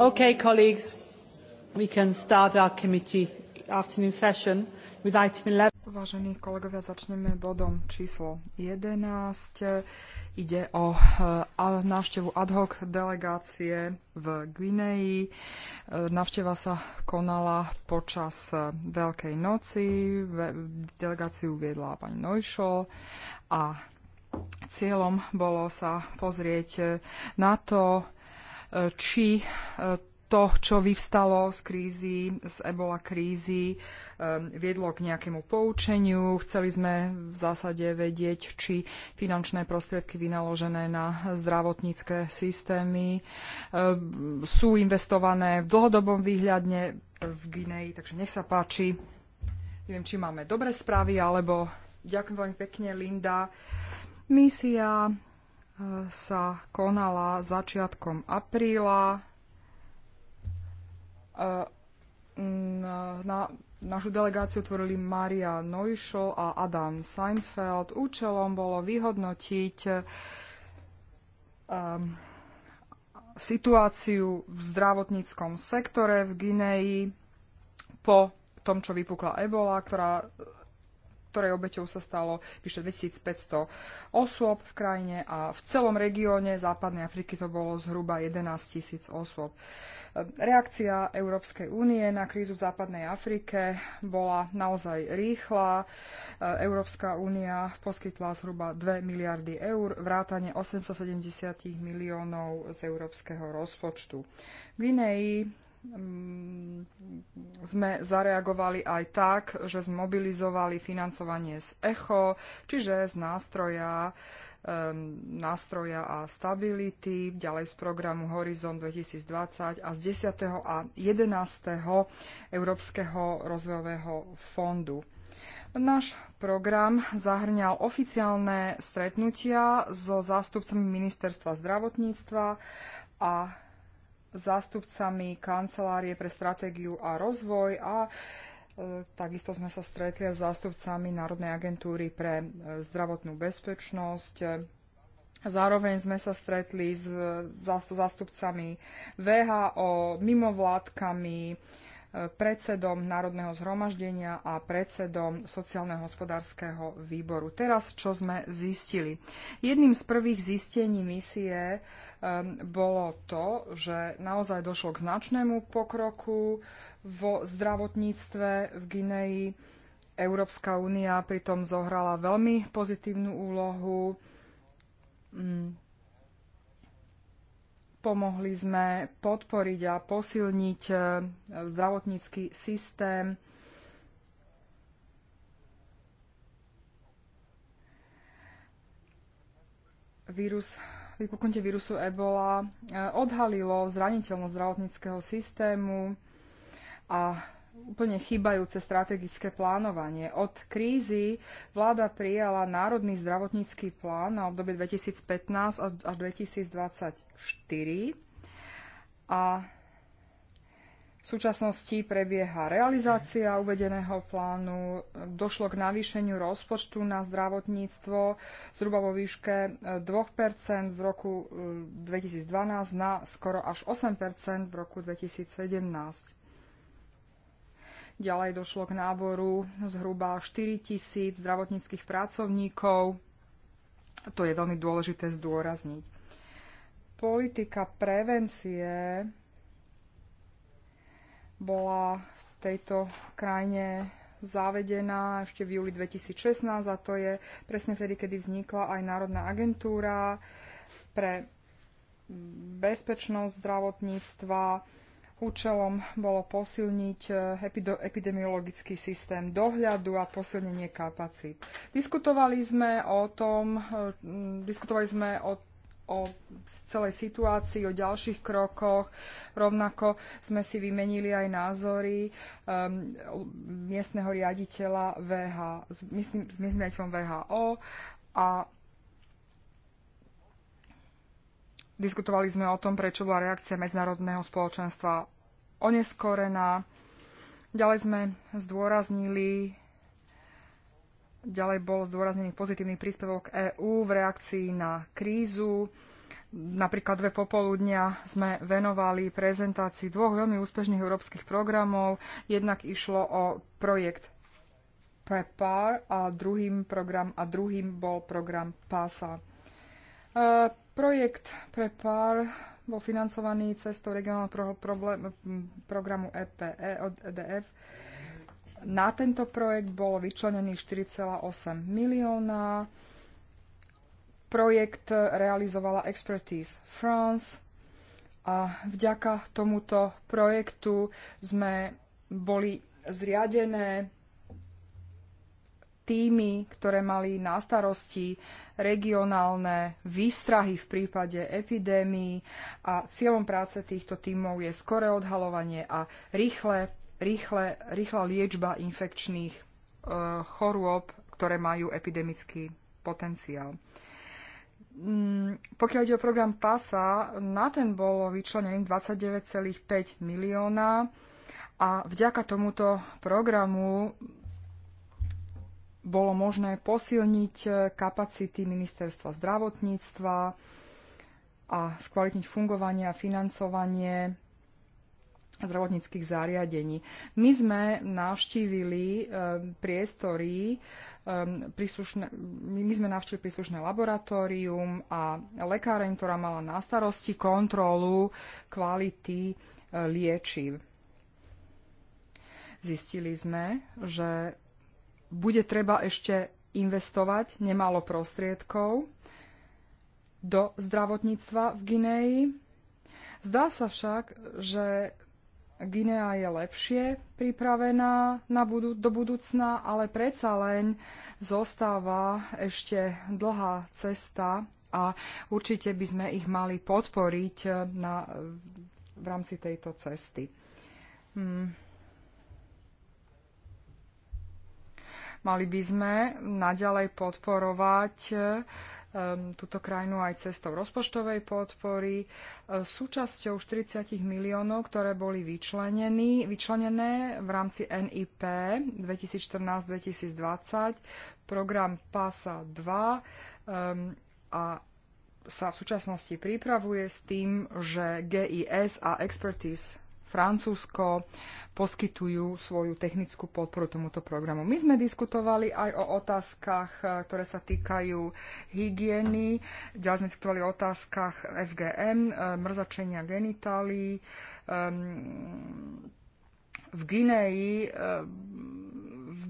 Okay, colleagues, we can start our committee afternoon session with item 11. Vážení kolegovia, začneme bodom číslo 11 Ide o e, návštevu ad hoc delegácie v Gvineji. E, návšteva sa konala počas e, Veľkej noci. Delegáciu viedla pani Nojšol a cieľom bolo sa pozrieť na to, či to, čo vyvstalo z krízy, z ebola krízy, um, viedlo k nejakému poučeniu. Chceli sme v zásade vedieť, či finančné prostriedky vynaložené na zdravotnícke systémy um, sú investované v dlhodobom výhľadne v Gineji. Takže nech sa páči. Neviem, či máme dobré správy, alebo ďakujem veľmi pekne, Linda. Misia uh, sa konala začiatkom apríla Ehm, na, na, našu delegáciu tvorili Maria Neuschel a Adam Seinfeld. Účelom bolo vyhodnotiť um, situáciu v zdravotníckom sektore v Gineji po tom, čo vypukla ebola, ktorá ktorej obeťou sa stalo vyše 2500 osôb v krajine a v celom regióne Západnej Afriky to bolo zhruba 11 tisíc osôb. Reakcia Európskej únie na krízu v Západnej Afrike bola naozaj rýchla. Európska únia poskytla zhruba 2 miliardy eur, vrátane 870 miliónov z európskeho rozpočtu. V Gvineji Mm, sme zareagovali aj tak, že zmobilizovali financovanie z ECHO, čiže z nástroja, nástroja a stability, ďalej z programu Horizon 2020 a z 10. a 11. Európskeho rozvojového fondu. Náš program zahrňal oficiálne stretnutia so zástupcami ministerstva zdravotníctva a zástupcami Kancelárie pre stratégiu a rozvoj a e, takisto sme sa stretli s zástupcami Národnej agentúry pre e, zdravotnú bezpečnosť. Zároveň sme sa stretli s e, zástupcami VHO, mimovládkami, predsedom Národného zhromaždenia a predsedom sociálneho hospodárskeho výboru. Teraz, čo sme zistili? Jedným z prvých zistení misie um, bolo to, že naozaj došlo k značnému pokroku vo zdravotníctve v Gineji. Európska únia pritom zohrala veľmi pozitívnu úlohu. Mm. Pomohli sme podporiť a posilniť e, zdravotnícky systém. Vírus, vypuknutie vírusu Ebola e, odhalilo zraniteľnosť zdravotníckého systému a úplne chýbajúce strategické plánovanie. Od krízy vláda prijala Národný zdravotnícky plán na obdobie 2015 až 2024 a v súčasnosti prebieha realizácia uvedeného plánu. Došlo k navýšeniu rozpočtu na zdravotníctvo zhruba vo výške 2 e, v roku 2012 e, na skoro až 8 v roku 2017 Ďalej došlo k náboru zhruba 4 tisíc zdravotníckých pracovníkov. To je veľmi dôležité zdôrazniť. Politika prevencie bola v tejto krajine zavedená ešte v júli 2016 a to je presne vtedy, kedy vznikla aj Národná agentúra pre bezpečnosť zdravotníctva. Účelom bolo posilniť e, epidemiologický systém dohľadu a posilnenie kapacít. Diskutovali sme o tom, e, diskutovali sme o o celej situácii, o ďalších krokoch. Rovnako sme si vymenili aj názory um, miestneho riaditeľa VH, s miestným riaditeľom VHO a Diskutovali sme o tom, prečo bola reakcia medzinárodného spoločenstva oneskorená. Ďalej sme zdôraznili, ďalej bol zdôraznený pozitívny príspevok EÚ v reakcii na krízu. Napríklad dve popoludnia sme venovali prezentácii dvoch veľmi úspešných európskych programov. Jednak išlo o projekt Prepar a druhým, program, a druhým bol program PASA. E, Projekt PREPAR bol financovaný cestou regionálneho pro, problém, programu EPE e od EDF. Na tento projekt bolo vyčlenených 4,8 milióna. Projekt realizovala Expertise France a vďaka tomuto projektu sme boli zriadené týmy, ktoré mali na starosti regionálne výstrahy v prípade epidémií a cieľom práce týchto tímov je skore odhalovanie a rýchle, rýchle, rýchla liečba infekčných e, chorôb, ktoré majú epidemický potenciál. Mm, pokiaľ ide o program PASA, na ten bolo vyčlenených 29,5 milióna a vďaka tomuto programu bolo možné posilniť eh, kapacity ministerstva zdravotníctva a skvalitniť fungovanie a financovanie zdravotníckých zariadení. My sme navštívili eh, priestory, eh, príslušné, my sme navštívili príslušné laboratórium a lekáreň, ktorá mala na starosti kontrolu kvality liečiv. Zistili sme, že bude treba ešte investovať nemálo prostriedkov do zdravotníctva v Gineji. Zdá sa však, že Guinea je lepšie pripravená na budu- do budúcna, ale predsa len zostáva ešte dlhá cesta a určite by sme ich mali podporiť eh, na, v rámci tejto cesty. Hmm. Mali by sme naďalej podporovať e, túto krajinu aj cestou rozpočtovej podpory. E, súčasťou 40 miliónov, ktoré boli vyčlenené v rámci NIP 2014-2020, program PASA 2 e, a sa v súčasnosti pripravuje s tým, že GIS a Expertise Francúzsko poskytujú svoju technickú podporu tomuto programu. My sme diskutovali aj o otázkach, eh, ktoré sa týkajú hygieny, ďalej sme diskutovali o otázkach FGM, eh, mrzačenia genitálií. Ehm, v Gineji ehm,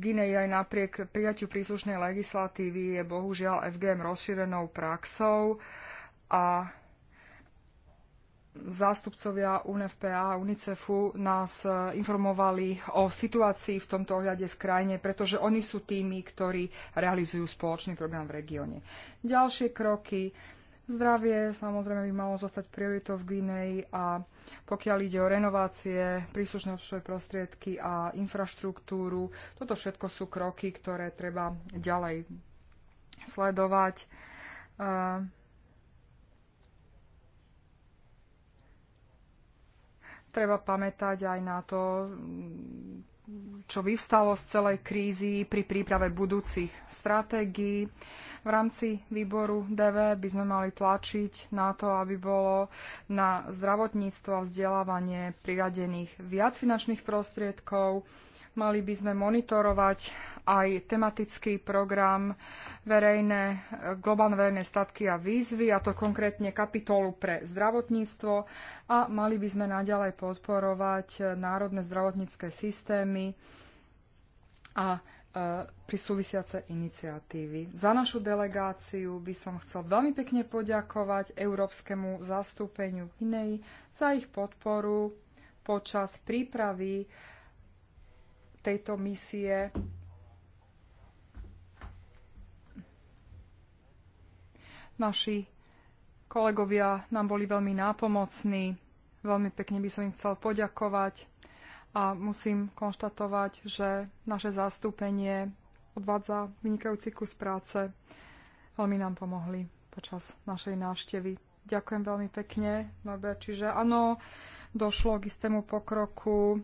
v Gineji aj napriek prijatiu príslušnej legislatívy je bohužiaľ FGM rozšírenou praxou a zástupcovia UNFPA a UNICEFu nás e, informovali o situácii v tomto ohľade v krajine, pretože oni sú tými, ktorí realizujú spoločný program v regióne. Ďalšie kroky. Zdravie samozrejme by malo zostať prioritou v Guinei a pokiaľ ide o renovácie, príslušné obsluhové prostriedky a infraštruktúru, toto všetko sú kroky, ktoré treba ďalej sledovať. Uh, Treba pamätať aj na to, čo vyvstalo z celej krízy pri príprave budúcich stratégií. V rámci výboru DV by sme mali tlačiť na to, aby bolo na zdravotníctvo a vzdelávanie priradených viac finančných prostriedkov, Mali by sme monitorovať aj tematický program verejné, globálne verejné statky a výzvy, a to konkrétne kapitolu pre zdravotníctvo. A mali by sme naďalej podporovať národné zdravotnícke systémy a e, pri súvisiace iniciatívy. Za našu delegáciu by som chcel veľmi pekne poďakovať Európskemu zastúpeniu Guinei za ich podporu počas prípravy tejto misie. Naši kolegovia nám boli veľmi nápomocní. Veľmi pekne by som im chcel poďakovať a musím konštatovať, že naše zastúpenie odvádza vynikajúci kus práce. Veľmi nám pomohli počas našej návštevy. Ďakujem veľmi pekne, Norbert. Čiže áno, došlo k istému pokroku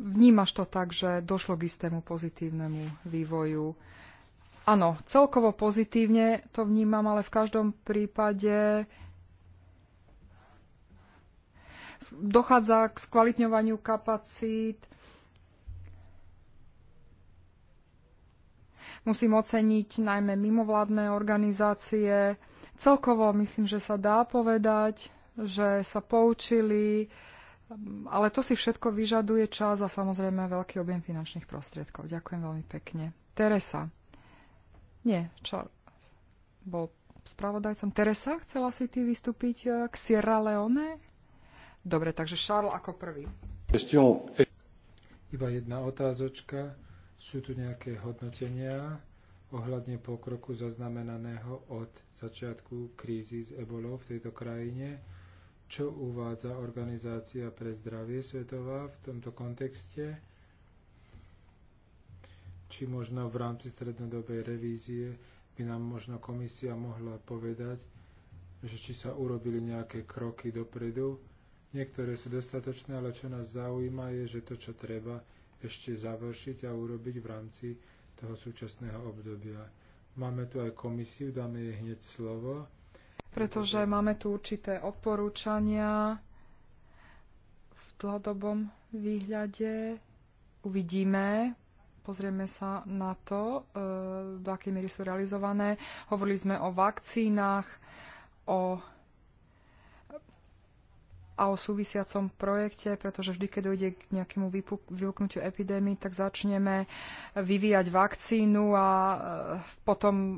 vnímaš to tak, že došlo k istému pozitívnemu vývoju. Áno, celkovo pozitívne to vnímam, ale v každom prípade dochádza k skvalitňovaniu kapacít. Musím oceniť najmä mimovládne organizácie. Celkovo myslím, že sa dá povedať, že sa poučili ale to si všetko vyžaduje čas a samozrejme veľký objem finančných prostriedkov. Ďakujem veľmi pekne. Teresa. Nie, čo bol spravodajcom. Teresa, chcela si ty vystúpiť eh, k Sierra Leone? Dobre, takže Charles ako prvý. Iba jedna otázočka. Sú tu nejaké hodnotenia ohľadne pokroku zaznamenaného od začiatku krízy s ebolou v tejto krajine? čo uvádza Organizácia pre zdravie svetová v tomto kontexte, či možno v rámci strednodobej revízie by nám možno komisia mohla povedať, že či sa urobili nejaké kroky dopredu. Niektoré sú dostatočné, ale čo nás zaujíma je, že to, čo treba ešte završiť a urobiť v rámci toho súčasného obdobia. Máme tu aj komisiu, dáme jej hneď slovo pretože máme tu určité odporúčania v dlhodobom výhľade. Uvidíme, pozrieme sa na to, e, do akej miery sú realizované. Hovorili sme o vakcínach, o a o súvisiacom projekte, pretože vždy, keď dojde k nejakému vypuknutiu epidémie, tak začneme vyvíjať vakcínu a e, potom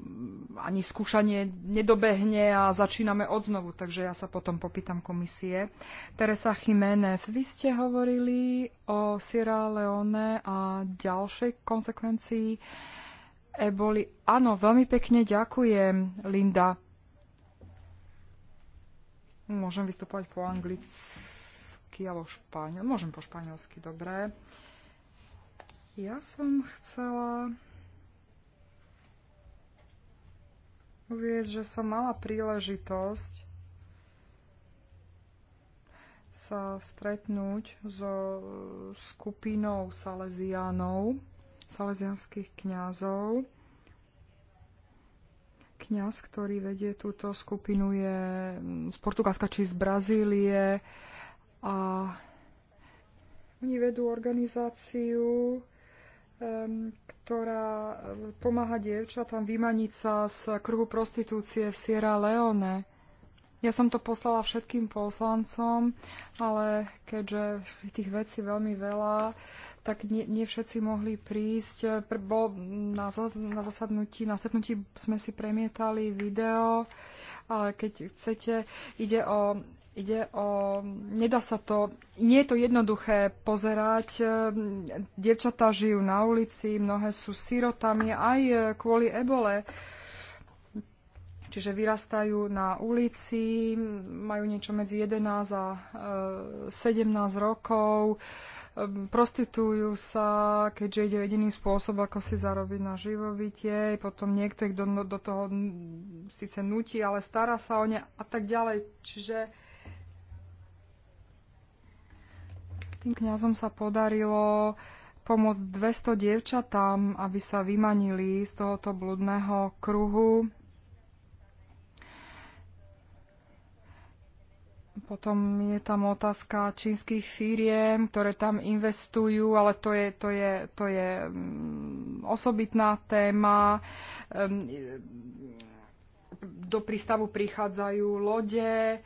ani skúšanie nedobehne a začíname odznovu. Takže ja sa potom popýtam komisie. Teresa Jiménez, vy ste hovorili o Sierra Leone a ďalšej konsekvencii eboli. Áno, veľmi pekne ďakujem, Linda. Môžem vystupovať po anglicky alebo španielsky. Môžem po španielsky, dobré. Ja som chcela uvieť, že som mala príležitosť sa stretnúť so skupinou Salesianov, salesianských kňazov, kňaz, ktorý vedie túto skupinu, je z Portugalska či z Brazílie a oni vedú organizáciu, ktorá pomáha dievčatám vymaniť sa z kruhu prostitúcie v Sierra Leone. Ja som to poslala všetkým poslancom, ale keďže tých vecí veľmi veľa, tak nie, nie všetci mohli prísť. na, na, zasadnutí, na zasadnutí sme si premietali video, ale keď chcete, ide o ide o... Nedá sa to... Nie je to jednoduché pozerať. Devčatá žijú na ulici, mnohé sú sirotami aj kvôli ebole. Čiže vyrastajú na ulici, majú niečo medzi 11 a 17 e, rokov, e, prostitujú sa, keďže ide jediný spôsob, ako si zarobiť na živobytie, potom niekto ich do, do toho síce nutí, ale stará sa o ne a tak ďalej. Čiže tým kňazom sa podarilo pomôcť 200 dievčatám, aby sa vymanili z tohoto bludného kruhu Potom je tam otázka čínskych firiem, ktoré tam investujú, ale to je, to je, to je mm, osobitná téma. Ehm, do prístavu prichádzajú lode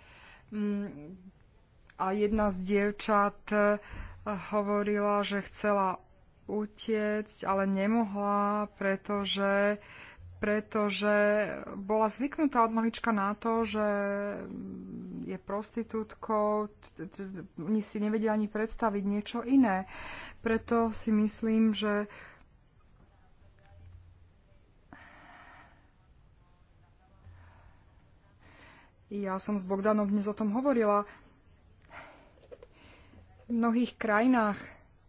mm, a jedna z dievčat eh, hovorila, že chcela utiecť, ale nemohla, pretože uh, pretože bola zvyknutá od malička na to, že je prostitútkou, oni si nevedia ani predstaviť niečo iné. Preto si myslím, že Ja som s Bogdanom dnes o tom hovorila. V mnohých krajinách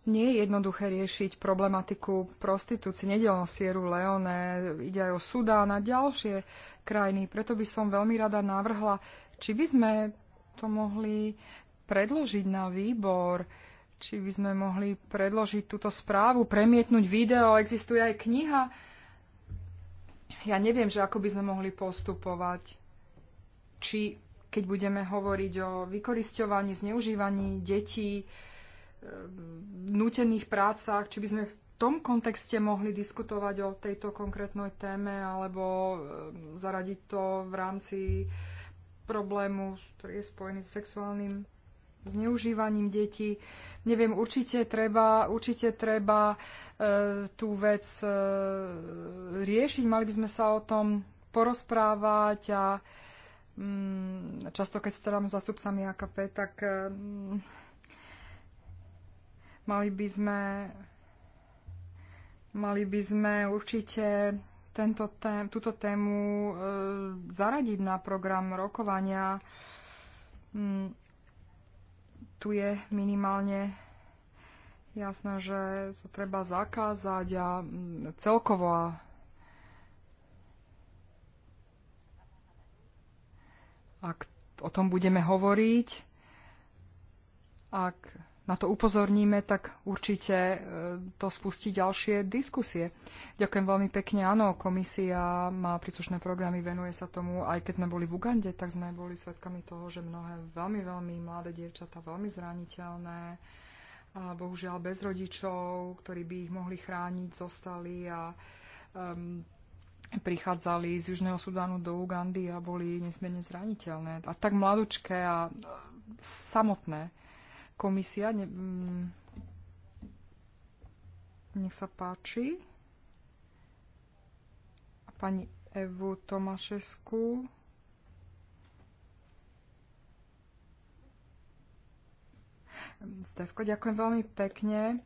nie je jednoduché riešiť problematiku prostitúcie. nedel o Sieru Leone, ide aj o Sudán a ďalšie krajiny. Preto by som veľmi rada navrhla, či by sme to mohli predložiť na výbor, či by sme mohli predložiť túto správu, premietnúť video, existuje aj kniha. Ja neviem, že ako by sme mohli postupovať. Či keď budeme hovoriť o vykoristovaní, zneužívaní detí, nutených prácach, či by sme v tom kontexte mohli diskutovať o tejto konkrétnej téme alebo e, zaradiť to v rámci problému, ktorý je spojený s sexuálnym zneužívaním detí. Neviem, určite treba, určite treba e, tú vec e, riešiť. Mali by sme sa o tom porozprávať a mm, často, keď starám s zastupcami AKP, tak e, Mali by sme, mali by sme určite tento tém, túto tému e, zaradiť na program rokovania. Mm, tu je minimálne jasné, že to treba zakázať a mm, celkovo a ak o tom budeme hovoriť, ak na to upozorníme, tak určite e, to spustí ďalšie diskusie. Ďakujem veľmi pekne. Áno, komisia má príslušné programy, venuje sa tomu. Aj keď sme boli v Ugande, tak sme boli svedkami toho, že mnohé veľmi, veľmi mladé dievčatá, veľmi zraniteľné, a bohužiaľ bez rodičov, ktorí by ich mohli chrániť, zostali a um, prichádzali z Južného Sudánu do Ugandy a boli nesmierne zraniteľné. A tak mladučké a e, samotné komisia. Ne, mm, nech sa páči. A pani Evu Tomašesku. Stevko, ďakujem veľmi pekne.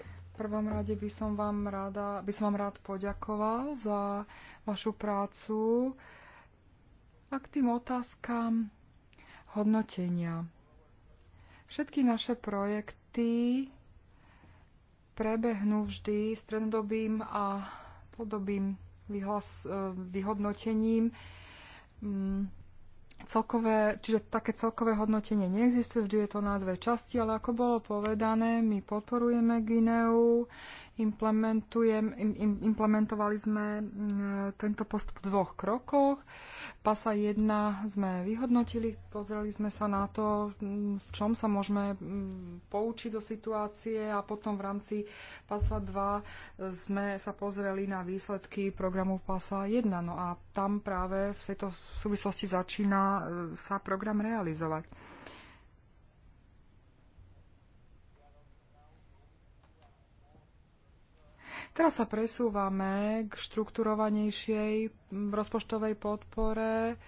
V prvom rade by som vám, rada, by som vám rád poďakoval za vašu prácu a k tým otázkam hodnotenia. Všetky naše projekty prebehnú vždy strednodobým a podobým vyhlas, e, vyhodnotením. Mm, celkové, čiže také celkové hodnotenie neexistuje, vždy je to na dve časti, ale ako bolo povedané, my podporujeme Gineu. Implementujem, im, implementovali sme tento postup v dvoch krokoch. Pasa 1 sme vyhodnotili, pozreli sme sa na to, v čom sa môžeme poučiť zo situácie a potom v rámci Pasa 2 e, sme sa pozreli na výsledky programu Pasa 1. No a tam práve v tejto súvislosti začína e, sa program realizovať. Teraz sa presúvame k štrukturovanejšej rozpočtovej podpore.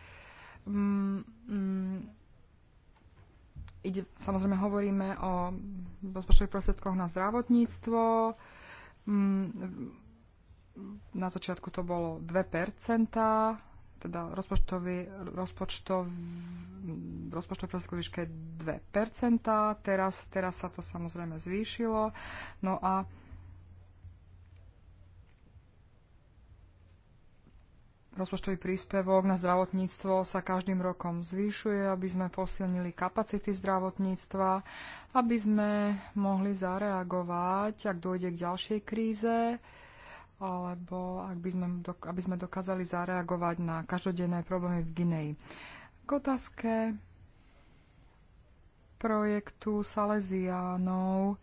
Mm, mm. Ide, samozrejme hovoríme o rozpočtových prostriedkoch na zdravotníctvo. Mm, na začiatku to bolo 2 teda rozpočtový, rozpočtov, rozpočtový prostriedkov výške 2%, teraz, teraz sa to samozrejme zvýšilo. No a rozpočtový príspevok na zdravotníctvo sa každým rokom zvýšuje, aby sme posilnili kapacity zdravotníctva, aby sme mohli zareagovať, ak dojde k ďalšej kríze, alebo ak by sme, aby sme dokázali zareagovať na každodenné problémy v Gineji. K otázke projektu Salesiánov.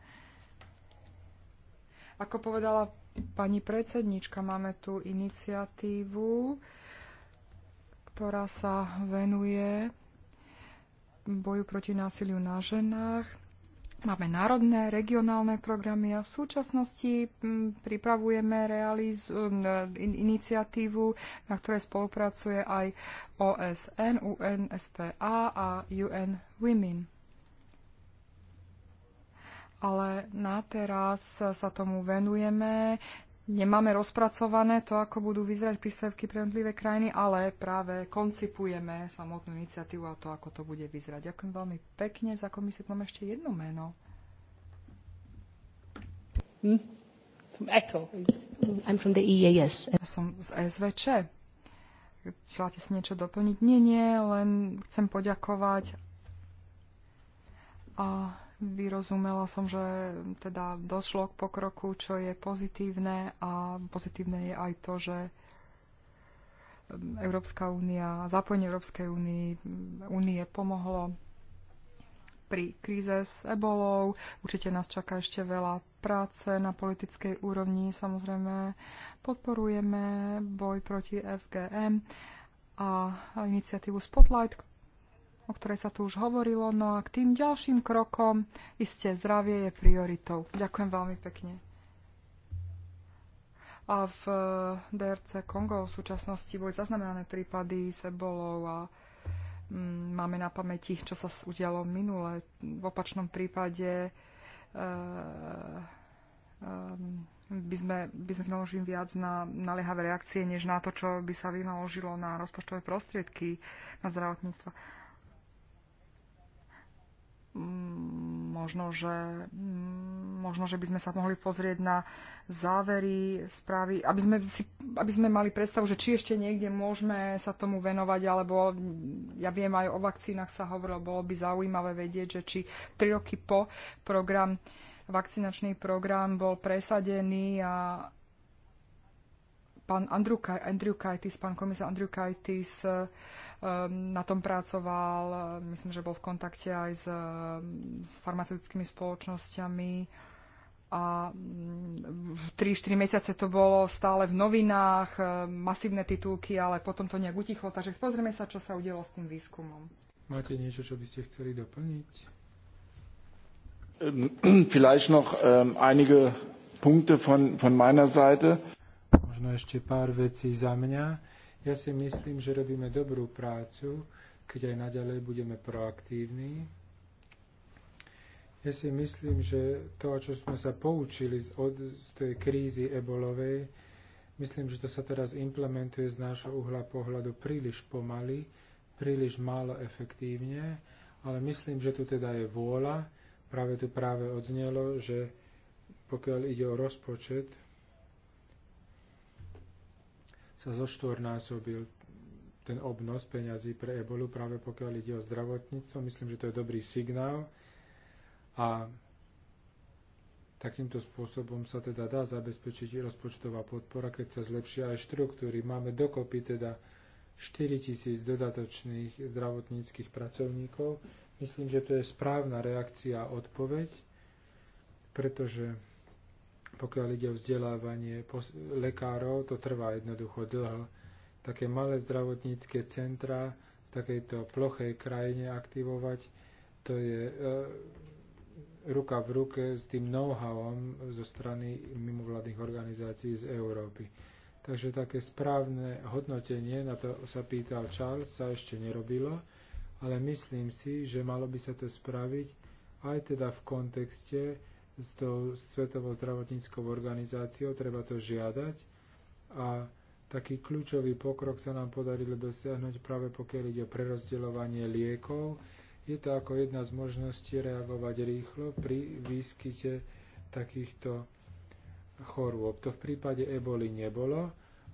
Ako povedala Pani predsednička, máme tu iniciatívu, ktorá sa venuje boju proti násiliu na ženách. Máme národné, regionálne programy a v súčasnosti pripravujeme realiz- iniciatívu, na ktorej spolupracuje aj OSN, UNSPA a UN Women ale na teraz sa tomu venujeme. Nemáme rozpracované to, ako budú vyzerať príspevky pre jednotlivé krajiny, ale práve koncipujeme samotnú iniciatívu a to, ako to bude vyzerať. Ďakujem veľmi pekne. Za komisiu mám ešte jedno meno. Hm? ECHO. I'm from the EAS. Ja som z SVČ. Chcela si niečo doplniť? Nie, nie, len chcem poďakovať. A Vyrozumela som, že teda došlo k pokroku, čo je pozitívne a pozitívne je aj to, že um, Európska únia, zapojenie Európskej únie, únie pomohlo pri kríze s ebolou. Určite nás čaká ešte veľa práce na politickej úrovni. Samozrejme podporujeme boj proti FGM a iniciatívu Spotlight, o ktorej sa tu už hovorilo. No a k tým ďalším krokom isté zdravie je prioritou. Ďakujem veľmi pekne. A v e, DRC Kongo v súčasnosti boli zaznamenané prípady sebolov a mm, máme na pamäti, čo sa udialo minule. V opačnom prípade e, e, by sme, by sme vynaložili viac na naliehavé reakcie, než na to, čo by sa vynaložilo na rozpočtové prostriedky na zdravotníctvo. Mm, možno, že, mm, možno, že by sme sa mohli pozrieť na závery správy, aby sme, si, aby sme mali predstavu, že či ešte niekde môžeme sa tomu venovať, alebo ja viem, aj o vakcínach sa hovorilo, bolo by zaujímavé vedieť, že či tri roky po program, vakcinačný program bol presadený a pán Andrew, Andrew Kajtis, pán komisár Andrew Kajtis eh, eh, na tom pracoval, eh, myslím, že bol v kontakte aj s, s farmaceutickými spoločnosťami a 3-4 mm, mesiace to bolo stále v novinách, masívne titulky, ale potom to nejak utichlo, takže pozrieme sa, čo sa udialo s tým výskumom. Máte niečo, čo by ste chceli doplniť? Ähm, vielleicht noch ähm, einige Punkte von, von meiner Seite. Možno ešte pár vecí za mňa. Ja si myslím, že robíme dobrú prácu, keď aj naďalej budeme proaktívni. Ja si myslím, že to, čo sme sa poučili z, od, z tej krízy ebolovej, myslím, že to sa teraz implementuje z nášho uhla pohľadu príliš pomaly, príliš málo efektívne, ale myslím, že tu teda je vôľa. Práve tu práve odznelo, že pokiaľ ide o rozpočet, sa zoštvornásobil ten obnos peňazí pre ebolu, práve pokiaľ ide o zdravotníctvo. Myslím, že to je dobrý signál a takýmto spôsobom sa teda dá zabezpečiť rozpočtová podpora, keď sa zlepšia aj štruktúry. Máme dokopy teda 4 tisíc dodatočných zdravotníckých pracovníkov. Myslím, že to je správna reakcia a odpoveď, pretože pokiaľ ide o vzdelávanie lekárov, to trvá jednoducho dlho. Také malé zdravotnícke centra v takejto plochej krajine aktivovať, to je e, ruka v ruke s tým know-howom zo strany mimovládnych organizácií z Európy. Takže také správne hodnotenie, na to sa pýtal Charles, sa ešte nerobilo, ale myslím si, že malo by sa to spraviť aj teda v kontexte s tou Svetovou zdravotníckou organizáciou, treba to žiadať a taký kľúčový pokrok sa nám podarilo dosiahnuť práve pokiaľ ide o prerozdeľovanie liekov. Je to ako jedna z možností reagovať rýchlo pri výskyte takýchto chorôb. To v prípade eboli nebolo,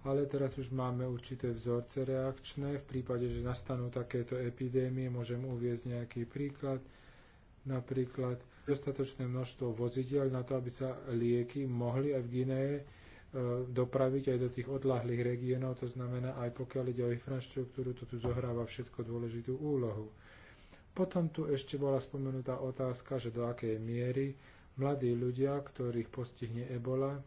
ale teraz už máme určité vzorce reakčné. V prípade, že nastanú takéto epidémie, môžem uviezť nejaký príklad. Napríklad dostatočné množstvo vozidiel na to, aby sa lieky mohli aj v Gineje dopraviť aj do tých odlahlých regiónov, to znamená aj pokiaľ ide o infraštruktúru, to tu zohráva všetko dôležitú úlohu. Potom tu ešte bola spomenutá otázka, že do akej miery mladí ľudia, ktorých postihne ebola,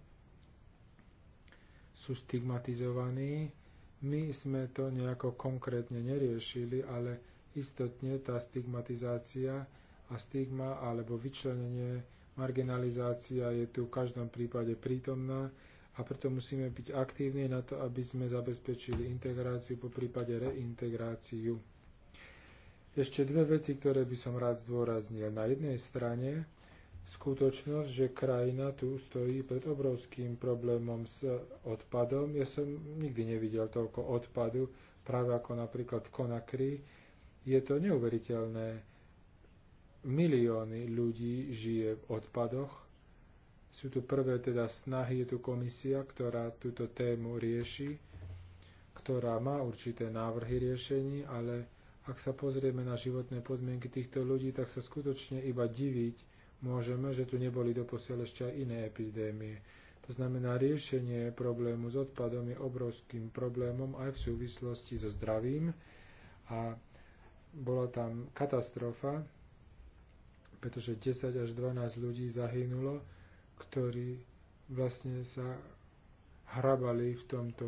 sú stigmatizovaní. My sme to nejako konkrétne neriešili, ale istotne tá stigmatizácia a stigma alebo vyčlenenie, marginalizácia je tu v každom prípade prítomná a preto musíme byť aktívni na to, aby sme zabezpečili integráciu, po prípade reintegráciu. Ešte dve veci, ktoré by som rád zdôraznil. Na jednej strane skutočnosť, že krajina tu stojí pred obrovským problémom s odpadom. Ja som nikdy nevidel toľko odpadu, práve ako napríklad v Konakry. Je to neuveriteľné milióny ľudí žije v odpadoch. Sú tu prvé teda snahy, je tu komisia, ktorá túto tému rieši, ktorá má určité návrhy riešení, ale ak sa pozrieme na životné podmienky týchto ľudí, tak sa skutočne iba diviť môžeme, že tu neboli doposiaľ ešte aj iné epidémie. To znamená, riešenie problému s odpadom je obrovským problémom aj v súvislosti so zdravím a bola tam katastrofa, pretože 10 až 12 ľudí zahynulo, ktorí vlastne sa hrabali v, tomto,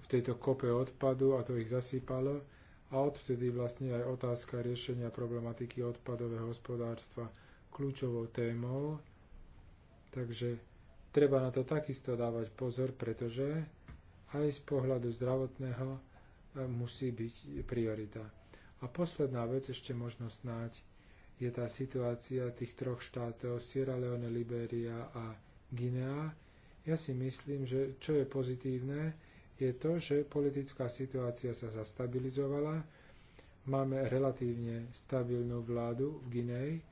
v tejto kope odpadu a to ich zasypalo a odvtedy vlastne aj otázka riešenia problematiky odpadového hospodárstva kľúčovou témou. Takže treba na to takisto dávať pozor, pretože aj z pohľadu zdravotného eh, musí byť priorita. A posledná vec ešte možno snáď je tá situácia tých troch štátov Sierra Leone, Liberia a Guinea. Ja si myslím, že čo je pozitívne, je to, že politická situácia sa zastabilizovala. Máme relatívne stabilnú vládu v Guinei. E,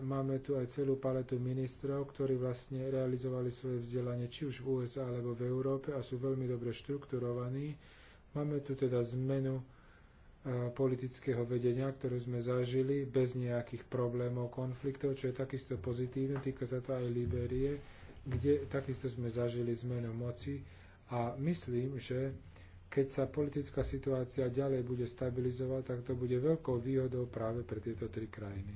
máme tu aj celú paletu ministrov, ktorí vlastne realizovali svoje vzdelanie či už v USA alebo v Európe a sú veľmi dobre štrukturovaní. Máme tu teda zmenu politického vedenia, ktorú sme zažili, bez nejakých problémov, konfliktov, čo je takisto pozitívne, týka sa to aj Liberie, kde takisto sme zažili zmenu moci a myslím, že keď sa politická situácia ďalej bude stabilizovať, tak to bude veľkou výhodou práve pre tieto tri krajiny.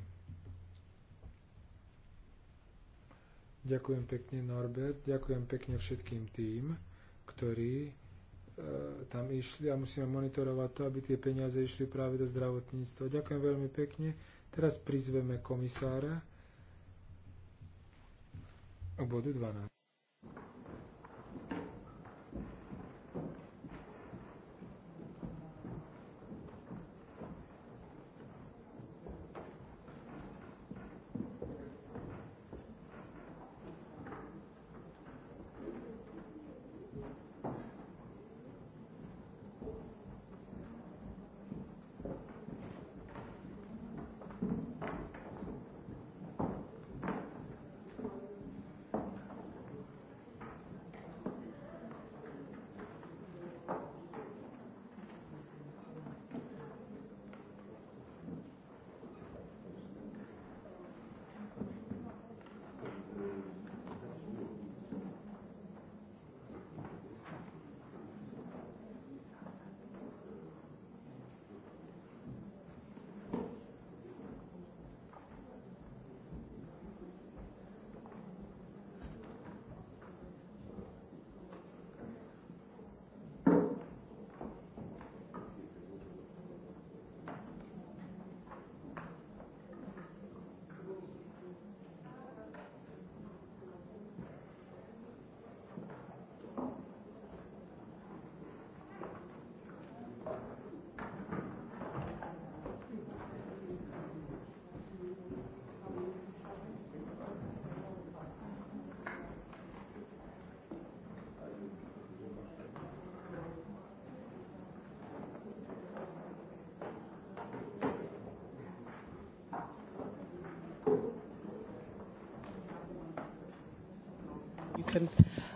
Ďakujem pekne Norbert, ďakujem pekne všetkým tým, ktorí E, tam išli a musíme monitorovať to, aby tie peniaze išli práve do zdravotníctva. Ďakujem veľmi pekne. Teraz prizveme komisára k bodu 12.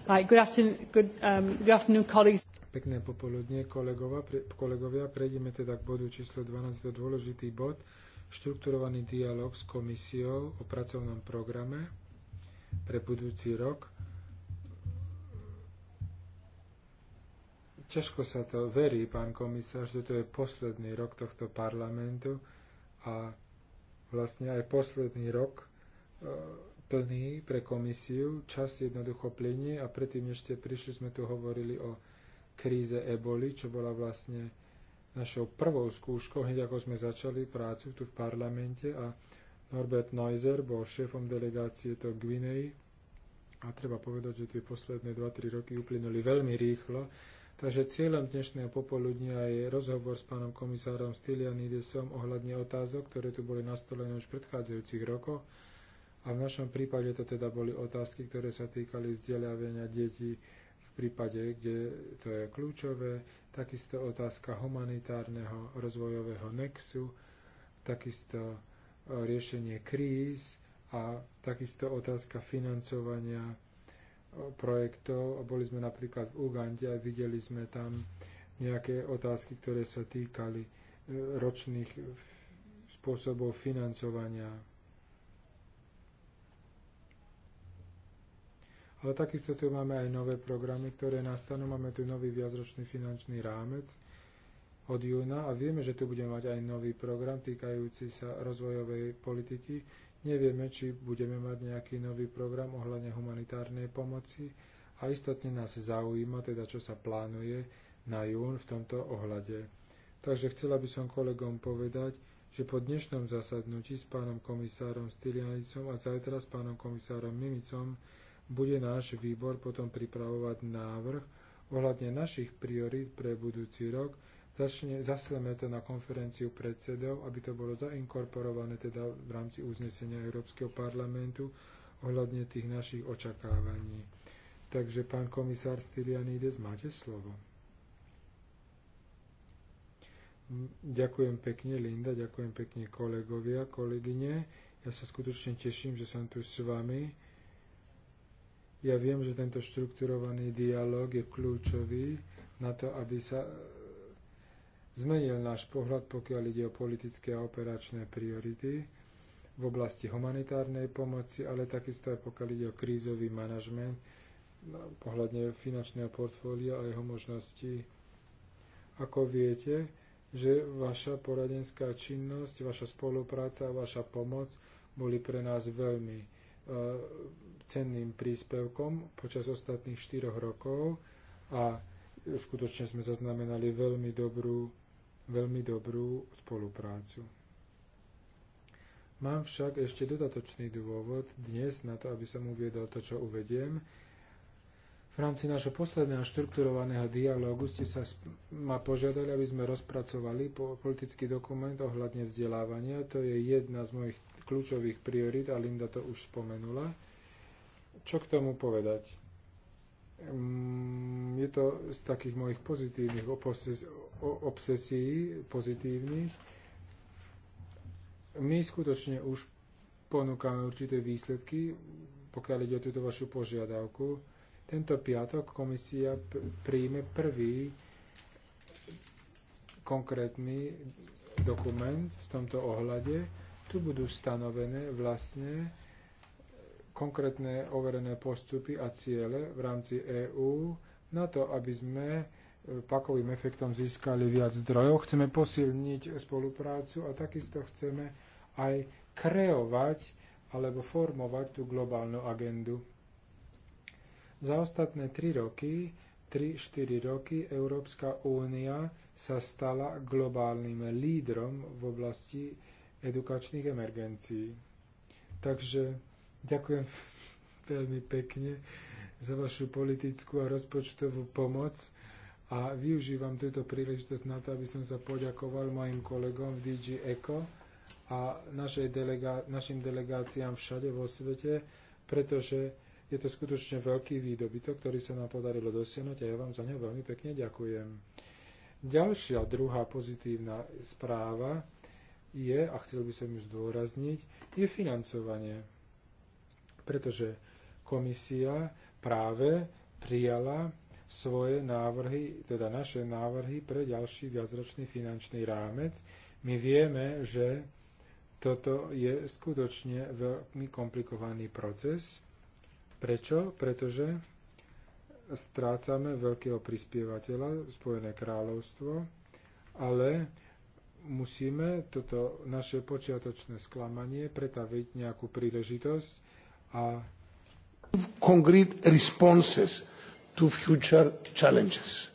Right, good, afternoon, good, um, good afternoon, colleagues. Pekné popoludne, kolegova, pre, kolegovia. Prejdeme teda k bodu číslo 12, to dôležitý bod, štrukturovaný dialog s komisiou o pracovnom programe pre budúci rok. Ťažko sa to verí, pán komisár, že to je posledný rok tohto parlamentu a vlastne aj posledný rok e, plný pre komisiu, čas jednoducho plinie a predtým, než ste prišli, sme tu hovorili o kríze eboli, čo bola vlastne našou prvou skúškou, hneď ako sme začali prácu tu v parlamente a Norbert Neuser bol šéfom delegácie to Gvineji a treba povedať, že tie posledné 2-3 roky uplynuli veľmi rýchlo, Takže cieľom dnešného popoludnia je rozhovor s pánom komisárom Stylianidesom ohľadne otázok, ktoré tu boli nastolené už v predchádzajúcich rokoch a v našom prípade to teda boli otázky, ktoré sa týkali vzdelávania detí v prípade, kde to je kľúčové, takisto otázka humanitárneho rozvojového nexu, takisto e, riešenie kríz a takisto otázka financovania e, projektov. Boli sme napríklad v Ugande a videli sme tam nejaké otázky, ktoré sa týkali e, ročných spôsobov financovania Ale takisto tu máme aj nové programy, ktoré nastanú. Máme tu nový viacročný finančný rámec od júna a vieme, že tu budeme mať aj nový program týkajúci sa rozvojovej politiky. Nevieme, či budeme mať nejaký nový program ohľadne humanitárnej pomoci a istotne nás zaujíma, teda čo sa plánuje na jún v tomto ohľade. Takže chcela by som kolegom povedať, že po dnešnom zasadnutí s pánom komisárom Stylianicom a zajtra s pánom komisárom Mimicom bude náš výbor potom pripravovať návrh ohľadne našich priorít pre budúci rok. Začne, zasleme to na konferenciu predsedov, aby to bolo zainkorporované teda v rámci uznesenia Európskeho parlamentu ohľadne tých našich očakávaní. Takže pán komisár Stylianides, máte slovo. Ďakujem pekne, Linda, ďakujem pekne kolegovia, kolegyne. Ja sa skutočne teším, že som tu s vami ja viem, že tento štrukturovaný dialog je kľúčový na to, aby sa e, zmenil náš pohľad, pokiaľ ide o politické a operačné priority v oblasti humanitárnej pomoci, ale takisto aj pokiaľ ide o krízový manažment, no, pohľadne finančného portfólia a jeho možnosti. Ako viete, že vaša poradenská činnosť, vaša spolupráca a vaša pomoc boli pre nás veľmi E, cenným príspevkom počas ostatných 4 rokov a skutočne sme zaznamenali veľmi dobrú, veľmi dobrú spoluprácu. Mám však ešte dodatočný dôvod dnes na to, aby som uviedol to, čo uvediem rámci nášho posledného štrukturovaného dialógu ste sa ma požiadali, aby sme rozpracovali politický dokument ohľadne vzdelávania. To je jedna z mojich kľúčových priorit a Linda to už spomenula. Čo k tomu povedať? Mm, je to z takých mojich pozitívnych obsesí, pozitívnych. My skutočne už ponúkame určité výsledky, pokiaľ ide o túto vašu požiadavku tento piatok komisia príjme prvý konkrétny dokument v tomto ohľade. Tu budú stanovené vlastne konkrétne overené postupy a ciele v rámci EÚ na to, aby sme e, pakovým efektom získali viac zdrojov. Chceme posilniť spoluprácu a takisto chceme aj kreovať alebo formovať tú globálnu agendu. Za ostatné 3 roky, 3-4 roky Európska únia sa stala globálnym lídrom v oblasti edukačných emergencií. Takže ďakujem veľmi pekne za vašu politickú a rozpočtovú pomoc a využívam túto príležitosť na to, aby som sa poďakoval mojim kolegom v DG ECO a našej delega- našim delegáciám všade vo svete, pretože je to skutočne veľký výdobytok, ktorý sa nám podarilo dosiahnuť a ja vám za ňo veľmi pekne ďakujem. Ďalšia, druhá pozitívna správa je, a chcel by som ju zdôrazniť, je financovanie. Pretože komisia práve prijala svoje návrhy, teda naše návrhy pre ďalší viacročný finančný rámec. My vieme, že toto je skutočne veľmi komplikovaný proces Prečo? Pretože strácame veľkého prispievateľa, Spojené kráľovstvo, ale musíme toto naše počiatočné sklamanie pretaviť nejakú príležitosť a concrete responses to future challenges.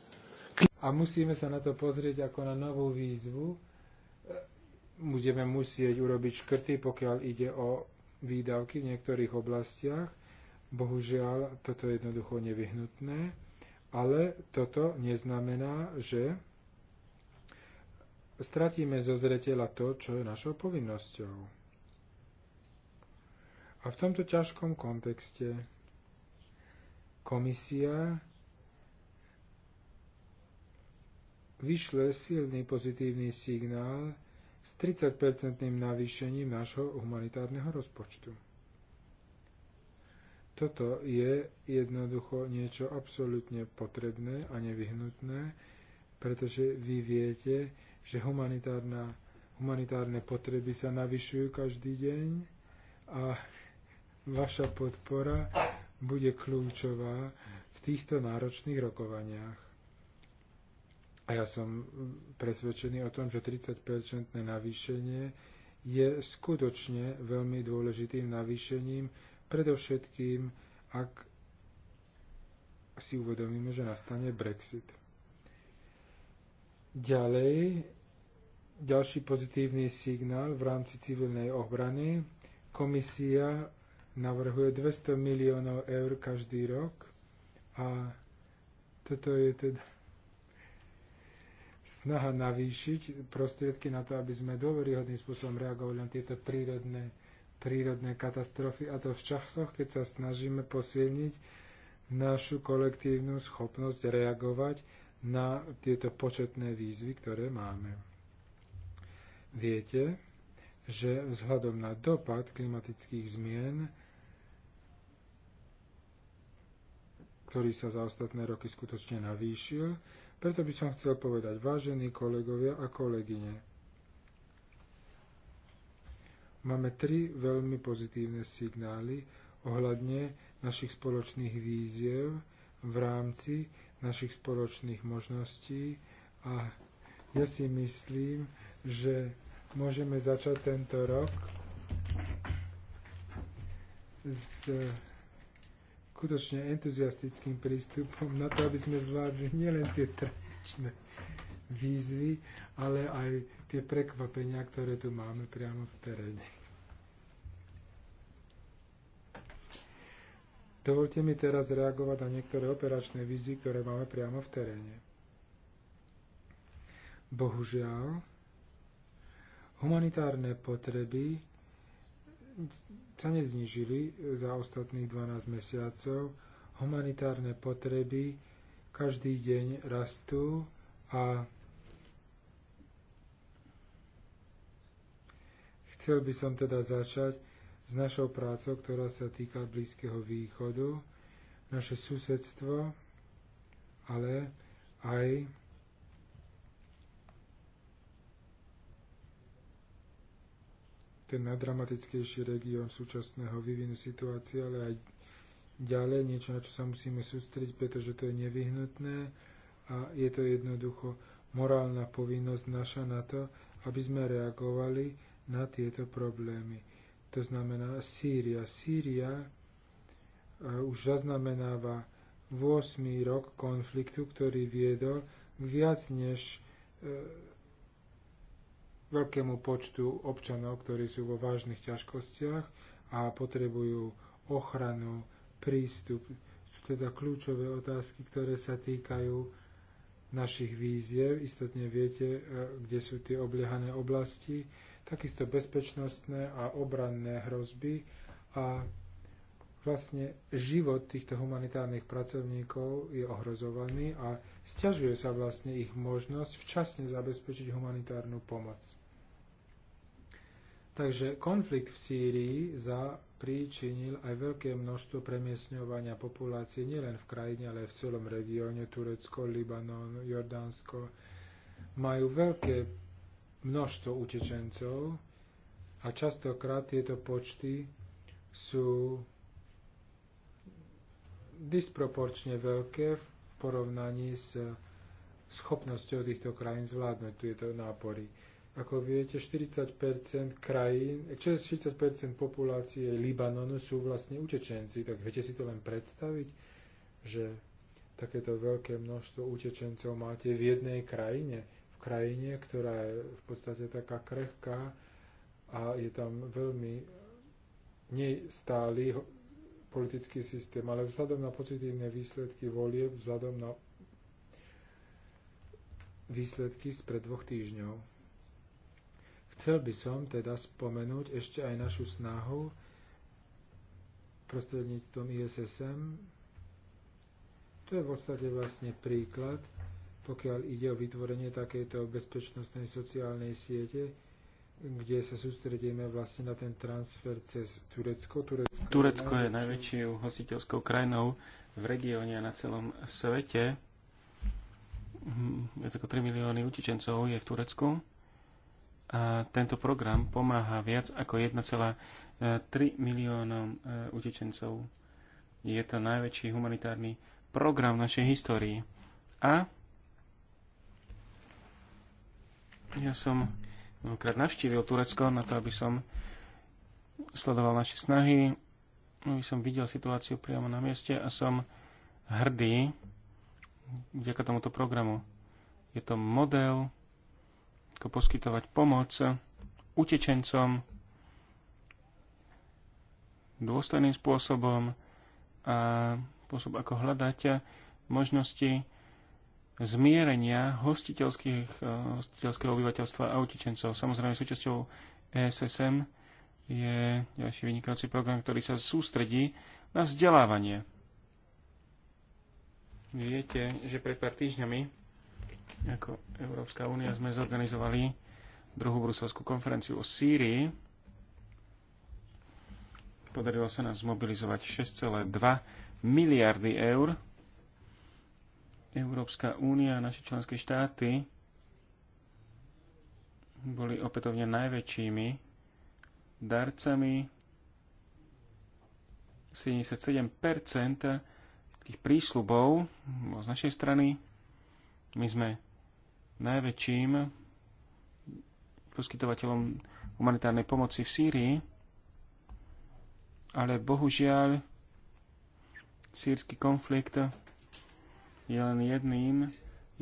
A musíme sa na to pozrieť ako na novú výzvu. Budeme musieť urobiť škrty, pokiaľ ide o výdavky v niektorých oblastiach Bohužiaľ, toto je jednoducho nevyhnutné, ale toto neznamená, že stratíme zo zretela to, čo je našou povinnosťou. A v tomto ťažkom kontexte komisia vyšle silný pozitívny signál s 30-percentným navýšením nášho humanitárneho rozpočtu. Toto je jednoducho niečo absolútne potrebné a nevyhnutné, pretože vy viete, že humanitárne potreby sa navyšujú každý deň a vaša podpora bude kľúčová v týchto náročných rokovaniach. A ja som presvedčený o tom, že 30-percentné navýšenie je skutočne veľmi dôležitým navýšením Predovšetkým, ak si uvedomíme, že nastane Brexit. Ďalej, ďalší pozitívny signál v rámci civilnej obrany. Komisia navrhuje 200 miliónov eur každý rok a toto je teda snaha navýšiť prostriedky na to, aby sme dôveryhodným spôsobom reagovali na tieto prírodné prírodné katastrofy a to v časoch, keď sa snažíme posilniť našu kolektívnu schopnosť reagovať na tieto početné výzvy, ktoré máme. Viete, že vzhľadom na dopad klimatických zmien, ktorý sa za ostatné roky skutočne navýšil, preto by som chcel povedať, vážení kolegovia a kolegyne, Máme tri veľmi pozitívne signály ohľadne našich spoločných víziev v rámci našich spoločných možností a ja si myslím, že môžeme začať tento rok s skutočne entuziastickým prístupom na to, aby sme zvládli nielen tie tradičné výzvy, ale aj tie prekvapenia, ktoré tu máme priamo v teréne. Dovolte mi teraz reagovať na niektoré operačné výzvy, ktoré máme priamo v teréne. Bohužiaľ, humanitárne potreby sa neznižili za ostatných 12 mesiacov. Humanitárne potreby každý deň rastú a chcel by som teda začať s našou prácou, ktorá sa týka Blízkeho východu, naše susedstvo, ale aj ten najdramatickejší región súčasného vývinu situácie, ale aj ďalej niečo, na čo sa musíme sústrediť, pretože to je nevyhnutné a je to jednoducho morálna povinnosť naša na to, aby sme reagovali na tieto problémy. To znamená Sýria. Sýria e, už zaznamenáva 8. rok konfliktu, ktorý viedol k viac než e, veľkému počtu občanov, ktorí sú vo vážnych ťažkostiach a potrebujú ochranu, prístup. Sú teda kľúčové otázky, ktoré sa týkajú našich víziev. Istotne viete, e, kde sú tie obliehané oblasti, takisto bezpečnostné a obranné hrozby a vlastne život týchto humanitárnych pracovníkov je ohrozovaný a stiažuje sa vlastne ich možnosť včasne zabezpečiť humanitárnu pomoc. Takže konflikt v Sýrii za príčinil aj veľké množstvo premiesňovania populácií nielen v krajine, ale aj v celom regióne. Turecko, Libanon, Jordánsko majú veľké množstvo utečencov a častokrát tieto počty sú disproporčne veľké v porovnaní s schopnosťou týchto krajín zvládnuť tieto nápory. Ako viete, 40 krajín, 60 populácie Libanonu sú vlastne utečenci, tak viete si to len predstaviť, že takéto veľké množstvo utečencov máte v jednej krajine, v krajine, ktorá je v podstate taká krehká a je tam veľmi nestály politický systém, ale vzhľadom na pozitívne výsledky volieb, vzhľadom na výsledky spred dvoch týždňov Chcel by som teda spomenúť ešte aj našu snahu prostredníctvom ISSM. To je v podstate vlastne príklad, pokiaľ ide o vytvorenie takejto bezpečnostnej sociálnej siete, kde sa sústredíme vlastne na ten transfer cez Turecko. Turecko, Turecko je najväčšou hostiteľskou krajinou v regióne a na celom svete. Hm, viac ako 3 milióny utečencov je v Turecku. A tento program pomáha viac ako 1,3 e, miliónom e, utečencov. Je to najväčší humanitárny program v našej histórii. A ja som mnohokrát navštívil Turecko na to, aby som sledoval naše snahy, aby som videl situáciu priamo na mieste a som hrdý vďaka tomuto programu. Je to model ako poskytovať pomoc utečencom dôstojným spôsobom a spôsob, ako hľadať možnosti zmierenia eh, hostiteľského obyvateľstva a utečencov. Samozrejme, súčasťou ESSM je ďalší vynikajúci program, ktorý sa sústredí na vzdelávanie. Viete, že pred pár týždňami ako Európska únia sme zorganizovali druhú bruselskú konferenciu o Sýrii. Podarilo sa nám zmobilizovať 6,2 miliardy eur. Európska únia a naše členské štáty boli opätovne najväčšími darcami 77% tých prísľubov z našej strany my sme najväčším poskytovateľom humanitárnej pomoci v Sýrii, ale bohužiaľ sírsky konflikt je len jedným,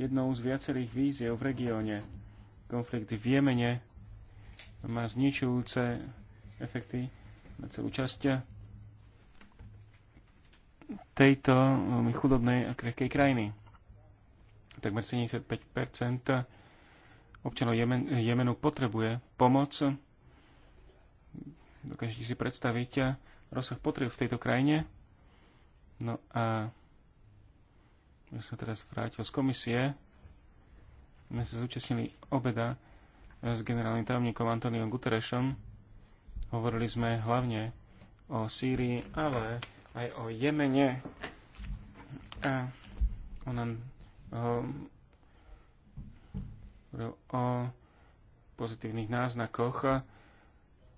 jednou z viacerých víziev v regióne. Konflikt v Jemene má zničujúce efekty na celú časť tejto um, chudobnej a krehkej krajiny. Takmer 75 občanov Jemen, Jemenu potrebuje pomoc. Dokážete si predstaviť rozsah potrieb v tejto krajine. No a ja sa teraz vrátil z komisie. My sa zúčastnili obeda s generálnym tajomníkom Antoniom Guterresom. Hovorili sme hlavne o Sýrii, ale aj o Jemene. A on nám hovoril o pozitívnych náznakoch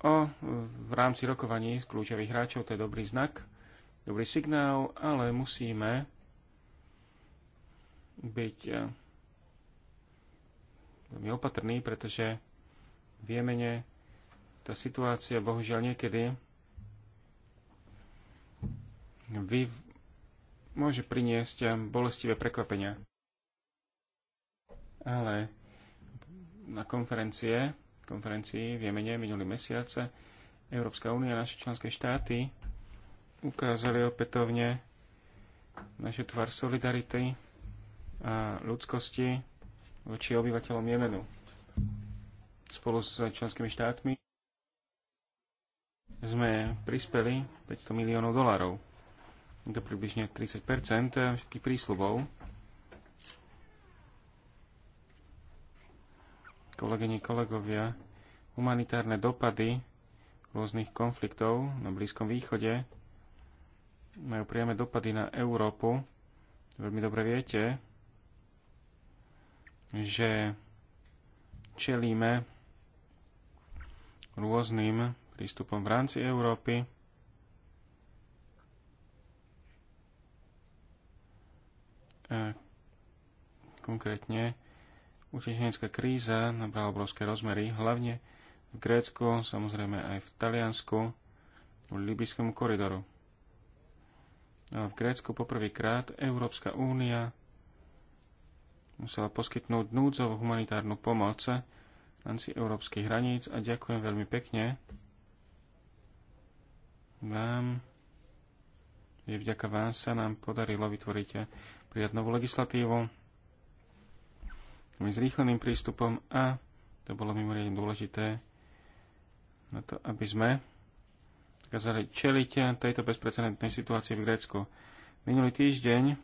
o, v rámci rokovaní s kľúčových hráčov. To je dobrý znak, dobrý signál, ale musíme byť eh, veľmi opatrní, pretože v Jemene tá situácia bohužiaľ niekedy vy môže priniesť eh, bolestivé prekvapenia ale na konferencie, konferencii v Jemene minulý mesiace Európska únia a naše členské štáty ukázali opätovne našu tvar solidarity a ľudskosti voči obyvateľom Jemenu. Spolu s členskými štátmi sme prispeli 500 miliónov dolárov. Je to približne 30 všetkých prísľubov, kolegyne, kolegovia, humanitárne dopady rôznych konfliktov na Blízkom východe majú priame dopady na Európu. Veľmi dobre viete, že čelíme rôznym prístupom v rámci Európy. konkrétne Utečenecká kríza nabrala obrovské rozmery, hlavne v Grécku, samozrejme aj v Taliansku, v Libyskom koridoru. A v Grécku poprvýkrát Európska únia musela poskytnúť núdzovú humanitárnu pomoc v rámci európskych hraníc a ďakujem veľmi pekne vám, je vďaka vám sa nám podarilo vytvoriť prijať novú legislatívu s rýchleným prístupom a to bolo mimoriadne dôležité na to, aby sme dokázali čeliť tejto bezprecedentnej situácii v Grécku. Minulý týždeň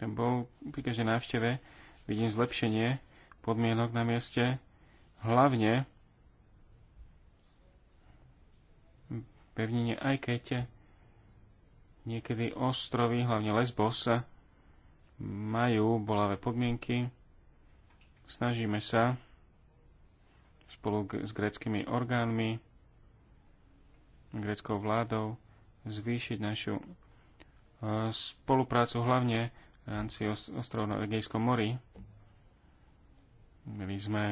tam bol pri každej návšteve vidím zlepšenie podmienok na mieste, hlavne pevnenie, aj keď niekedy ostrovy, hlavne Lesbos, majú bolavé podmienky. Snažíme sa spolu s greckými orgánmi, greckou vládou zvýšiť našu e, spoluprácu hlavne v rámci ostrov na Egejskom mori. Mali sme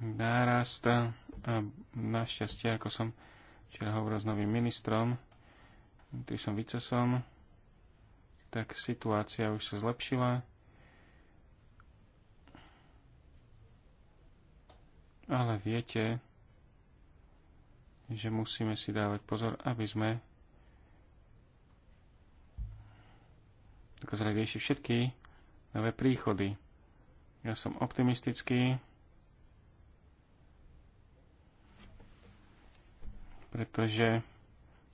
nárast a našťastie, ako som včera hovoril s novým ministrom, ktorý som vicesom, tak situácia už sa zlepšila. Ale viete, že musíme si dávať pozor, aby sme dokázali riešiť všetky nové príchody. Ja som optimistický, pretože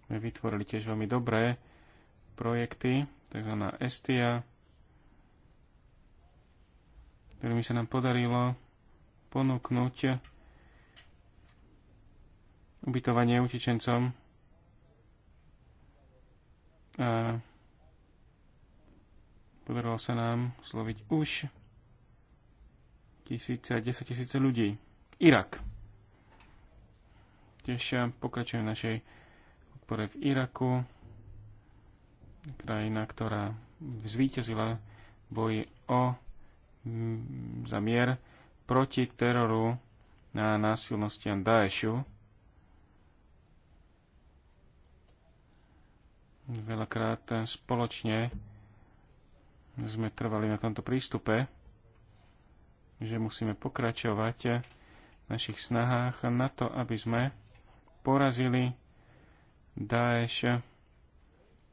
sme vytvorili tiež veľmi dobré projekty, tzv. Estia, ktorými sa nám podarilo ponúknuť ubytovanie utečencom a podarilo sa nám sloviť už tisíce, 10 tisíce ľudí. Irak tešia. pokračujem v našej podpore v Iraku. Krajina, ktorá zvíťazila boji o mm, zamier mier proti teroru na násilnostiam Daeshu. Veľakrát spoločne sme trvali na tomto prístupe, že musíme pokračovať v našich snahách na to, aby sme porazili Daesh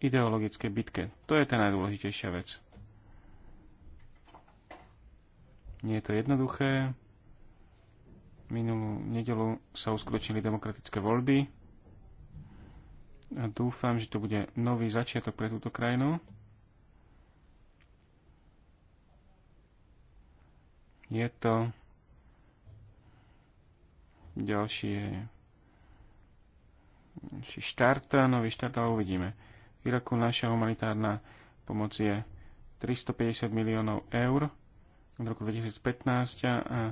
ideologické bitke. To je tá najdôležitejšia vec. Nie je to jednoduché. Minulú nedelu sa uskutočnili demokratické voľby. A dúfam, že to bude nový začiatok pre túto krajinu. Je to ďalšie či štart, nový štart, ale uvidíme. V Iraku naša humanitárna pomoc je 350 miliónov eur od roku 2015 a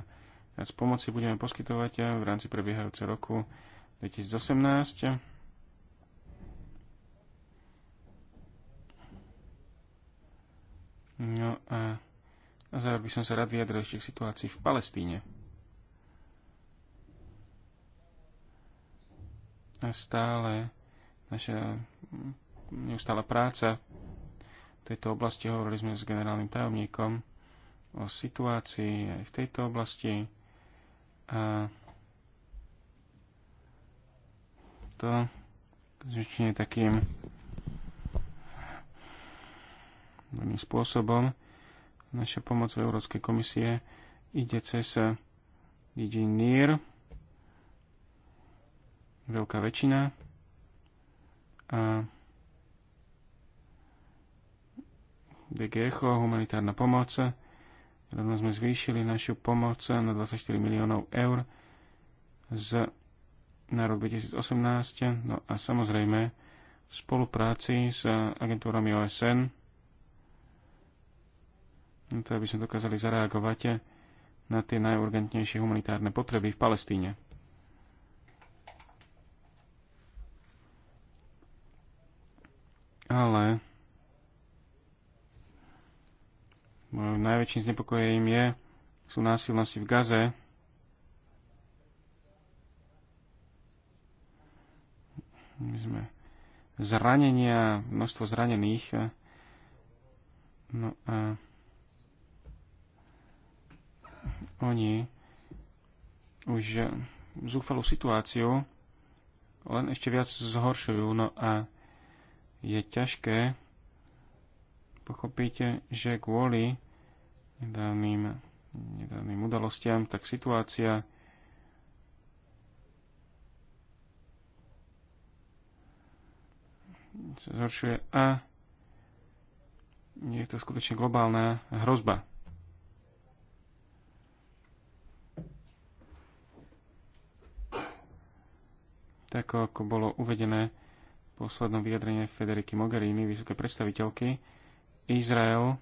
z pomoci budeme poskytovať v rámci prebiehajúceho roku 2018. No a na záver by som sa rád vyjadril ešte k situácii v Palestíne. stále naša neustála práca v tejto oblasti. Hovorili sme s generálnym tajomníkom o situácii aj v tejto oblasti. A to zvyčne takým veľmi spôsobom. Naša pomoc v Európskej komisie ide cez DG NIR, veľká väčšina. A DGECHO, humanitárna pomoc. Rovno sme zvýšili našu pomoc na 24 miliónov eur z, na rok 2018. No a samozrejme v spolupráci s agentúrami OSN, to aby sme dokázali zareagovať na tie najurgentnejšie humanitárne potreby v Palestíne. ale najväčším znepokojením je, sú násilnosti v Gaze. My sme zranenia, množstvo zranených. No a oni už zúfalú situáciu len ešte viac zhoršujú. No a je ťažké pochopiť, že kvôli nedávnym, nedávnym udalostiam, tak situácia sa zhoršuje a je to skutočne globálna hrozba. Tak ako bolo uvedené poslednom vyjadrenie Federiky Mogherini, vysoké predstaviteľky, Izrael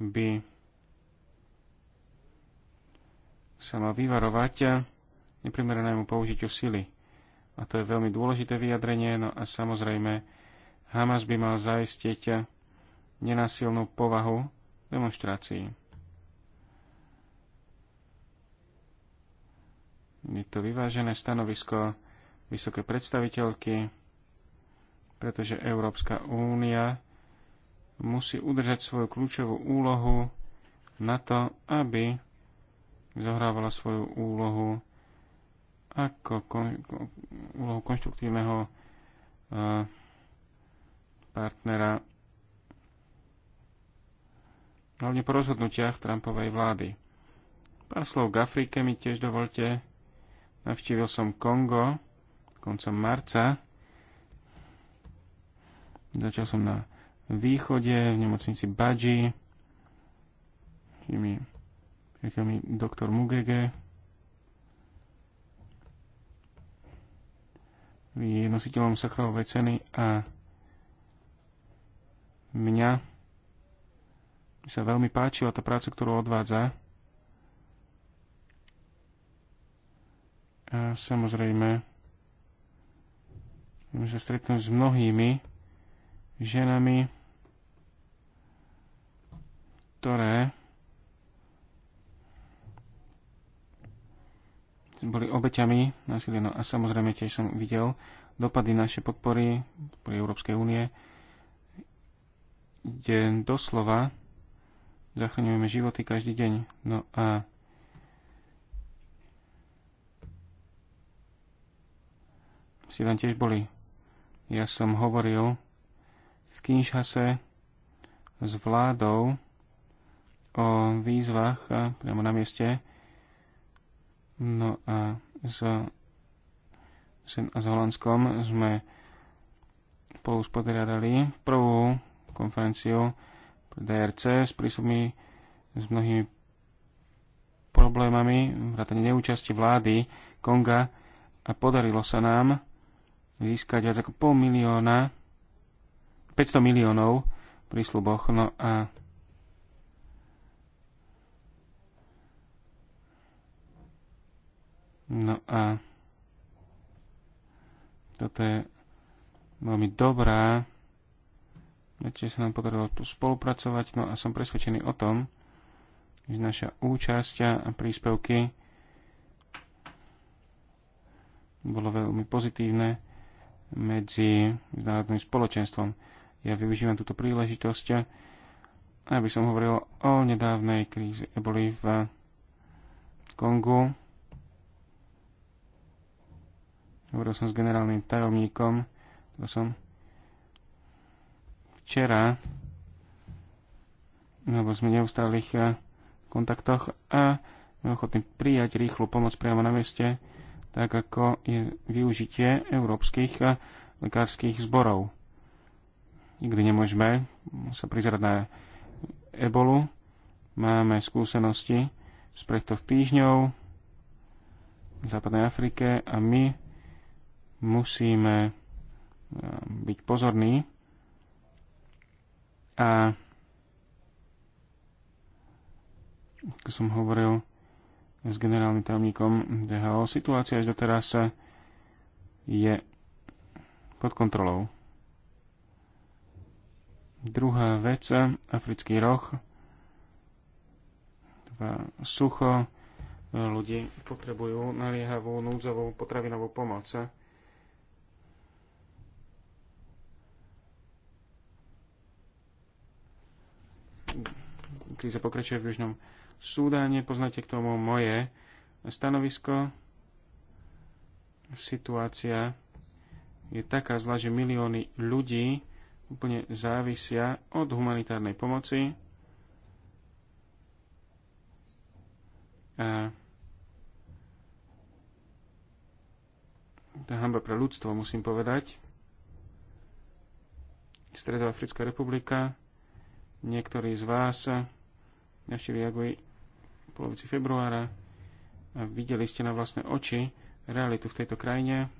by sa mal vyvarovať neprimeranému použitiu sily. A to je veľmi dôležité vyjadrenie, no a samozrejme Hamas by mal zaistiť nenásilnú povahu demonstrácií. Je to vyvážené stanovisko vysoké predstaviteľky pretože Európska únia musí udržať svoju kľúčovú úlohu na to, aby zohrávala svoju úlohu ako kon, úlohu konštruktívneho eh, partnera hlavne po rozhodnutiach Trumpovej vlády. Pár slov k Afrike mi tiež dovolte. Navštívil som Kongo koncom marca Začal som na východe, v nemocnici Badži, kde mi, mi doktor Mugege, je nositeľom Sacharovej ceny a mňa sa veľmi páčila tá práca, ktorú odvádza. A samozrejme, môžem sa stretnúť s mnohými ženami, ktoré boli obeťami násilia. No a samozrejme tiež som videl dopady našej podpory, pri Európskej únie, kde doslova zachraňujeme životy každý deň. No a si tam tiež boli. Ja som hovoril Kinshase s vládou o výzvach eh, priamo na mieste no a s, s, s Holandskom sme spolu spodriadali prvú konferenciu DRC s prísobmi s mnohými problémami, vrátane neúčasti vlády Konga a podarilo sa nám získať viac ako pol milióna 500 miliónov prísľuboch. No a No a toto je veľmi dobrá Čiže sa nám podarilo spolupracovať, no a som presvedčený o tom, že naša účasť a príspevky bolo veľmi pozitívne medzi národným spoločenstvom. Ja využívam túto príležitosť, aby som hovoril o nedávnej kríze eboli v Kongu. Hovoril som s generálnym tajomníkom, to som včera, lebo sme neustálých eh, kontaktoch a sme ochotní prijať rýchlu pomoc priamo na mieste, tak ako je využitie európskych eh, lekárskych zborov. Nikdy nemôžeme sa prizerať na ebolu. Máme skúsenosti z prechtoch týždňov v západnej Afrike a my musíme eh, byť pozorní a ako som hovoril s generálnym tajomníkom DHO, situácia až doteraz je pod kontrolou. Druhá vec, africký roh, sucho, ľudí potrebujú naliehavú núdzovú potravinovú pomoc. Kríza pokračuje v Južnom Súdáne. Poznáte k tomu moje stanovisko. Situácia je taká zla, že milióny ľudí úplne závisia od humanitárnej pomoci. A tá hamba pre ľudstvo, musím povedať. Stredoafrická republika. Niektorí z vás navštívili Jagui v polovici februára a videli ste na vlastné oči realitu v tejto krajine.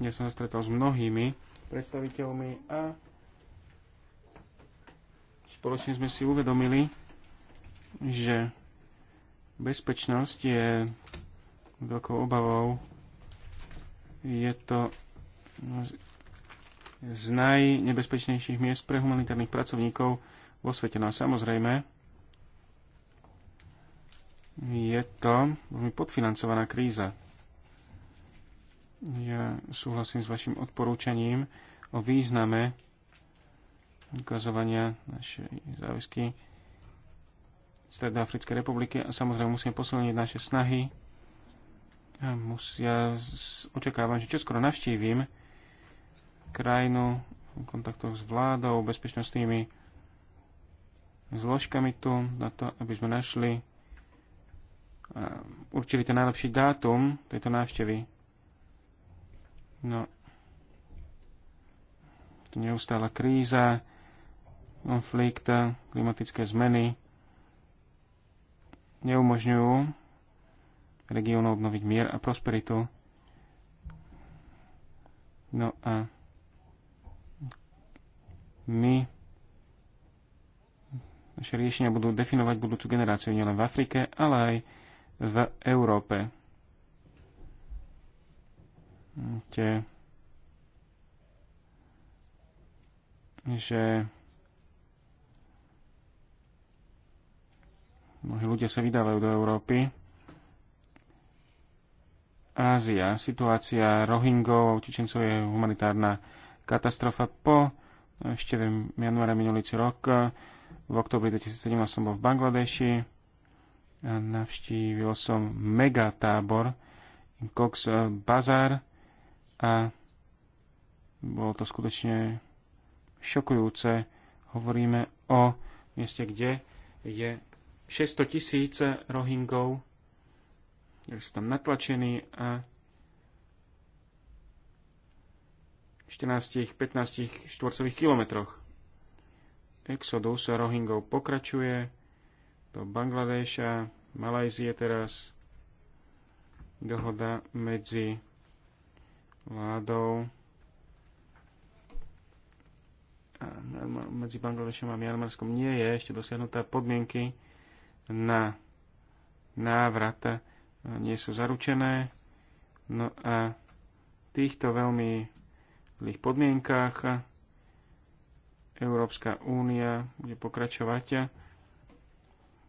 Ja som sa stretol s mnohými predstaviteľmi a spoločne sme si uvedomili, že bezpečnosť je veľkou obavou. Je to z najnebezpečnejších miest pre humanitárnych pracovníkov vo svete. No a samozrejme, je to veľmi podfinancovaná kríza. Ja súhlasím s vašim odporúčaním o význame ukazovania našej záväzky Stredoafrickej republiky a samozrejme musíme posilniť naše snahy. Ja, mus, ja očakávam, že čoskoro navštívim krajinu v kontaktoch s vládou, bezpečnostnými zložkami tu, na to, aby sme našli určili ten najlepší dátum tejto návštevy. No, tu neustála kríza, konflikt, klimatické zmeny neumožňujú regiónu obnoviť mier a prosperitu. No a my naše riešenia budú definovať budúcu generáciu nielen v Afrike, ale aj v Európe tie, že mnohí ľudia sa vydávajú do Európy. Ázia, situácia Rohingov a utečencov je humanitárna katastrofa. Po ešte v januára minulý rok, v oktobri 2017 som bol v Bangladeši a navštívil som megatábor Cox Bazar, a bolo to skutočne šokujúce. Hovoríme o mieste, kde je 600 tisíc rohingov, ktorí sú tam natlačení a 14-15 štvorcových kilometroch. Exodus Rohingov pokračuje do Bangladeša, Malajzie teraz, dohoda medzi vládou medzi Bangladešom a Mianmarskom nie je ešte dosiahnutá podmienky na návrat nie sú zaručené. No a v týchto veľmi zlých podmienkách Európska únia bude pokračovať,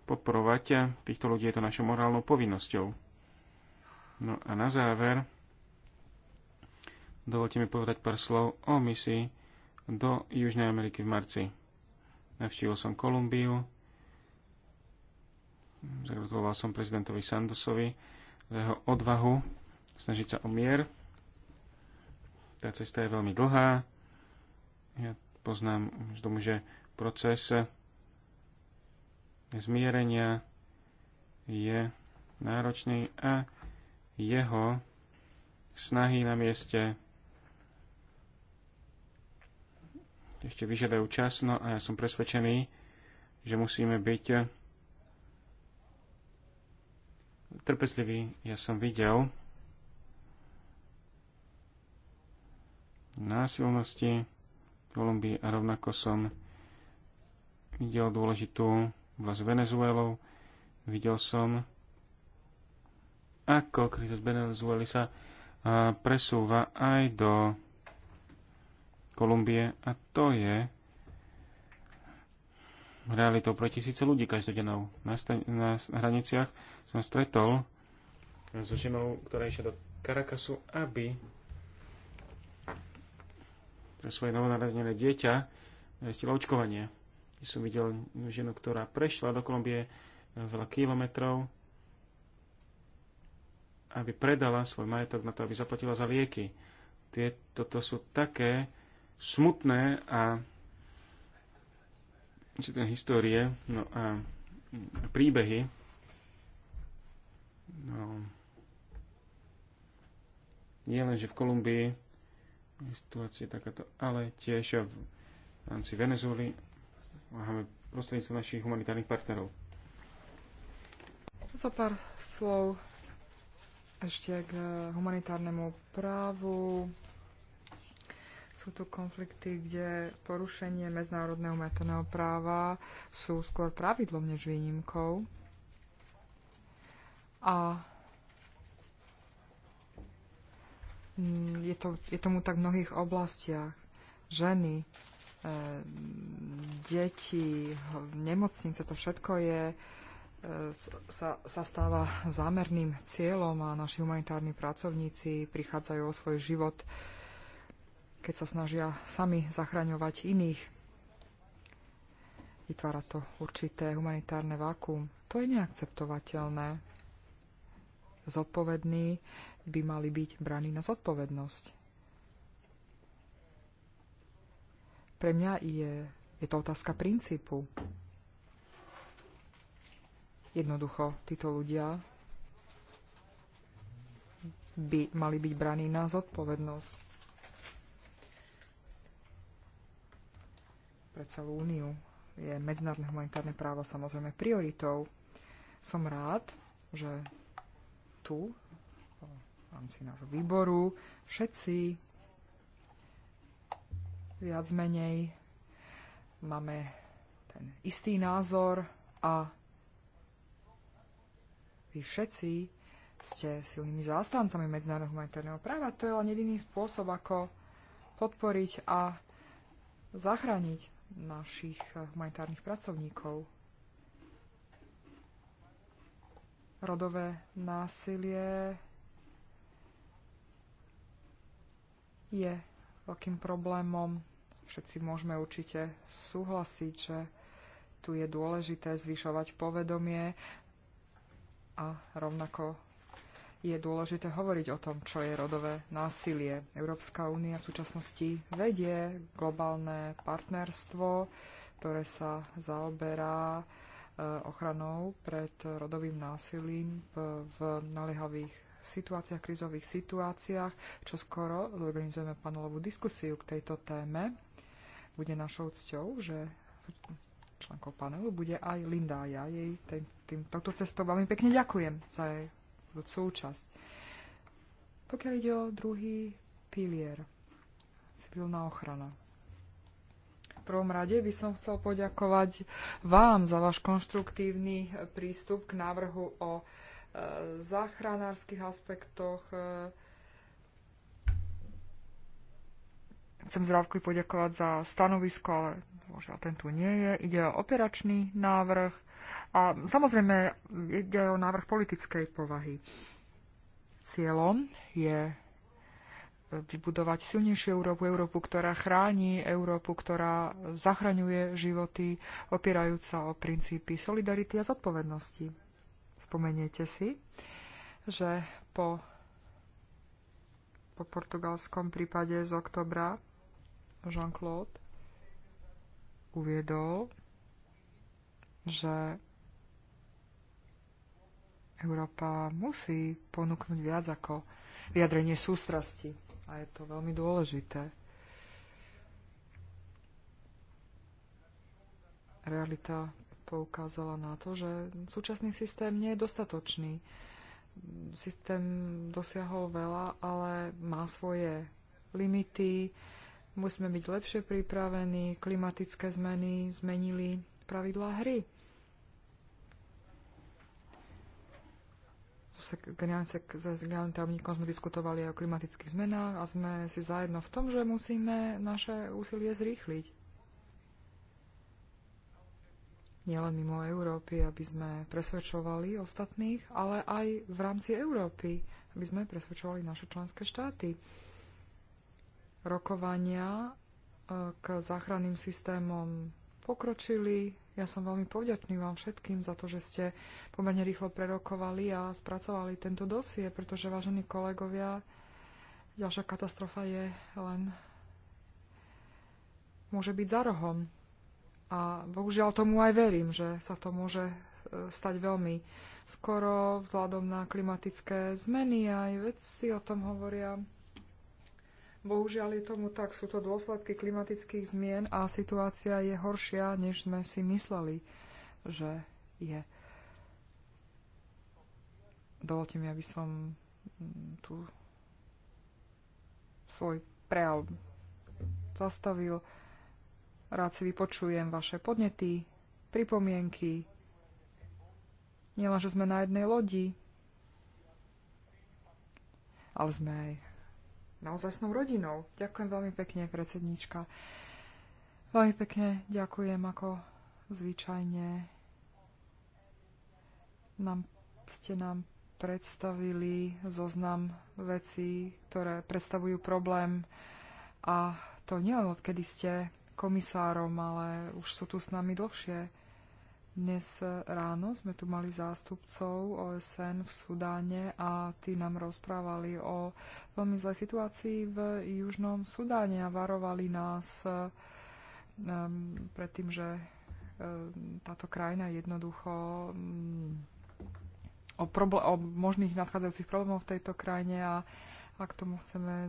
podporovať týchto ľudí, je to našou morálnou povinnosťou. No a na záver, Dovolte mi povedať pár slov o misii do Južnej Ameriky v marci. Navštívil som Kolumbiu, zagratuloval som prezidentovi Sandosovi za jeho odvahu snažiť sa o mier. Tá cesta je veľmi dlhá. Ja poznám z domu, že proces zmierenia je náročný a jeho snahy na mieste ešte vyžiadajú čas, no a ja som presvedčený, že musíme byť trpezliví. Ja som videl násilnosti v Kolumbii a rovnako som videl dôležitú vlast Venezuelou. Videl som, ako kríza z Venezuely sa presúva aj do Kolumbie a to je realitou pre tisíce ľudí každodennou. Na, na hraniciach som stretol so ženou, ktorá išla do Caracasu, aby pre svoje novonarodené dieťa zistila očkovanie. Som videl ženu, ktorá prešla do Kolumbie veľa kilometrov, aby predala svoj majetok na to, aby zaplatila za lieky. Tieto sú také smutné a určité histórie no a príbehy. No, nie len, že v Kolumbii je situácia takáto, ale tiež v rámci Venezuely máme prostredníctvo našich humanitárnych partnerov. Za pár slov ešte k humanitárnemu právu. Sú tu konflikty, kde porušenie medzinárodného metaného práva sú skôr pravidlom než výnimkou. A je, to, je tomu tak v mnohých oblastiach. Ženy, e, deti, nemocnice, to všetko je, e, sa, sa stáva zámerným cieľom a naši humanitárni pracovníci prichádzajú o svoj život keď sa snažia sami zachraňovať iných. Vytvára to určité humanitárne vákuum. To je neakceptovateľné. Zodpovední by mali byť braní na zodpovednosť. Pre mňa je, je to otázka princípu. Jednoducho, títo ľudia by mali byť braní na zodpovednosť. pre celú úniu. Je medzinárodné humanitárne právo samozrejme prioritou. Som rád, že tu, v rámci nášho výboru, všetci viac menej máme ten istý názor a vy všetci ste silnými zástancami medzinárodného humanitárneho práva. To je len jediný spôsob, ako podporiť a zachrániť našich eh, humanitárnych pracovníkov. Rodové násilie je veľkým problémom. Všetci môžeme určite súhlasiť, že tu je dôležité zvyšovať povedomie a rovnako je dôležité hovoriť o tom, čo je rodové násilie. Európska únia v súčasnosti vedie globálne partnerstvo, ktoré sa zaoberá e, ochranou pred rodovým násilím v naliehavých situáciách, krizových situáciách. Čo skoro zorganizujeme panelovú diskusiu k tejto téme. Bude našou cťou, že členkou panelu bude aj Linda ja jej tým, tým, touto cestou veľmi pekne ďakujem za jej súčasť. Pokiaľ ide o druhý pilier, civilná ochrana. V prvom rade by som chcel poďakovať vám za váš konštruktívny prístup k návrhu o e, záchranárskych aspektoch. E, chcem zdravku poďakovať za stanovisko, ale bohužiaľ ten tu nie je. Ide o operačný návrh a samozrejme ide o návrh politickej povahy. Cieľom je vybudovať silnejšiu Európu, Európu, ktorá chráni, Európu, ktorá zachraňuje životy, opierajúca o princípy solidarity a zodpovednosti. Spomeniete si, že po, po portugalskom prípade z oktobra Jean-Claude uviedol, že Európa musí ponúknuť viac ako vyjadrenie sústrasti. A je to veľmi dôležité. Realita poukázala na to, že súčasný systém nie je dostatočný. Systém dosiahol veľa, ale má svoje limity. Musíme byť lepšie pripravení. Klimatické zmeny zmenili pravidlá hry so generálnym tajomníkom sme diskutovali o klimatických zmenách a sme si zajedno v tom, že musíme naše úsilie zrýchliť. Nielen mimo Európy, aby sme presvedčovali ostatných, ale aj v rámci Európy, aby sme presvedčovali naše členské štáty. Rokovania eh, k záchranným systémom pokročili, ja som veľmi povďačný vám všetkým za to, že ste pomerne rýchlo prerokovali a spracovali tento dosie, pretože, vážení kolegovia, ďalšia katastrofa je len... môže byť za rohom. A bohužiaľ tomu aj verím, že sa to môže e, stať veľmi skoro vzhľadom na klimatické zmeny aj vedci o tom hovoria. Bohužiaľ je tomu tak, sú to dôsledky klimatických zmien a situácia je horšia, než sme si mysleli, že je. Dovolte mi, aby som mm, tu svoj prejav zastavil. Rád si vypočujem vaše podnety, pripomienky. Nielen, že sme na jednej lodi, ale sme aj naozajstnou rodinou. Ďakujem veľmi pekne, predsednička. Veľmi pekne ďakujem, ako zvyčajne nám, ste nám predstavili zoznam vecí, ktoré predstavujú problém a to nielen odkedy ste komisárom, ale už sú tu s nami dlhšie dnes ráno sme tu mali zástupcov OSN v Sudáne a tí nám rozprávali o veľmi zlej situácii v Južnom Sudáne a varovali nás um, pred tým, že um, táto krajina jednoducho um, o, o možných nadchádzajúcich problémoch v tejto krajine a ak tomu chceme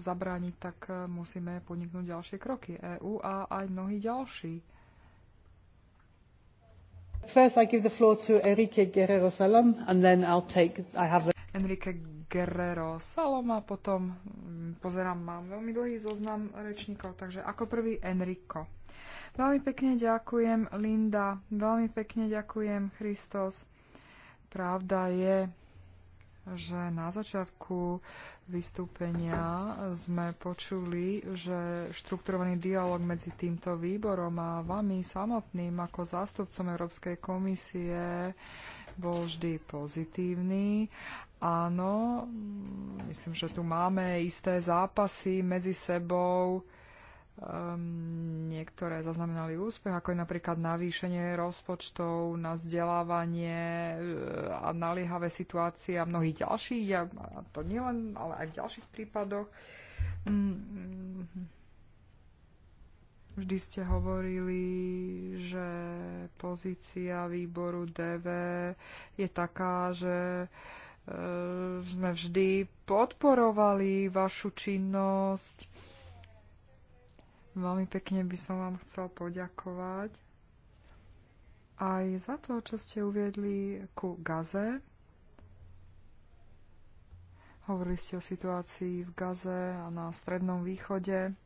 zabrániť, tak e, musíme podniknúť ďalšie kroky. EÚ a aj mnohí ďalší First I give the floor to Enrique Guerrero Salom and then I'll take, I have a... Enrique Guerrero Salom a potom mm, pozerám, mám veľmi dlhý zoznam rečníkov, takže ako prvý Enrico. Veľmi pekne ďakujem Linda, veľmi pekne ďakujem Christos. Pravda je, že na začiatku vystúpenia sme počuli, že štrukturovaný dialog medzi týmto výborom a vami samotným ako zástupcom Európskej komisie bol vždy pozitívny. Áno, myslím, že tu máme isté zápasy medzi sebou Um, niektoré zaznamenali úspech, ako je napríklad navýšenie rozpočtov na vzdelávanie eh, a naliehavé situácie a mnohých ďalších, a to nielen, ale aj v ďalších prípadoch. Um, vždy ste hovorili, že pozícia výboru DV je taká, že eh, sme vždy podporovali vašu činnosť Veľmi pekne by som vám chcel poďakovať aj za to, čo ste uviedli ku Gaze. Hovorili ste o situácii v Gaze a na Strednom východe.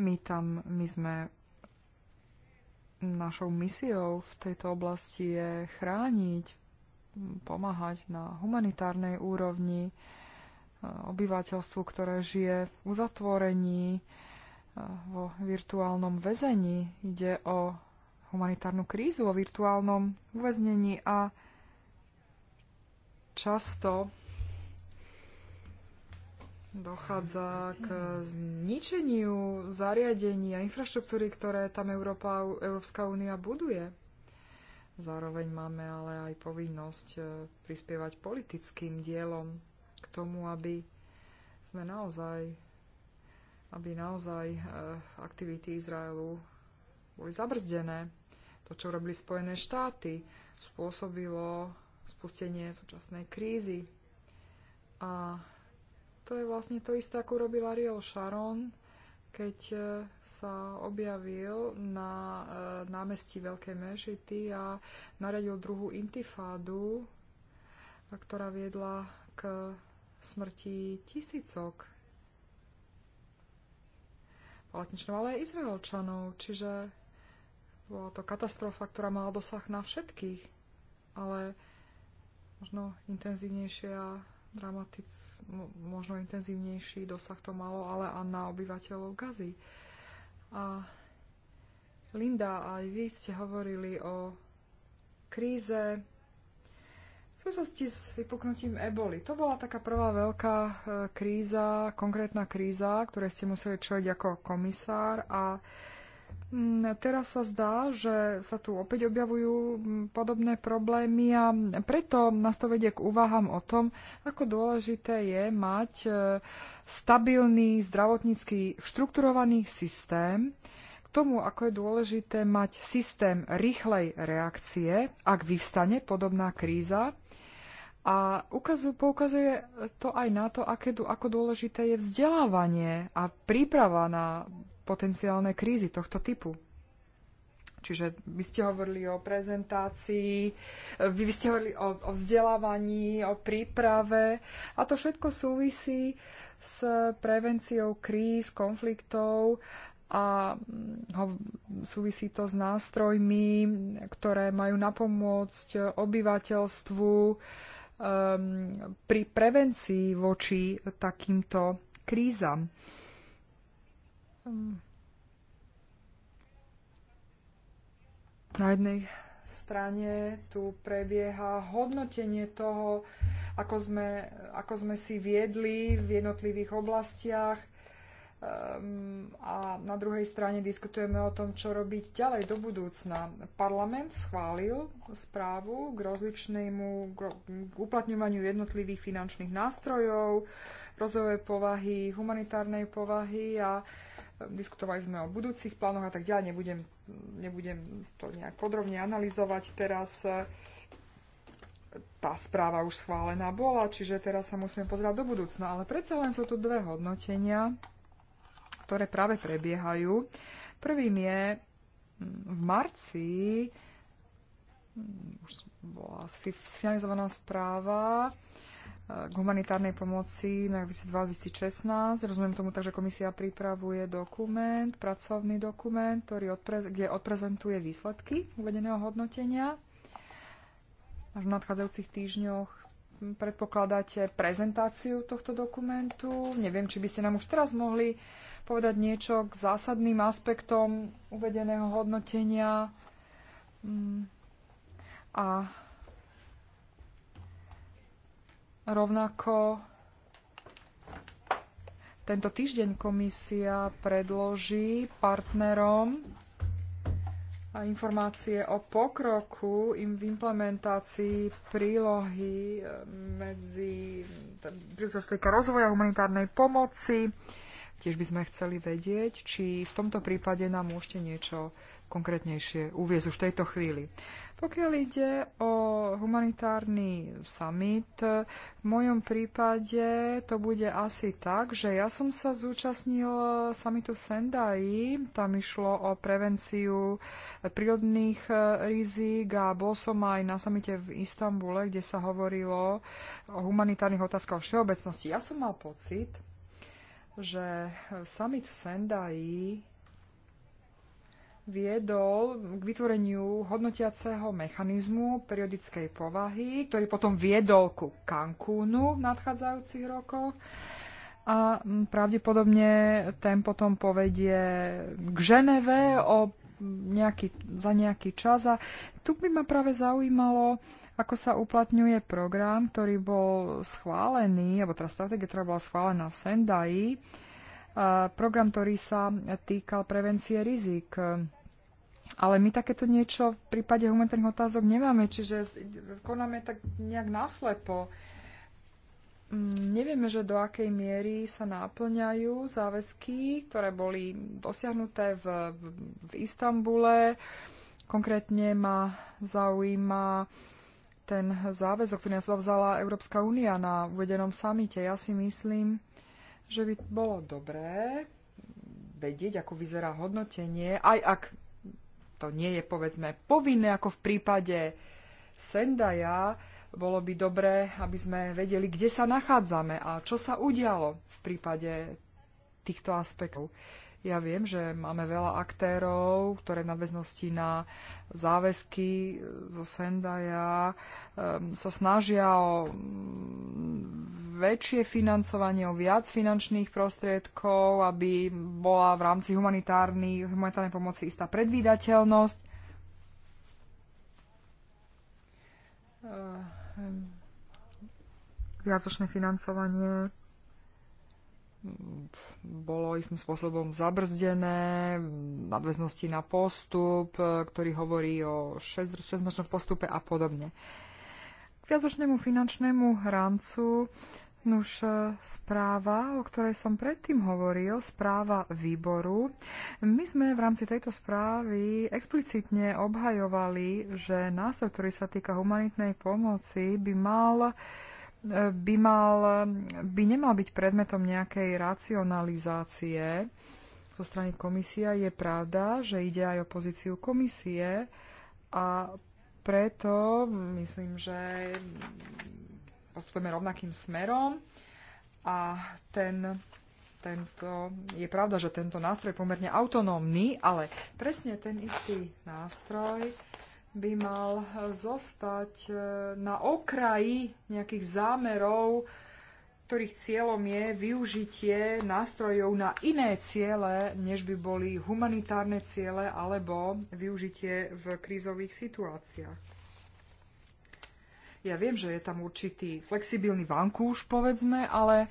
My tam, my sme našou misiou v tejto oblasti je chrániť pomáhať na humanitárnej úrovni e, obyvateľstvu, ktoré žije v uzatvorení, e, vo virtuálnom väzení. Ide o humanitárnu krízu, o virtuálnom uväznení a často dochádza k zničeniu zariadení a infraštruktúry, ktoré tam Európa, Európska únia buduje. Zároveň máme ale aj povinnosť e, prispievať politickým dielom k tomu, aby sme naozaj, aby naozaj e, aktivity Izraelu boli zabrzdené. To, čo robili Spojené štáty, spôsobilo spustenie súčasnej krízy. A to je vlastne to isté, ako robila Ariel Sharon keď e, sa objavil na e, námestí Veľkej Mežity a naradil druhú intifádu, ktorá viedla k smrti tisícok palestinčanov, ale aj izraelčanov. Čiže bola to katastrofa, ktorá mala dosah na všetkých, ale možno intenzívnejšia dramatic, možno intenzívnejší dosah to malo, ale a na obyvateľov Gazy. A Linda, aj vy ste hovorili o kríze v súvislosti s vypuknutím eboli. To bola taká prvá veľká e, kríza, konkrétna kríza, ktoré ste museli čeliť ako komisár a Mm, teraz sa zdá, že sa tu opäť objavujú mm, podobné problémy a preto nás to vedie k úvahám o tom, ako dôležité je mať e, stabilný zdravotnícky štrukturovaný systém, k tomu, ako je dôležité mať systém rýchlej reakcie, ak vyvstane podobná kríza. A ukazu, poukazuje to aj na to, aké, ako dôležité je vzdelávanie a príprava na potenciálne krízy tohto typu. Čiže vy ste hovorili o prezentácii, vy, ste hovorili o, o vzdelávaní, o príprave a to všetko súvisí s prevenciou kríz, konfliktov a mm, ho, súvisí to s nástrojmi, ktoré majú napomôcť obyvateľstvu um, pri prevencii voči takýmto krízam. Hm. na jednej strane tu prebieha hodnotenie toho, ako sme, ako sme si viedli v jednotlivých oblastiach ehm, a na druhej strane diskutujeme o tom, čo robiť ďalej do budúcna. Parlament schválil správu k rozličnému k uplatňovaniu jednotlivých finančných nástrojov, rozvojovej povahy, humanitárnej povahy a diskutovali sme o budúcich plánoch a tak ďalej, nebudem, nebudem to nejak podrobne analyzovať teraz. Tá správa už schválená bola, čiže teraz sa musíme pozerať do budúcna, ale predsa len sú tu dve hodnotenia, ktoré práve prebiehajú. Prvým je v marci už bola sfinalizovaná správa, k humanitárnej pomoci na 2016. Rozumiem tomu tak, že komisia pripravuje dokument, pracovný dokument, ktorý odpre, kde odprezentuje výsledky uvedeného hodnotenia. Až v nadchádzajúcich týždňoch predpokladáte prezentáciu tohto dokumentu. Neviem, či by ste nám už teraz mohli povedať niečo k zásadným aspektom uvedeného hodnotenia mm. a Rovnako tento týždeň komisia predloží partnerom informácie o pokroku im v implementácii prílohy eh, medzi týka rozvoja humanitárnej pomoci. Tiež by sme chceli vedieť, či v tomto prípade nám môžete niečo konkrétnejšie uviezť už v tejto chvíli. Pokiaľ ide o humanitárny summit, v mojom prípade to bude asi tak, že ja som sa zúčastnil summitu Sendai, tam išlo o prevenciu prírodných rizík a bol som aj na samite v Istambule, kde sa hovorilo o humanitárnych otázkach všeobecnosti. Ja som mal pocit, že summit Sendai viedol k vytvoreniu hodnotiaceho mechanizmu periodickej povahy, ktorý potom viedol ku Cancúnu v nadchádzajúcich rokoch a pravdepodobne ten potom povedie k Ženeve o nejaký, za nejaký čas. A tu by ma práve zaujímalo, ako sa uplatňuje program, ktorý bol schválený, alebo tá teda stratégia, ktorá bola schválená v Sendai, program, ktorý sa týkal prevencie rizik. Ale my takéto niečo v prípade humanitárnych otázok nemáme, čiže konáme tak nejak náslepo. Mm, nevieme, že do akej miery sa náplňajú záväzky, ktoré boli dosiahnuté v, v, v Istambule. Konkrétne ma zaujíma ten záväzok, ktorý nás vzala Európska únia na uvedenom samite. Ja si myslím, že by bolo dobré vedieť, ako vyzerá hodnotenie, aj ak to nie je povedzme povinné ako v prípade Sendaja, bolo by dobré, aby sme vedeli, kde sa nachádzame a čo sa udialo v prípade týchto aspektov. Ja viem, že máme veľa aktérov, ktoré v nadväznosti na záväzky eh, zo Sendaja um, sa snažia o mm, väčšie financovanie, o viac finančných prostriedkov, aby bola v rámci humanitárnej pomoci istá predvídateľnosť. Eh, ehm, Viacočné financovanie bolo istým spôsobom zabrzdené nadväznosti na postup, ktorý hovorí o 6-ročnom postupe a podobne. K viacročnému finančnému rámcu Nuž e, správa, o ktorej som predtým hovoril, správa výboru. My sme v rámci tejto správy explicitne obhajovali, že nástroj, ktorý sa týka humanitnej pomoci, by mal uh, by, mal, by nemal byť predmetom nejakej racionalizácie zo strany komisia. Je pravda, že ide aj o pozíciu komisie a preto myslím, že postupujeme rovnakým smerom a ten, tento, je pravda, že tento nástroj je pomerne autonómny, ale presne ten istý nástroj by mal eh, zostať eh, na okraji nejakých zámerov, ktorých cieľom je využitie nástrojov na iné ciele, než by boli humanitárne ciele alebo využitie v krízových situáciách. Ja viem, že je tam určitý flexibilný vankúš, povedzme, ale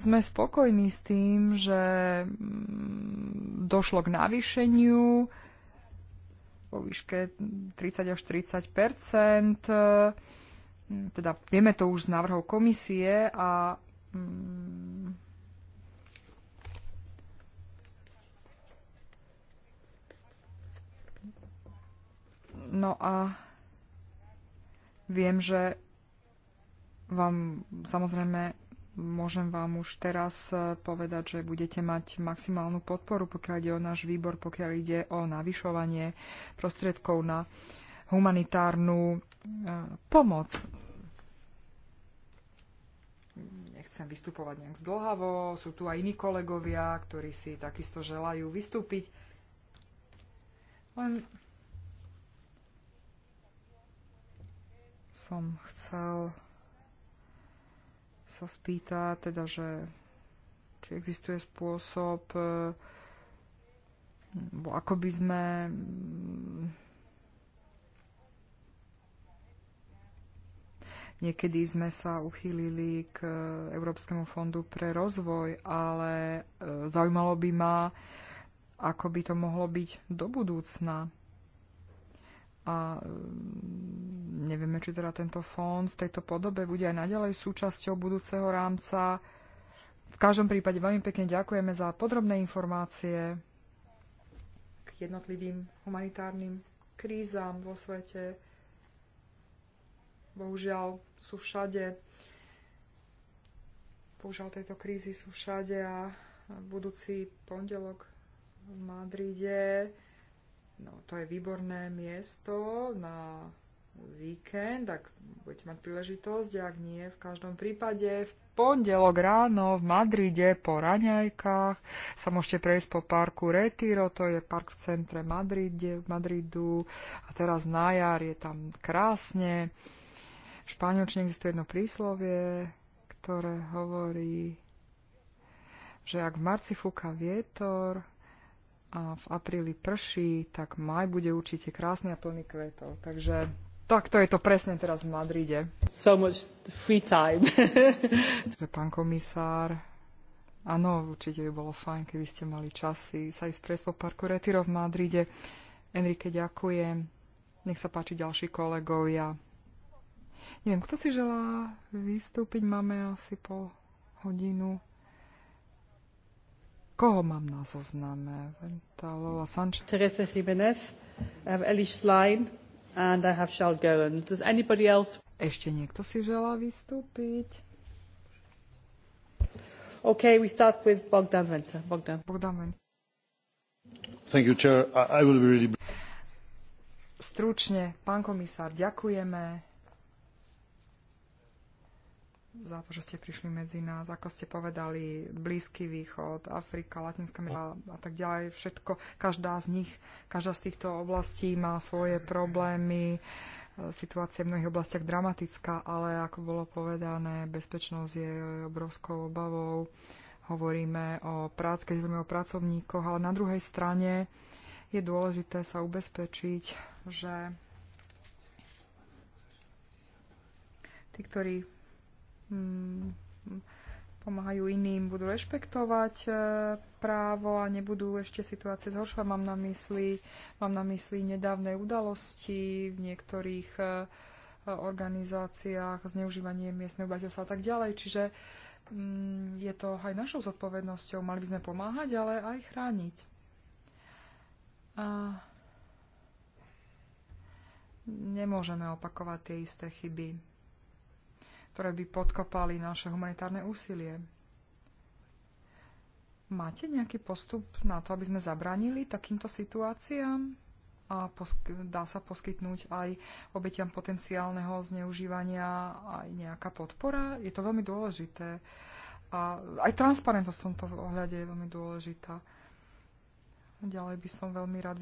sme spokojní s tým, že mm, došlo k navýšeniu vo výške 30 až 30%. teda vieme to už z návrhov komisie a mm, no a viem, že vám samozrejme môžem vám už teraz e, povedať, že budete mať maximálnu podporu, pokiaľ ide o náš výbor, pokiaľ ide o navyšovanie prostriedkov na humanitárnu e, pomoc. Nechcem vystupovať nejak zdlhavo, sú tu aj iní kolegovia, ktorí si takisto želajú vystúpiť. Len som chcel sa spýta, teda, že či existuje spôsob, e, ako by sme mm, Niekedy sme sa uchýlili k Európskemu fondu pre rozvoj, ale e, zaujímalo by ma, ako by to mohlo byť do budúcna. A mm, Nevieme, či teda tento fond v tejto podobe bude aj naďalej súčasťou budúceho rámca. V každom prípade veľmi pekne ďakujeme za podrobné informácie k jednotlivým humanitárnym krízam vo svete. Bohužiaľ sú všade. Bohužiaľ tejto krízy sú všade a budúci pondelok v Madride No, to je výborné miesto na víkend, ak budete mať príležitosť, ak nie, v každom prípade v pondelok ráno v Madride po raňajkách sa môžete prejsť po parku Retiro, to je park v centre Madride, Madridu a teraz na jar je tam krásne. V španielčine existuje jedno príslovie, ktoré hovorí, že ak v marci fúka vietor a v apríli prší, tak maj bude určite krásny a plný kvetov. Takže Takto je to presne teraz v Madride. So much free time. Pán komisár, áno, určite by bolo fajn, keby ste mali časy sa ísť prejsť po parku Retiro v Madride. Enrique, ďakujem. Nech sa páči ďalší kolegovia. Neviem, kto si želá vystúpiť? Máme asi po hodinu. Koho mám na zozname? Venta Lola Sanchez. Teresa Jiménez, Eliš Schlein, and I have Charles Goins. Does anybody else? Ešte niekto si želá vystúpiť? Okay, we start with Bogdan Venter. Bogdan. Bogdan Venter. Thank you, Chair. I, I will be really... Stručne, pán komisár, ďakujeme za to, že ste prišli medzi nás, ako ste povedali, Blízky východ, Afrika, Latinská Amerika a tak ďalej, všetko, každá z nich, každá z týchto oblastí má svoje problémy, situácia v mnohých oblastiach dramatická, ale ako bolo povedané, bezpečnosť je obrovskou obavou, hovoríme o prác, keď hovoríme o pracovníkoch, ale na druhej strane je dôležité sa ubezpečiť, že tí, ktorí Mm, pomáhajú iným, budú rešpektovať e, právo a nebudú ešte situácie zhoršovať. Mám na mysli, mám na mysli nedávne udalosti v niektorých e, organizáciách, zneužívanie miestneho obyvateľstva a tak ďalej. Čiže mm, je to aj našou zodpovednosťou. Mali by sme pomáhať, ale aj chrániť. A nemôžeme opakovať tie isté chyby ktoré by podkopali naše humanitárne úsilie. Máte nejaký postup na to, aby sme zabránili takýmto situáciám? A dá sa poskytnúť aj obetiam potenciálneho zneužívania aj nejaká podpora? Je to veľmi dôležité. A aj transparentnosť v tomto ohľade je veľmi dôležitá. Ďalej by som veľmi rád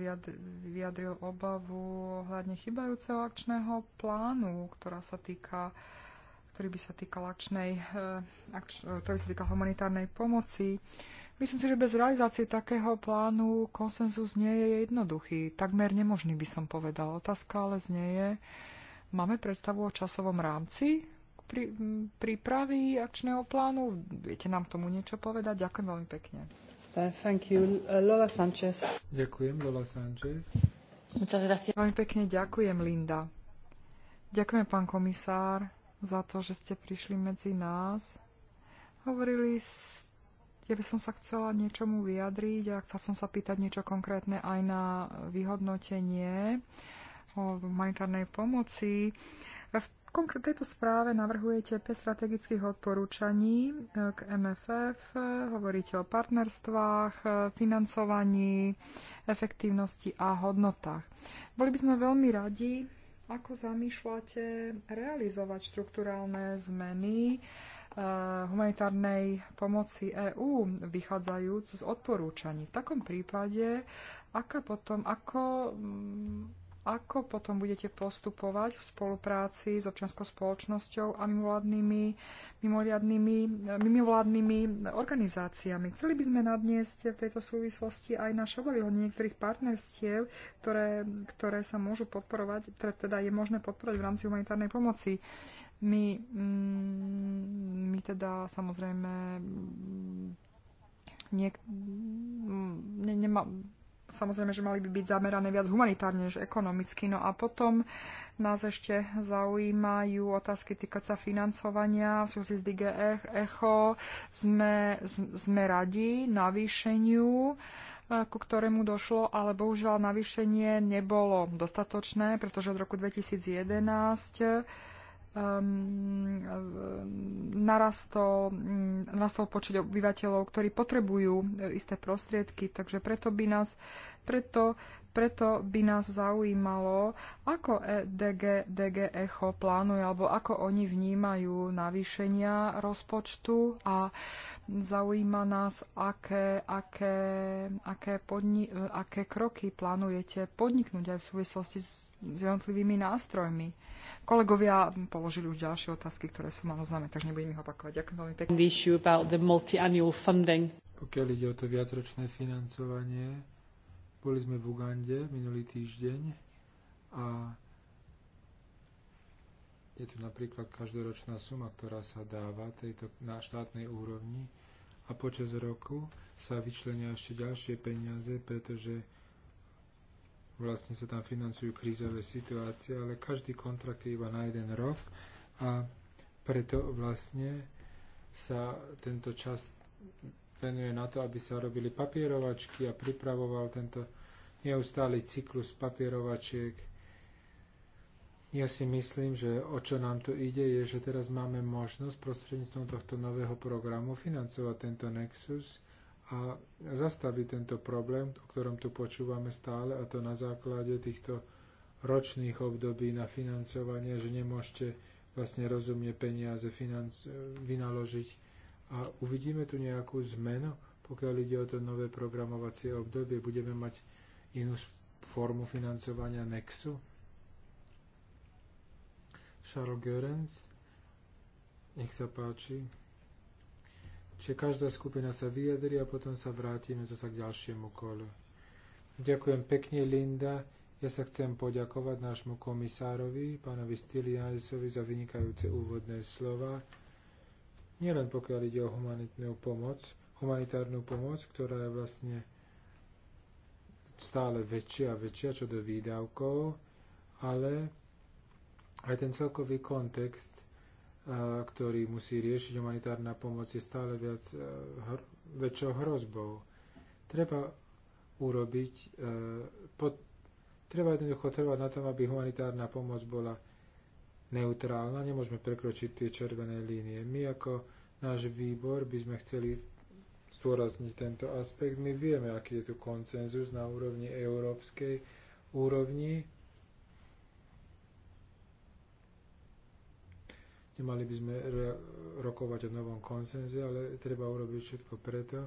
vyjadril obavu ohľadne chybajúceho akčného plánu, ktorá sa týka uh, ktorý by sa týkal akčnej, eh, eh, ktorý sa týkal humanitárnej pomoci. Myslím si, že bez realizácie takého plánu konsenzus nie je jednoduchý. Takmer nemožný by som povedal. Otázka ale znie je, máme predstavu o časovom rámci pri, prípravy akčného plánu? Viete nám k tomu niečo povedať? Ďakujem veľmi pekne. Uh, thank you. Uh, Lola Sanchez. Ďakujem, Lola Sanchez. Veľmi pekne ďakujem, Linda. Ďakujem, pán komisár za to, že ste prišli medzi nás. Hovorili ja by som sa chcela niečomu vyjadriť a chcela som sa pýtať niečo konkrétne aj na vyhodnotenie o humanitárnej pomoci. V tejto správe navrhujete 5 strategických odporúčaní e, k MFF, hovoríte o partnerstvách, e, financovaní, efektívnosti a hodnotách. Boli by sme veľmi radi, ako zamýšľate realizovať štruktúrálne zmeny eh, humanitárnej pomoci EÚ, vychádzajúc z odporúčaní? V takom prípade, aká potom, ako mm, ako potom budete postupovať v spolupráci s občianskou spoločnosťou a mimovládnymi, mimovládnymi, mimovládnymi organizáciami? Chceli by sme nadniesť v tejto súvislosti aj naše obavy niektorých partnerstiev, ktoré, ktoré sa môžu podporovať, ktoré teda je možné podporovať v rámci humanitárnej pomoci. My, mm, my teda samozrejme mm, niek- mm, ne, nema, samozrejme, že mali by byť zamerané viac humanitárne než ekonomicky. No a potom nás ešte zaujímajú otázky týkajúce sa financovania v súvislosti s DG Echo. Sme, sme radi navýšeniu e, ku ktorému došlo, ale bohužiaľ navýšenie nebolo dostatočné, pretože od roku 2011 um, narastol, um, narastol počet obyvateľov, ktorí potrebujú e, isté prostriedky, takže preto by nás, preto, preto by nás zaujímalo, ako e, DG, DG Echo plánuje, alebo ako oni vnímajú navýšenia rozpočtu a zaujíma nás, aké, aké, aké, podni- e, aké kroky plánujete podniknúť aj v súvislosti s, s jednotlivými nástrojmi. Kolegovia položili už ďalšie otázky, ktoré som mal známe, takže nebudem ich opakovať. Ďakujem veľmi pekne. Pokiaľ ide o to viacročné financovanie, boli sme v Ugande minulý týždeň a je tu napríklad každoročná suma, ktorá sa dáva tejto, na štátnej úrovni a počas roku sa vyčlenia ešte ďalšie peniaze, pretože vlastne sa tam financujú krízové situácie, ale každý kontrakt je iba na jeden rok a preto vlastne sa tento čas venuje na to, aby sa robili papierovačky a pripravoval tento neustály cyklus papierovačiek. Ja si myslím, že o čo nám tu ide, je, že teraz máme možnosť prostredníctvom tohto nového programu financovať tento Nexus a zastaví tento problém, o ktorom tu počúvame stále, a to na základe týchto ročných období na financovanie, že nemôžete vlastne rozumne peniaze financ- vynaložiť. A uvidíme tu nejakú zmenu, pokiaľ ide o to nové programovacie obdobie, budeme mať inú formu financovania Nexu. Charles Görens, nech sa páči. Čiže každá skupina sa vyjadri a potom sa vrátime zase k ďalšiemu kolu. Ďakujem pekne, Linda. Ja sa chcem poďakovať nášmu komisárovi, pánovi Stylianisovi, za vynikajúce úvodné slova. Nielen pokiaľ ide o humanitnú pomoc, humanitárnu pomoc, ktorá je vlastne stále väčšia a väčšia čo do výdavkov, ale aj ten celkový kontext ktorý musí riešiť humanitárna pomoc, je stále viac e, hr- väčšou hrozbou. Treba urobiť, e, pod, treba jednoducho trvať na tom, aby humanitárna pomoc bola neutrálna, nemôžeme prekročiť tie červené línie. My ako náš výbor by sme chceli zdôrazniť tento aspekt. My vieme, aký je tu koncenzus na úrovni európskej úrovni Nemali by sme rokovať o novom konsenze, ale treba urobiť všetko preto,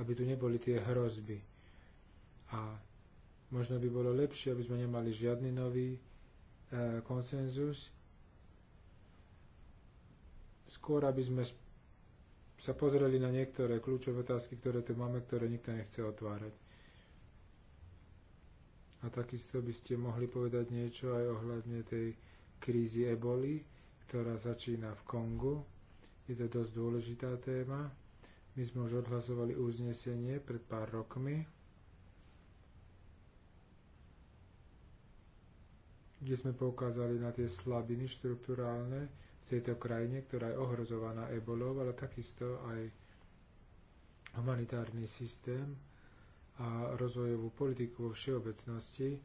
aby tu neboli tie hrozby. A možno by bolo lepšie, aby sme nemali žiadny nový e, konsenzus, skôr aby sme sa pozreli na niektoré kľúčové otázky, ktoré tu máme, ktoré nikto nechce otvárať. A takisto by ste mohli povedať niečo aj ohľadne tej krízy eboli ktorá začína v Kongu. Je to dosť dôležitá téma. My sme už odhlasovali uznesenie pred pár rokmi, kde sme poukázali na tie slabiny štruktúrálne v tejto krajine, ktorá je ohrozovaná ebolou, ale takisto aj humanitárny systém a rozvojovú politiku vo všeobecnosti.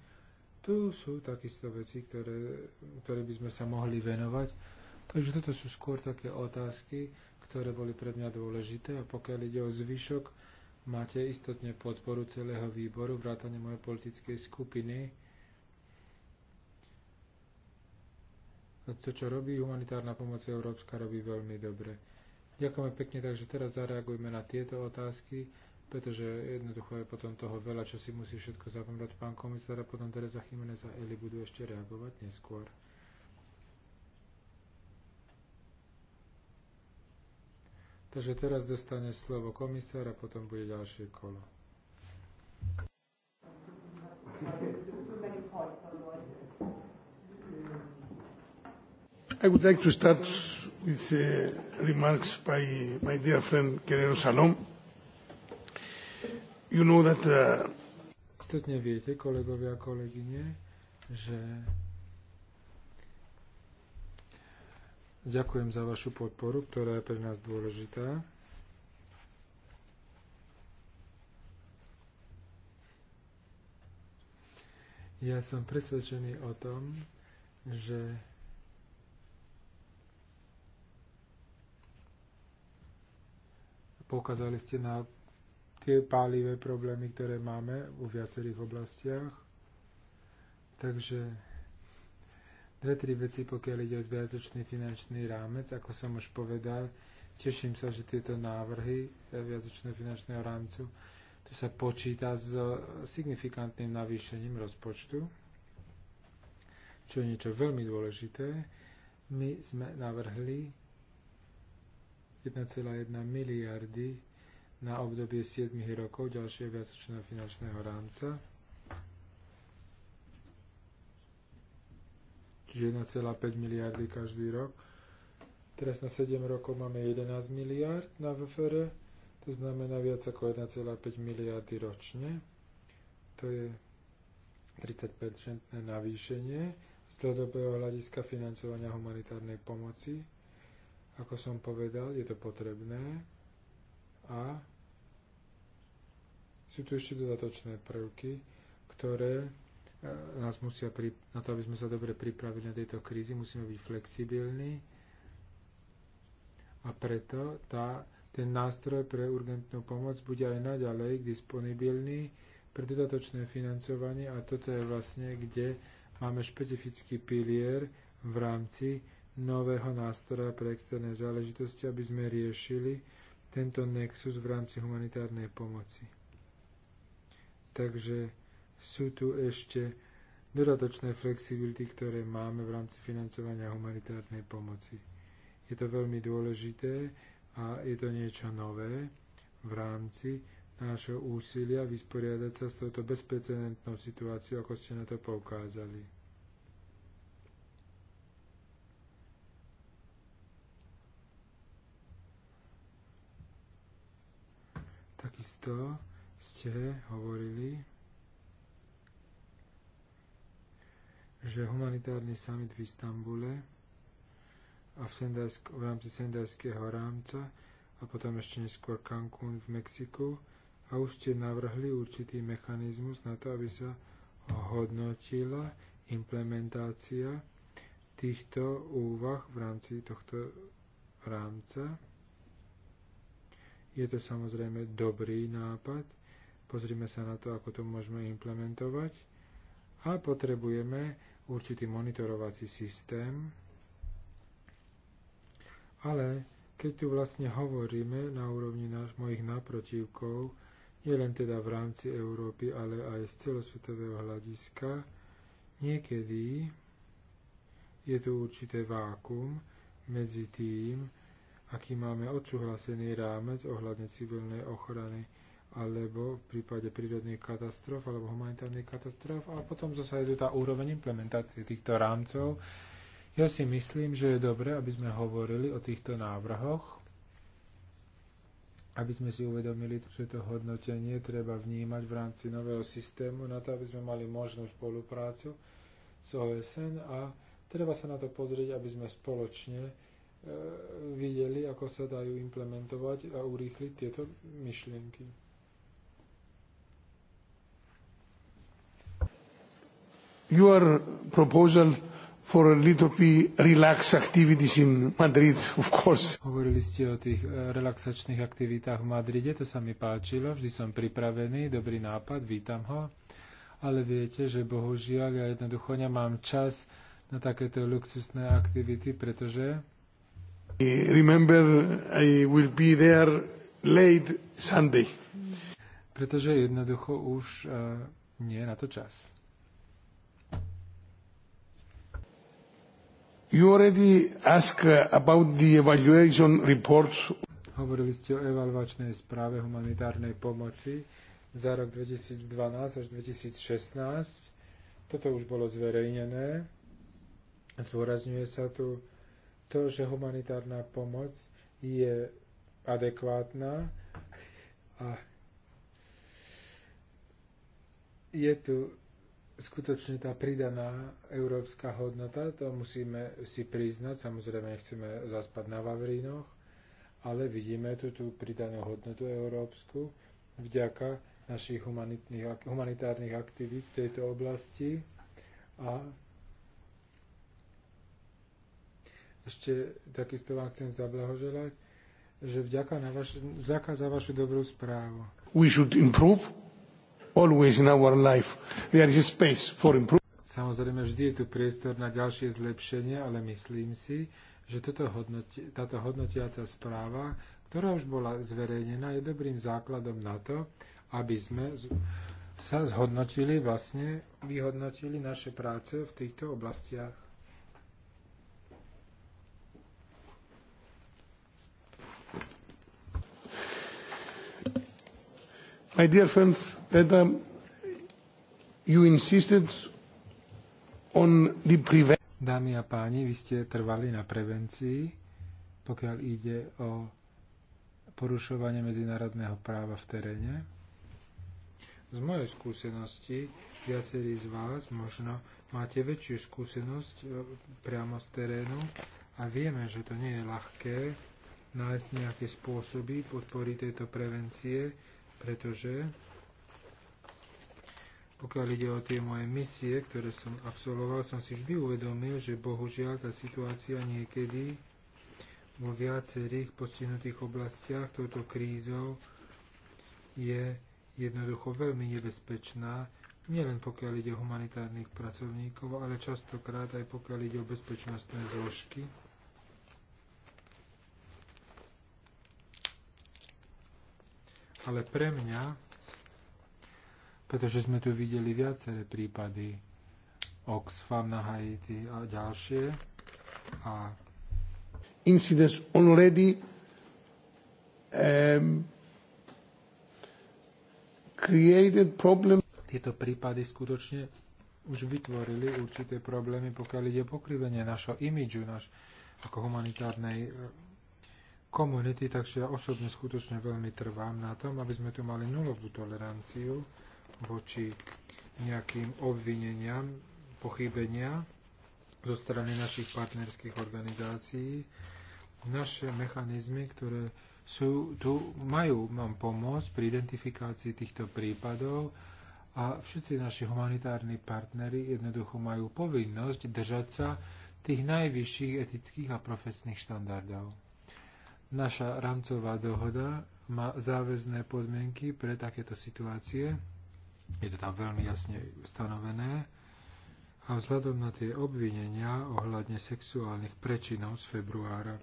Tu sú takisto veci, ktoré, ktoré by sme sa mohli venovať Takže toto sú skôr také otázky, ktoré boli pre mňa dôležité a pokiaľ ide o zvyšok, máte istotne podporu celého výboru, vrátane mojej politickej skupiny. To, čo robí humanitárna pomoc Európska, robí veľmi dobre. Ďakujeme pekne, takže teraz zareagujme na tieto otázky, pretože jednoducho je potom toho veľa, čo si musí všetko zapamätať pán komisár a potom Teresa Chimenez a Eli budú ešte reagovať neskôr. Takže teraz dostane slovo komisár a potom bude ďalšie kolo. I would like to start with uh, remarks by my dear friend Guerrero Salom. You know that... Uh... Stotne viete, kolegovia a kolegyne, že Ďakujem za vašu podporu, ktorá je pre nás dôležitá. Ja som presvedčený o tom, že poukázali ste na tie pálivé problémy, ktoré máme v viacerých oblastiach. Takže dve, tri veci, pokiaľ ide o zviatočný finančný rámec. Ako som už povedal, teším sa, že tieto návrhy zviatočného finančného rámcu tu sa počíta s signifikantným navýšením rozpočtu, čo je niečo veľmi dôležité. My sme navrhli 1,1 miliardy na obdobie 7 rokov ďalšieho viacočného finančného rámca čiže 1,5 miliardy každý rok. Teraz na 7 rokov máme 11 miliard na VFR, er, to znamená viac ako 1,5 miliardy ročne. To je 30 navýšenie z dlhodobého hľadiska financovania humanitárnej pomoci. Ako som povedal, je to potrebné a sú tu ešte dodatočné prvky, ktoré nás musia, pri, na to, aby sme sa dobre pripravili na tejto krízi, musíme byť flexibilní a preto tá, ten nástroj pre urgentnú pomoc bude aj naďalej disponibilný pre dodatočné financovanie a toto je vlastne, kde máme špecifický pilier v rámci nového nástroja pre externé záležitosti, aby sme riešili tento nexus v rámci humanitárnej pomoci. Takže sú tu ešte dodatočné flexibility, ktoré máme v rámci financovania humanitárnej pomoci. Je to veľmi dôležité a je to niečo nové v rámci nášho úsilia vysporiadať sa s touto bezprecedentnou situáciou, ako ste na to poukázali. takisto ste hovorili že humanitárny summit v Istambule a v, Sendajsk, v rámci Sendajského rámca a potom ešte neskôr Cancún v Mexiku a už ste navrhli určitý mechanizmus na to, aby sa hodnotila implementácia týchto úvah v rámci tohto rámca. Je to samozrejme dobrý nápad. Pozrime sa na to, ako to môžeme implementovať. A potrebujeme určitý monitorovací systém, ale keď tu vlastne hovoríme na úrovni naš, mojich naprotivkov, nielen teda v rámci Európy, ale aj z celosvetového hľadiska, niekedy je tu určité vákum medzi tým, aký máme odsúhlasený rámec ohľadne civilnej ochrany alebo v prípade prírodných katastrof alebo humanitárnych katastrof a potom zase je tu tá úroveň implementácie týchto rámcov. Ja si myslím, že je dobré, aby sme hovorili o týchto návrhoch, aby sme si uvedomili, že to hodnotenie treba vnímať v rámci nového systému na to, aby sme mali možnú spoluprácu s OSN a treba sa na to pozrieť, aby sme spoločne e, videli, ako sa dajú implementovať a urýchliť tieto myšlienky. your proposal for a little bit relaxed activities in Madrid, of course. Hovorili ste o tých e, relaxačných aktivitách v Madride, to sa mi páčilo, vždy som pripravený, dobrý nápad, vítam ho. Ale viete, že bohužiaľ ja jednoducho nemám čas na takéto luxusné aktivity, pretože... Remember, I will be there late Sunday. Pretože jednoducho už uh, nie je na to čas. You already about the evaluation report. Hovorili ste o evaluačnej správe humanitárnej pomoci za rok 2012 až 2016. Toto už bolo zverejnené. Zdôrazňuje sa tu to, že humanitárna pomoc je adekvátna a je tu skutočne tá pridaná európska hodnota, to musíme si priznať, samozrejme nechceme zaspať na Vavrínoch, ale vidíme tu tú pridanú hodnotu európsku vďaka našich humanitárnych aktivít v tejto oblasti. A ešte takisto vám chcem zablahoželať, že vďaka, na vaš, vďaka za vašu dobrú správu. We should improve always in our life there is space for improvement. Samozrejme, vždy je tu priestor na ďalšie zlepšenie, ale myslím si, že toto hodnoti, táto hodnotiaca správa, ktorá už bola zverejnená, je dobrým základom na to, aby sme sa zhodnotili, vlastne vyhodnotili naše práce v týchto oblastiach. My dear friends, Peter, you insisted on the prevention. Dámy a páni, vy ste trvali na prevencii, pokiaľ ide o porušovanie medzinárodného práva v teréne. Z mojej skúsenosti, viacerí z vás možno máte väčšiu skúsenosť e, priamo z terénu a vieme, že to nie je ľahké nájsť nejaké spôsoby podpory tejto prevencie, pretože pokiaľ ide o tie moje misie, ktoré som absolvoval, som si vždy uvedomil, že bohužiaľ tá situácia niekedy vo viacerých postihnutých oblastiach touto krízou je jednoducho veľmi nebezpečná, nielen pokiaľ ide o humanitárnych pracovníkov, ale častokrát aj pokiaľ ide o bezpečnostné zložky. Ale pre mňa, pretože sme tu videli viaceré prípady Oxfam na Haiti a ďalšie, a incidents already um, created problem. Tieto prípady skutočne už vytvorili určité problémy, pokiaľ ide pokrivenie našho imidžu, naš, ako humanitárnej komunity, takže ja osobne skutočne veľmi trvám na tom, aby sme tu mali nulovú toleranciu voči nejakým obvineniam, pochybenia zo strany našich partnerských organizácií. Naše mechanizmy, ktoré sú, tu majú nám pomôcť pri identifikácii týchto prípadov a všetci naši humanitárni partnery jednoducho majú povinnosť držať sa tých najvyšších etických a profesných štandardov. Naša rámcová dohoda má záväzné podmienky pre takéto situácie. Je to tam veľmi jasne stanovené. A vzhľadom na tie obvinenia ohľadne sexuálnych prečinov z februára,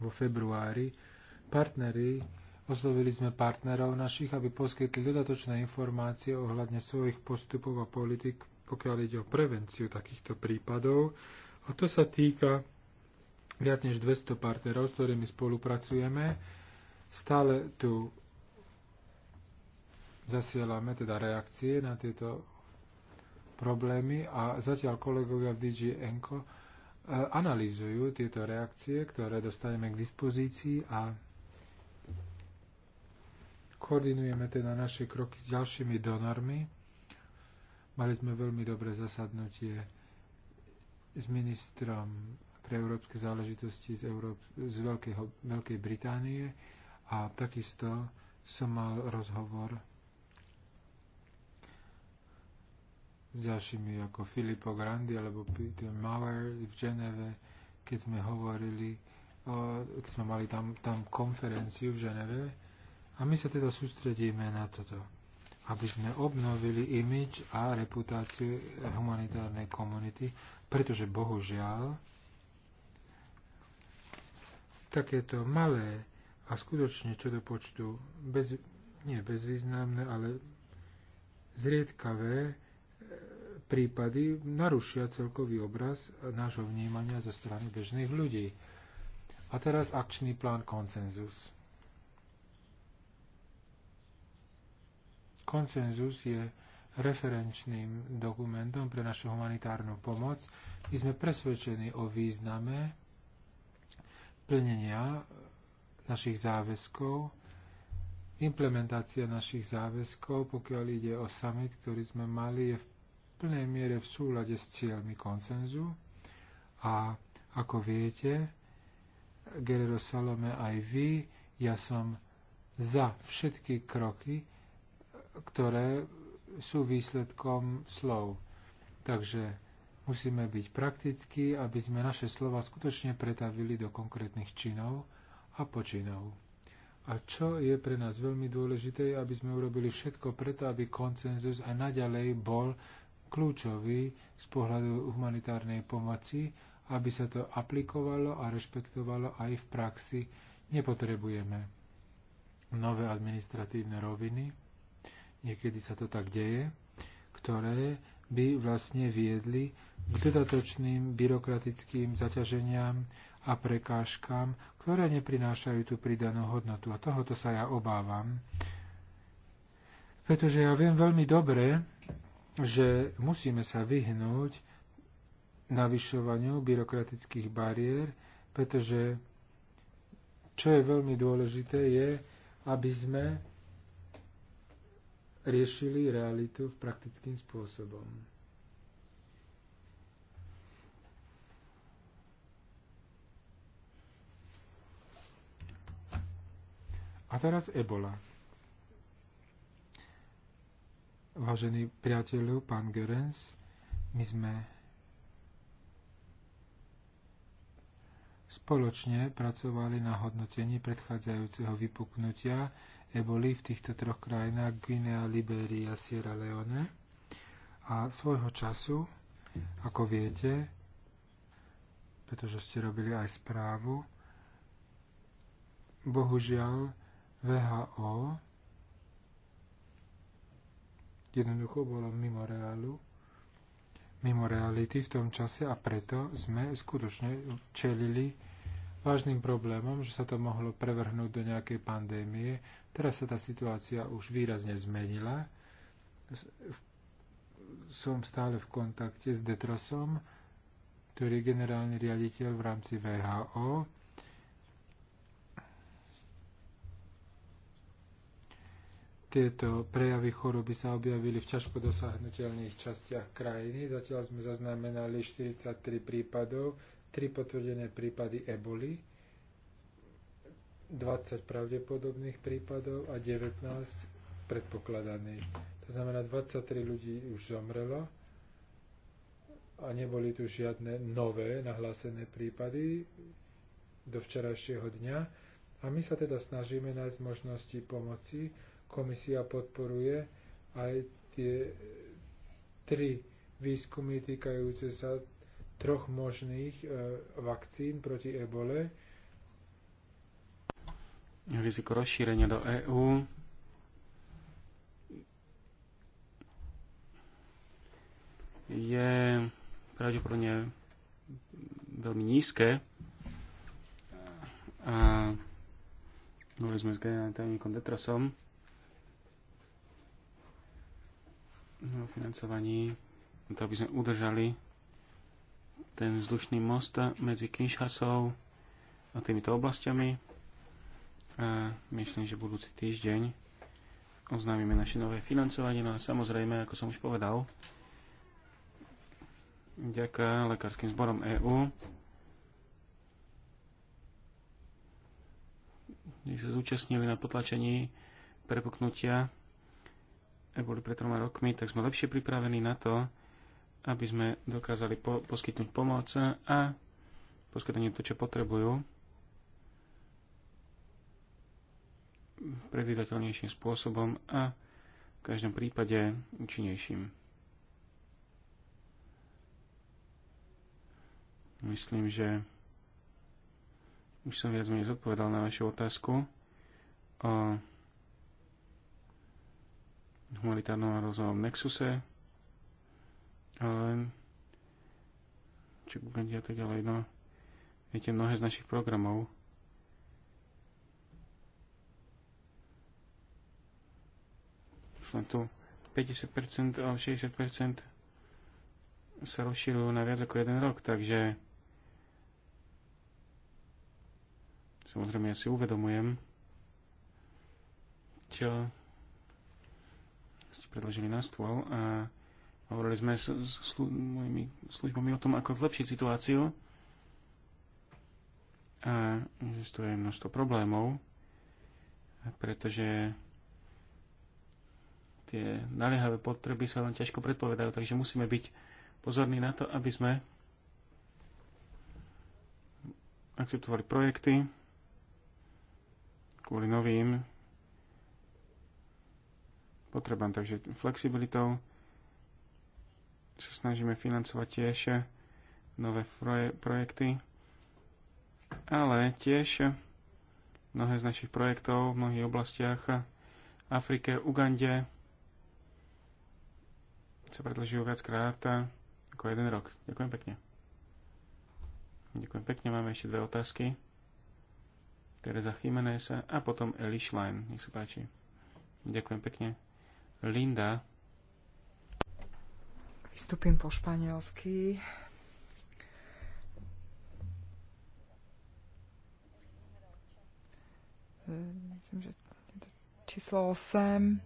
vo februári partnery. Oslovili sme partnerov našich, aby poskytli dodatočné informácie ohľadne svojich postupov a politik, pokiaľ ide o prevenciu takýchto prípadov. A to sa týka viac než 200 partnerov, s ktorými spolupracujeme. Stále tu zasielame teda reakcie na tieto problémy a zatiaľ kolegovia v DG Enko eh, analýzujú tieto reakcie, ktoré dostaneme k dispozícii a koordinujeme teda naše kroky s ďalšími donormi. Mali sme veľmi dobré zasadnutie s ministrom pre európske záležitosti z, Európ- z Veľkého, Veľkej Británie a takisto som mal rozhovor s ďalšími ako Filippo Grandi alebo Peter Mauer v Ženeve, keď sme hovorili, keď sme mali tam, tam konferenciu v Ženeve. A my sa teda sústredíme na toto, aby sme obnovili imič a reputáciu humanitárnej komunity, pretože bohužiaľ takéto malé a skutočne čo do počtu bez, nie bezvýznamné, ale zriedkavé e, prípady narušia celkový obraz nášho vnímania zo strany bežných ľudí. A teraz akčný plán konsenzus. Konsenzus je referenčným dokumentom pre našu humanitárnu pomoc. My sme presvedčení o význame plnenia našich záväzkov, implementácia našich záväzkov, pokiaľ ide o summit, ktorý sme mali, je v plnej miere v súlade s cieľmi konsenzu. A ako viete, Gerero Salome, aj vy, ja som za všetky kroky, ktoré sú výsledkom slov. Takže Musíme byť praktickí, aby sme naše slova skutočne pretavili do konkrétnych činov a počinov. A čo je pre nás veľmi dôležité, aby sme urobili všetko preto, aby koncenzus aj naďalej bol kľúčový z pohľadu humanitárnej pomoci, aby sa to aplikovalo a rešpektovalo aj v praxi. Nepotrebujeme nové administratívne roviny, niekedy sa to tak deje, ktoré by vlastne viedli k dodatočným byrokratickým zaťaženiam a prekážkam, ktoré neprinášajú tú pridanú hodnotu. A tohoto sa ja obávam. Pretože ja viem veľmi dobre, že musíme sa vyhnúť navyšovaniu byrokratických bariér, pretože čo je veľmi dôležité, je, aby sme riešili realitu praktickým spôsobom. A teraz ebola. Vážení priateľu, pán Görens, my sme spoločne pracovali na hodnotení predchádzajúceho vypuknutia eboli v týchto troch krajinách Guinea, Liberia, Sierra Leone. A svojho času, ako viete, pretože ste robili aj správu, bohužiaľ VHO jednoducho bolo mimo reálu, mimo reality v tom čase a preto sme skutočne čelili vážnym problémom, že sa to mohlo prevrhnúť do nejakej pandémie. Teraz sa tá situácia už výrazne zmenila. Som stále v kontakte s Detrosom, ktorý je generálny riaditeľ v rámci VHO tieto prejavy choroby sa objavili v ťažko dosahnutelných častiach krajiny. Zatiaľ sme zaznamenali 43 prípadov, 3 potvrdené prípady eboli, 20 pravdepodobných prípadov a 19 predpokladaných. To znamená, 23 ľudí už zomrelo a neboli tu žiadne nové nahlásené prípady do včerajšieho dňa. A my sa teda snažíme nájsť možnosti pomoci Komisia podporuje aj tie tri výskumy týkajúce sa troch možných e, vakcín proti ebole. Riziko rozšírenia do EÚ. je pravdepodobne veľmi nízke. A hovorili sme s generálnym tajomníkom Detrosom. o financovaní, to aby sme udržali ten vzdušný most medzi Kinshasou a týmito oblastiami. A myslím, že budúci týždeň oznámime naše nové financovanie, no a samozrejme, ako som už povedal, ďaká Lekárskym zborom EÚ Nech sa zúčastnili na potlačení prepuknutia boli pred troma rokmi, tak sme lepšie pripravení na to, aby sme dokázali po- poskytnúť pomoc a poskytnúť to, čo potrebujú, predvydateľnejším spôsobom a v každom prípade účinnejším. Myslím, že už som viac menej zodpovedal na vašu otázku o humanitárnom a rozvojovom nexuse, ale či Bugandi tak ďalej, no viete, mnohé z našich programov len tu 50% alebo 60% sa rozšírujú na viac ako jeden rok, takže samozrejme ja si uvedomujem, čo ste predložili na stôl a hovorili sme s, s, s mojimi službami o tom, ako zlepšiť situáciu. A existuje množstvo problémov, pretože tie naliehavé potreby sa len ťažko predpovedajú, takže musíme byť pozorní na to, aby sme akceptovali projekty kvôli novým potrebám. Takže flexibilitou sa snažíme financovať tiež nové projekty, ale tiež mnohé z našich projektov v mnohých oblastiach Afrike, Ugande sa predlžujú viackrát ako jeden rok. Ďakujem pekne. Ďakujem pekne, máme ešte dve otázky. Teresa Chimenez a potom Eli Schlein. Nech sa páči. Ďakujem pekne. Linda. Vystúpim po španielsky. Myslím, že číslo 8,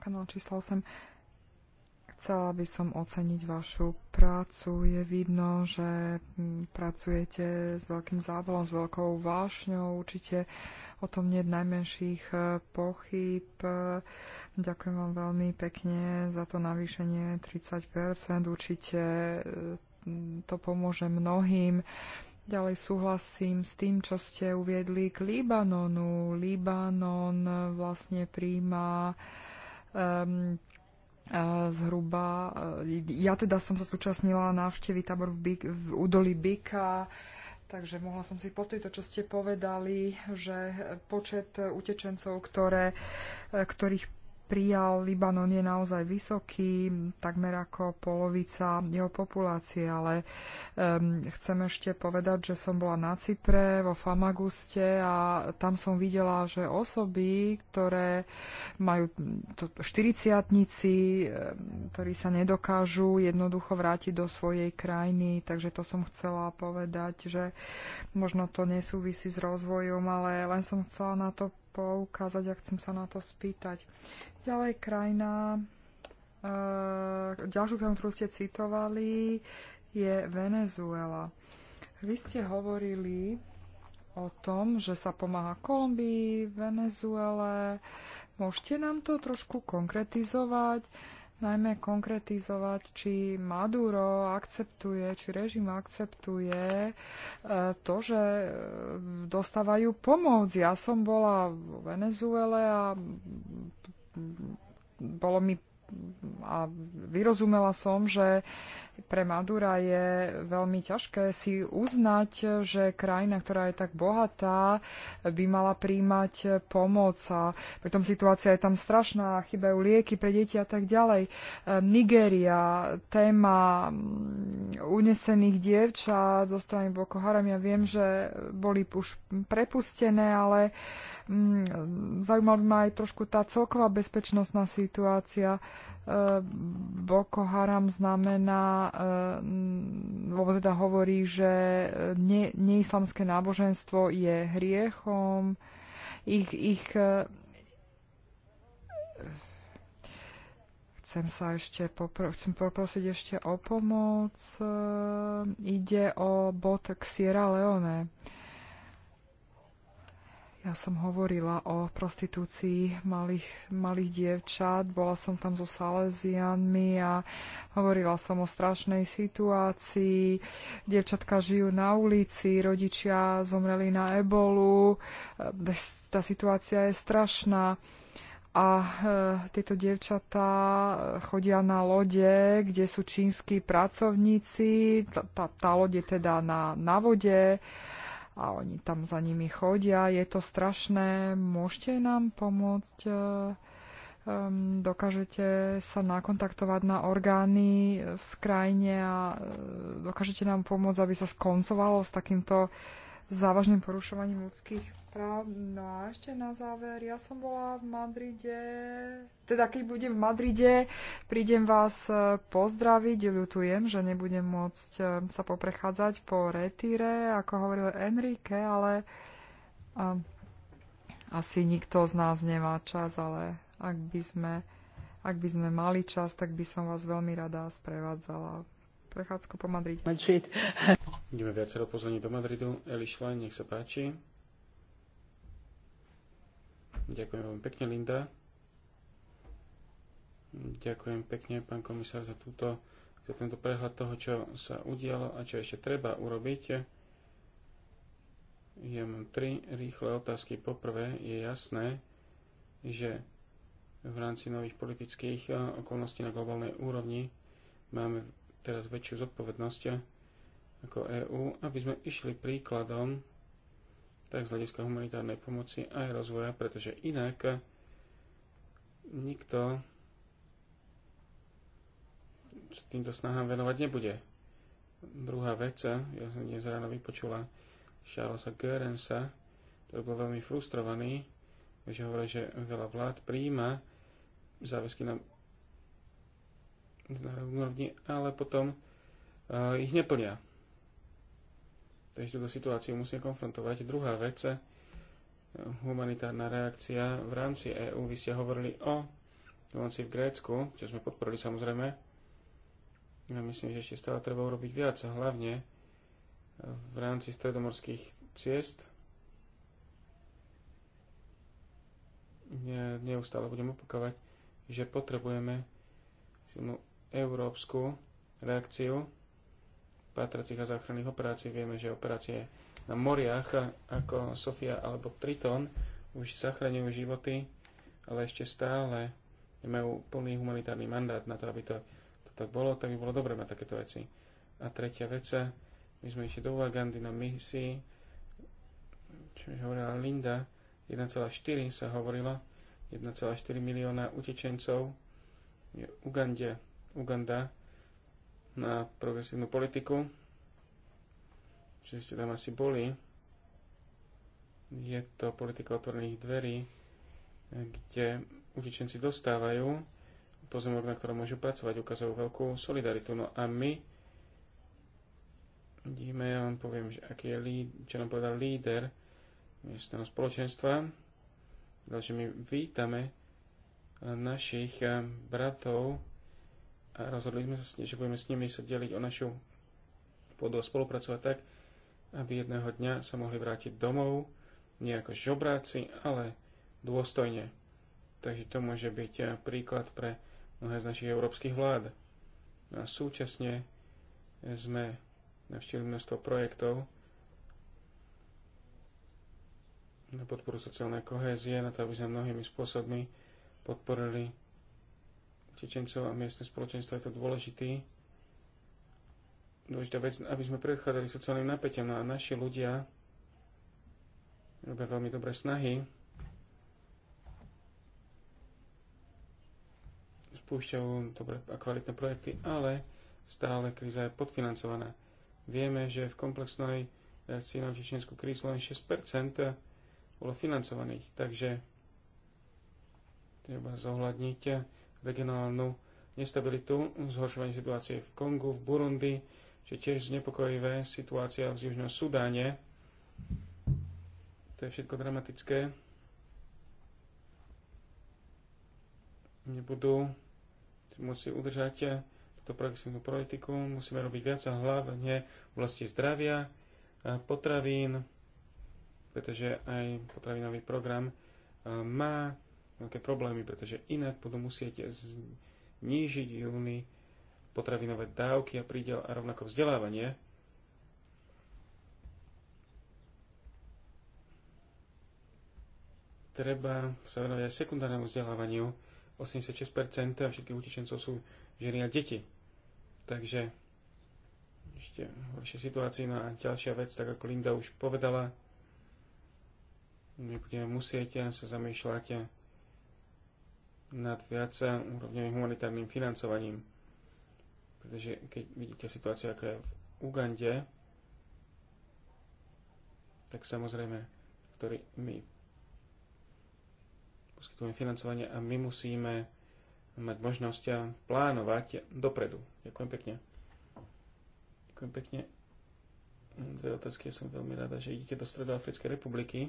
kanál číslo 8. Chcela by som oceniť vašu prácu. Je vidno, že pracujete s veľkým zábalom, s veľkou vášňou. Určite uh, O tom nie je najmenších e, pochyb. E, ďakujem vám veľmi pekne za to navýšenie 30%. Určite e, to pomôže mnohým. Ďalej súhlasím s tým, čo ste uviedli k Libanonu. Libanon vlastne príjma um, zhruba... Ja teda som sa zúčastnila návštevy tábor v, Bik, v údolí Bika. Uh, Takže mohla som si po to, čo ste povedali, že počet utečencov, ktoré, ktorých prijal Libanon je naozaj vysoký, takmer ako polovica jeho populácie, ale um, chcem ešte povedať, že som bola na Cypre, vo Famaguste a tam som videla, že osoby, ktoré majú štyriciatnici, ktorí sa nedokážu jednoducho vrátiť do svojej krajiny, takže to som chcela povedať, že možno to nesúvisí s rozvojom, ale len som chcela na to poukázať a chcem sa na to spýtať. Ďalej krajina, e, ďalšiu krajinu, ktorú ste citovali, je Venezuela. Vy ste hovorili o tom, že sa pomáha Kolumbii, Venezuele. Môžete nám to trošku konkretizovať? E, najmä konkretizovať, či Maduro akceptuje, či režim akceptuje e, to, že e, dostávajú pomoc. Ja som bola v Venezuele a bolo mi a vyrozumela som, že pre Madura je veľmi ťažké si uznať, že krajina, ktorá je tak bohatá, by mala príjmať pomoc a pritom situácia je tam strašná, chýbajú lieky pre deti a tak ďalej. Ehm, Nigéria, téma mm, unesených dievčat zo strany Boko Haram, ja viem, že boli už prepustené, ale uh, Mm, zaujímala by ma aj trošku tá celková bezpečnostná situácia. E, Boko Haram znamená, alebo e, teda hovorí, že ne, neislamské náboženstvo je hriechom. Ich, ich, e, chcem sa ešte popro- chcem poprosiť ešte o pomoc. Ide o bod Sierra Leone. Ja som hovorila o prostitúcii malých, malých dievčat, bola som tam so Salesianmi a hovorila som o strašnej situácii. Dievčatka žijú na ulici, rodičia zomreli na ebolu, tá situácia je strašná. A e, tieto dievčatá e, chodia na lode, kde sú čínsky pracovníci, tá, tá, tá lode teda na, na vode. E, a oni tam za nimi chodia. Je to strašné, môžete nám pomôcť? E, dokážete sa nakontaktovať na orgány v krajine a e, dokážete nám pomôcť, aby sa skoncovalo s takýmto závažným porušovaním ľudských No a ešte na záver, ja som bola v Madride, teda keď budem v Madride, prídem vás e, pozdraviť, ľutujem, že nebudem môcť e, sa poprechádzať po retíre, ako hovoril Enrique, ale a, asi nikto z nás nemá čas, ale ak by sme ak by sme mali čas, tak by som vás veľmi rada sprevádzala prechádzku po Madride. Ideme viacero pozvaní do Madridu. Eli Schlein, nech sa páči. Ďakujem veľmi pekne, Linda. Ďakujem pekne, pán komisár, za, túto, za tento prehľad toho, čo sa udialo a čo ešte treba urobiť. Ja mám tri rýchle otázky. Poprvé, je jasné, že v rámci nových politických eh, okolností na globálnej úrovni máme teraz väčšiu zodpovednosť eh, ako EÚ, aby sme išli príkladom tak z hľadiska humanitárnej pomoci aj rozvoja, pretože inak nikto s týmto snahám venovať nebude. Druhá vec, ja som dnes ráno vypočula Charlesa Gerensa, ktorý bol veľmi frustrovaný, že hovorí, že veľa vlád príjima záväzky na úrovni, ale potom uh, ich neplnia takže túto situáciu musia konfrontovať. Druhá vec, eh, humanitárna reakcia v rámci EÚ. Vy ste hovorili o pomoci v Grécku, čo sme podporili samozrejme. Ja myslím, že ešte stále treba urobiť viac, hlavne eh, v rámci stredomorských ciest. Ja neustále budem opakovať, že potrebujeme silnú európsku reakciu pátracích a záchranných operácií. Vieme, že operácie na moriach ako Sofia alebo Triton už zachraňujú životy, ale ešte stále nemajú plný humanitárny mandát na to, aby to, to tak bolo, tak by bolo dobré mať takéto veci. A tretia veca, my sme išli do Uagandy na misii, čo už hovorila Linda, 1,4 sa hovorila, 1,4 milióna utečencov je Uganda, Uganda na progresívnu politiku. Čiže ste tam asi boli. Je to politika otvorených dverí, kde utečenci dostávajú pozemok, na ktorom môžu pracovať, ukazujú veľkú solidaritu. No a my vidíme, ja vám poviem, že aký je líd, čo nám povedal líder miestneho spoločenstva, takže my vítame našich eh, bratov, a rozhodli sme sa, že budeme s nimi sa deliť o našu pôdu a spolupracovať tak, aby jedného dňa sa mohli vrátiť domov, nie ako žobráci, ale dôstojne. Takže to môže byť eh, príklad pre mnohé z našich európskych vlád. No a súčasne eh, sme navštívili množstvo projektov na podporu sociálnej kohézie, na to, aby sme mnohými spôsobmi podporili Čečencov a miestne spoločenstvo je to dôležitý, dôležitá vec, aby sme predchádzali sociálnym napätiam. No a naši ľudia robia veľmi dobré snahy. Spúšťajú dobré a kvalitné projekty, ale stále kríza je podfinancovaná. Vieme, že v komplexnej reakcii na čečenskú krízu len 6 bolo financovaných, takže treba zohľadniť regionálnu nestabilitu, zhoršovanie situácie v Kongu, v Burundi, či tiež znepokojivé situácia v Južnom Sudáne. To je všetko dramatické. Nebudú musí udržať túto progresívnu politiku. Musíme robiť viac a hlavne v oblasti zdravia, potravín, pretože aj potravinový program e, má veľké problémy, pretože inak potom musíte znížiť júny potravinové dávky a prídel a rovnako vzdelávanie. Treba sa venovať aj sekundárnemu vzdelávaniu. 86% všetkých utečencov sú ženy a deti. Takže ešte horšie situácii. No a ďalšia vec, tak ako Linda už povedala, my budeme musieť sa zamýšľať nad viac úrovňovým humanitárnym financovaním. Pretože keď vidíte situáciu, aká je v Ugande, tak samozrejme, ktorý my poskytujeme financovanie a my musíme mať možnosť plánovať dopredu. Ďakujem pekne. Ďakujem pekne. Dve otázky. Ja som veľmi rada, že idete do Stredoafrickej republiky.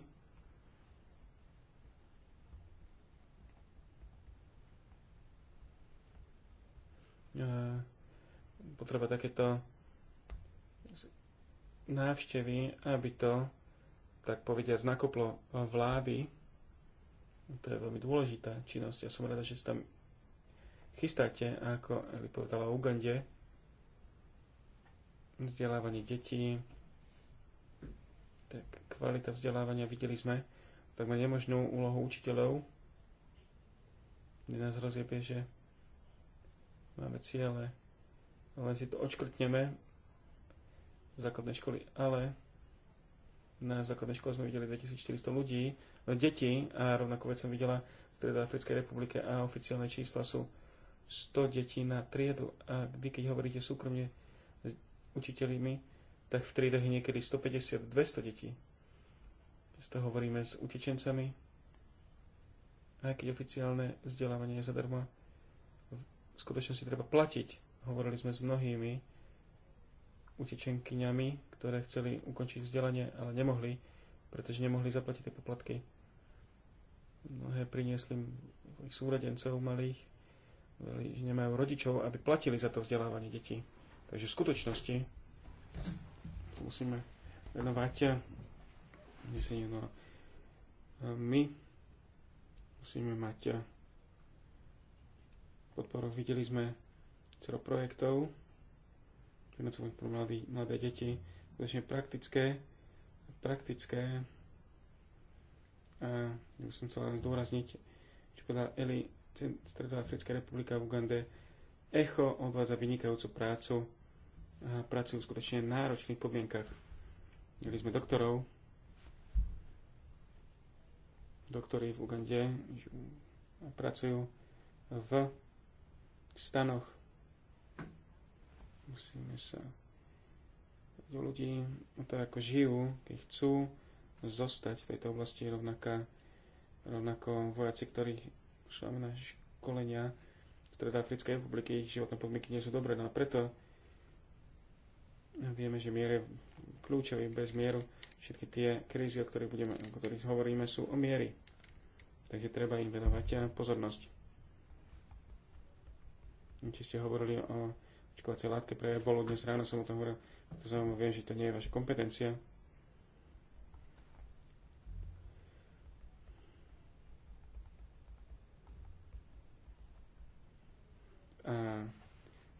E, potreba takéto návštevy, aby to, tak povedia, znakoplo vlády. To je veľmi dôležitá činnosť. Ja som rada, že sa tam chystáte, ako by povedala o Ugande, vzdelávanie detí, tak kvalita vzdelávania, videli sme tak má nemožnú úlohu učiteľov, kde nás rozjebie, že máme ciele, len si to odškrtneme v základnej školy, ale na základnej škole sme videli 2400 ľudí, no detí a rovnako vec som videla v Stredoafrickej republike a oficiálne čísla sú 100 detí na triedu a vy keď hovoríte súkromne s učiteľmi, tak v triedach je niekedy 150-200 detí. toho hovoríme s utečencami, aj keď oficiálne vzdelávanie je zadarmo v skutočnosti treba platiť. Hovorili sme s mnohými utečenkyňami, ktoré chceli ukončiť vzdelanie, ale nemohli, pretože nemohli zaplatiť tie poplatky. Mnohé priniesli ich súrodencov malých, že nemajú rodičov, aby platili za to vzdelávanie detí. Takže v skutočnosti musíme venovať no my musíme mať podporu. Videli sme celo projektov financovaných sme mladý, mladé deti, skutočne praktické, praktické. A ja by som chcel len zdôrazniť, čo podľa Eli Stredoafrická republika v Ugande ECHO odvádza vynikajúcu prácu a pracujú v skutočne náročných podmienkach. Mali sme doktorov, doktory v Ugande pracujú v stanoch. Musíme sa do ľudí, to ako žijú, keď chcú zostať v tejto oblasti rovnaká, rovnako vojaci, ktorých šláme na školenia Africkej republiky, ich životné podmienky nie sú dobré, no a preto vieme, že mier je kľúčový, bez mieru všetky tie krízy, o ktorých, budeme, o ktorých hovoríme, sú o miery. Takže treba im venovať pozornosť či ste hovorili o očkovacej látke pre Ebolu, dnes ráno som o tom hovoril, to som viem, že to nie je vaša kompetencia. A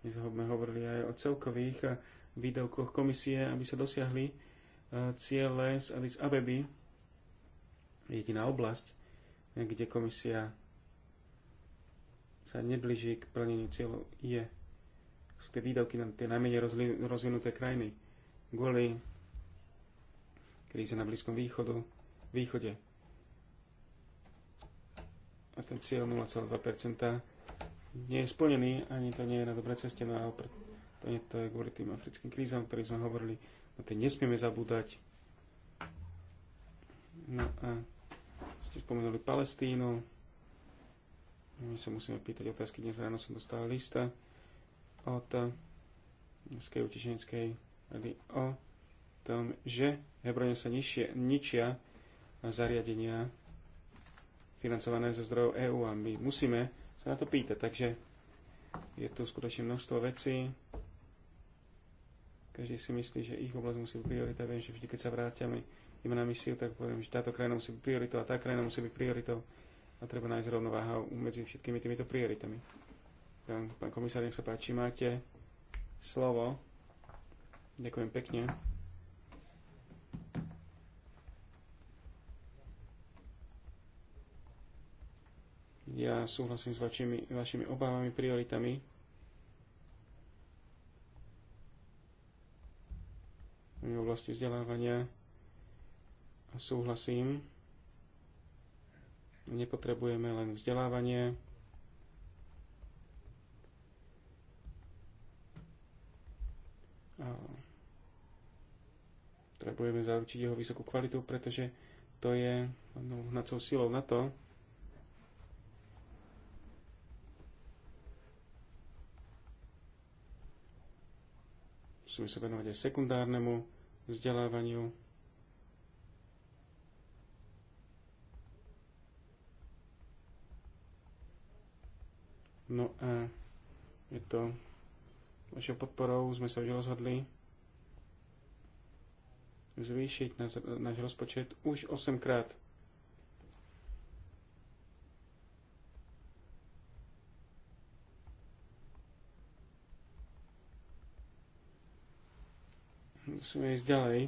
dnes sme hovorili aj o celkových eh, výdavkoch komisie, aby sa dosiahli eh, ciele z Addis Abeby. Jediná oblasť, eh, kde komisia sa neblíži k plneniu cieľov je sú tie výdavky na tie najmenej rozvinuté krajiny kvôli kríze na Blízkom východu, východe. A ten cieľ 0,2% nie je splnený, ani to nie je na dobrej ceste, no a to je, to je kvôli tým africkým krízam, o ktorých sme hovorili, na tie nesmieme zabúdať. No a ste spomenuli Palestínu, my sa musíme pýtať otázky. Dnes ráno som dostal lista od Mestskej utečeneckej rady o tom, že Hebrone sa nižšie, ničia zariadenia financované zo zdrojov EÚ a my musíme sa na to pýtať. Takže je tu skutočne množstvo vecí. Každý si myslí, že ich oblasť musí byť priorita. Viem, že vždy, keď sa vrátime ideme na misiu, tak poviem, že táto krajina musí byť prioritou a tá krajina musí byť prioritou a treba nájsť rovnováha medzi všetkými týmito prioritami. Pán komisár, nech sa páči, máte slovo. Ďakujem pekne. Ja súhlasím s vašimi, vašimi obávami, prioritami. v oblasti vzdelávania a súhlasím Nepotrebujeme len vzdelávanie, potrebujeme zaručiť jeho vysokú kvalitu, pretože to je hnacou silou na to, musíme sa venovať aj sekundárnemu vzdelávaniu, No a je to vašou podporou sme sa už rozhodli zvýšiť náš, rozpočet už 8 krát. Musíme ísť ďalej.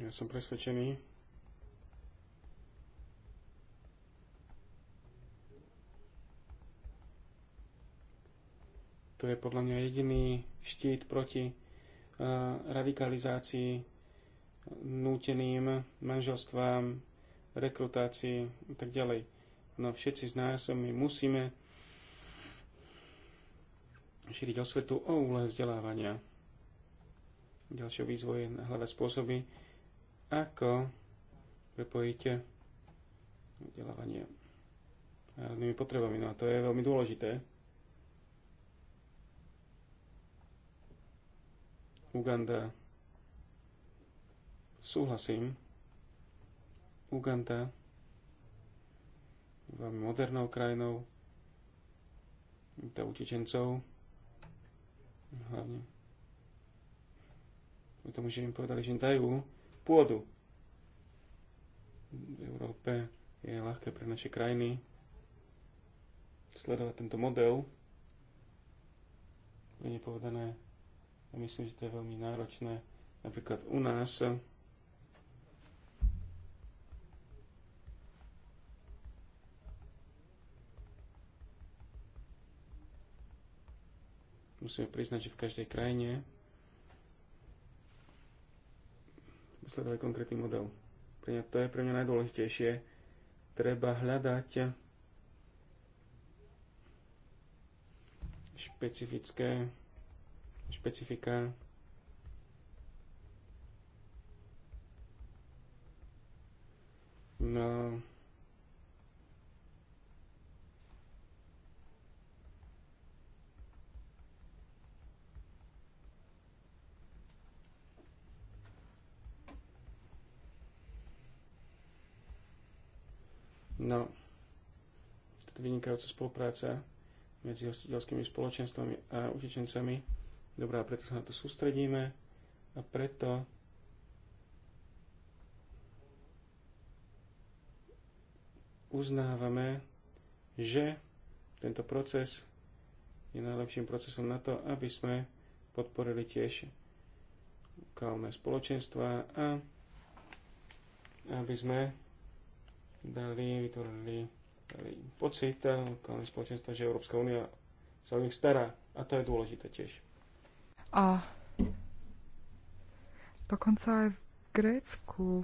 Ja som presvedčený, To je podľa mňa jediný štít proti e, radikalizácii, núteným manželstvám, rekrutácii a tak ďalej. No všetci z nás my musíme šíriť osvetu o úlohe vzdelávania. Ďalšou výzvou je hľadať spôsoby, ako prepojiť vzdelávanie národnými potrebami. No a to je veľmi dôležité. Uganda. Súhlasím. Uganda veľmi modernou krajinou, to utečencov, hlavne. O tom, že im povedali, že im dajú pôdu. V Európe je ľahké pre naše krajiny sledovať tento model. Je nepovedané, a myslím, že to je veľmi náročné. Napríklad u nás musíme priznať, že v každej krajine sledovať konkrétny model. Pre mňa, to je pre mňa najdôležitejšie. Treba hľadať špecifické špecifika. No, No, toto vynikajúca spolupráca medzi hostiteľskými spoločenstvami a utečencami a preto sa na to sústredíme a preto uznávame, že tento proces je najlepším procesom na to, aby sme podporili tiež lokálne spoločenstva a aby sme dali, vytvorili dali pocit lokálne spoločenstva, že Európska únia sa o nich stará a to je dôležité tiež. A dokonca aj v Grécku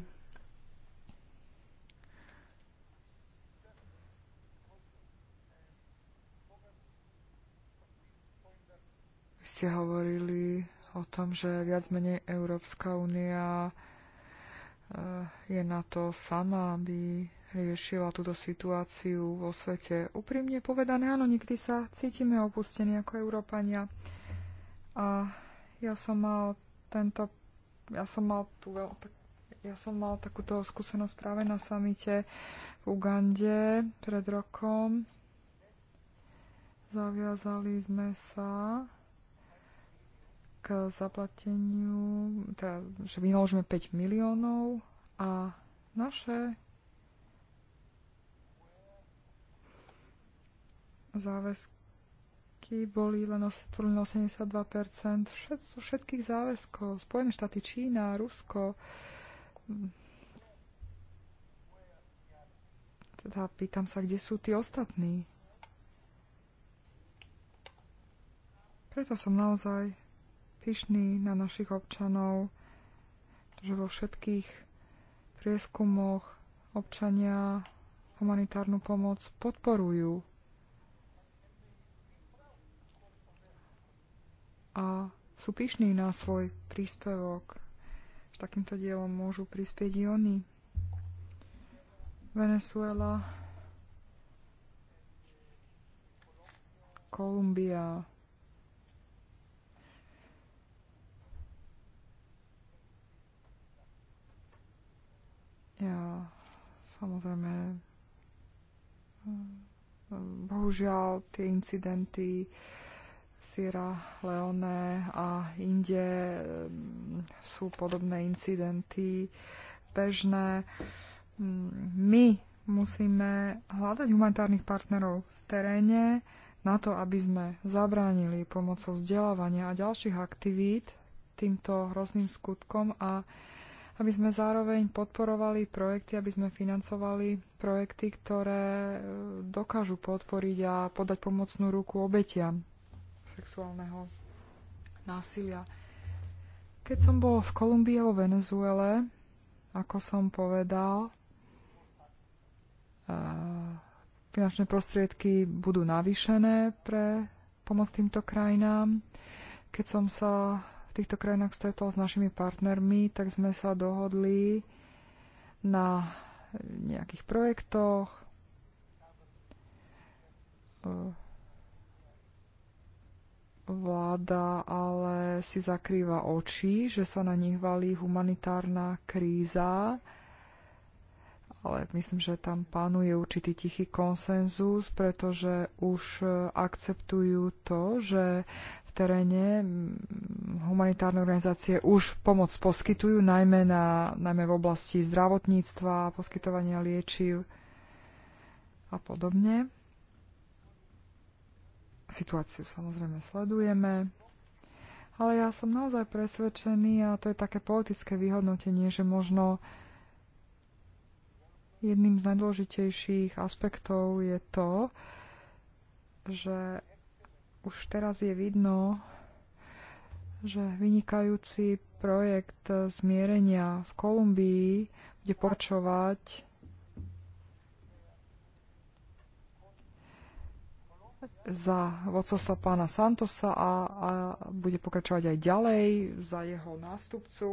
ste hovorili o tom, že viac menej Európska únia eh, je na to sama, aby riešila túto situáciu vo svete. Úprimne povedané, áno, niekedy sa cítime opustení ako Európania. A ja som mal tento, ja som mal tú veľ, ja som mal takúto skúsenosť práve na samite v Ugande pred rokom. Zaviazali sme sa k zaplateniu, teda, že vynaložíme 5 miliónov a naše záväzky záväzky boli len 82 zo všetkých záväzkov. Spojené štáty, Čína, Rusko. Mm, teda pýtam sa, kde sú tí ostatní? Preto som naozaj pyšný na našich občanov, že vo všetkých prieskumoch občania humanitárnu pomoc podporujú. a sú pyšní na svoj príspevok. Takýmto dielom môžu prispieť i oni. Venezuela, Kolumbia, Ja samozrejme hm, hm, bohužiaľ tie incidenty Sierra Leone a inde sú podobné incidenty bežné. Mm, my musíme hľadať humanitárnych partnerov v teréne na to, aby sme zabránili pomocou vzdelávania a ďalších aktivít týmto hrozným skutkom a aby sme zároveň podporovali projekty, aby sme financovali projekty, ktoré dokážu podporiť a podať pomocnú ruku obetiam sexuálneho násilia. Keď som bol v Kolumbii a vo Venezuele, ako som povedal, eh, finančné prostriedky budú navýšené pre pomoc týmto krajinám. Keď som sa v týchto krajinách stretol s našimi partnermi, tak sme sa dohodli na nejakých projektoch, eh, vláda ale si zakrýva oči, že sa na nich valí humanitárna kríza, ale myslím, že tam panuje určitý tichý konsenzus, pretože už e, akceptujú to, že v teréne humanitárne organizácie už pomoc poskytujú, najmä, na, najmä v oblasti zdravotníctva, poskytovania liečiv a podobne. Situáciu samozrejme sledujeme, ale ja som naozaj presvedčený, a to je také politické vyhodnotenie, že možno jedným z najdôležitejších aspektov je to, že už teraz je vidno, že vynikajúci projekt zmierenia v Kolumbii bude pokračovať za vodcovstva pána Santosa a, a bude pokračovať aj ďalej za jeho nástupcu.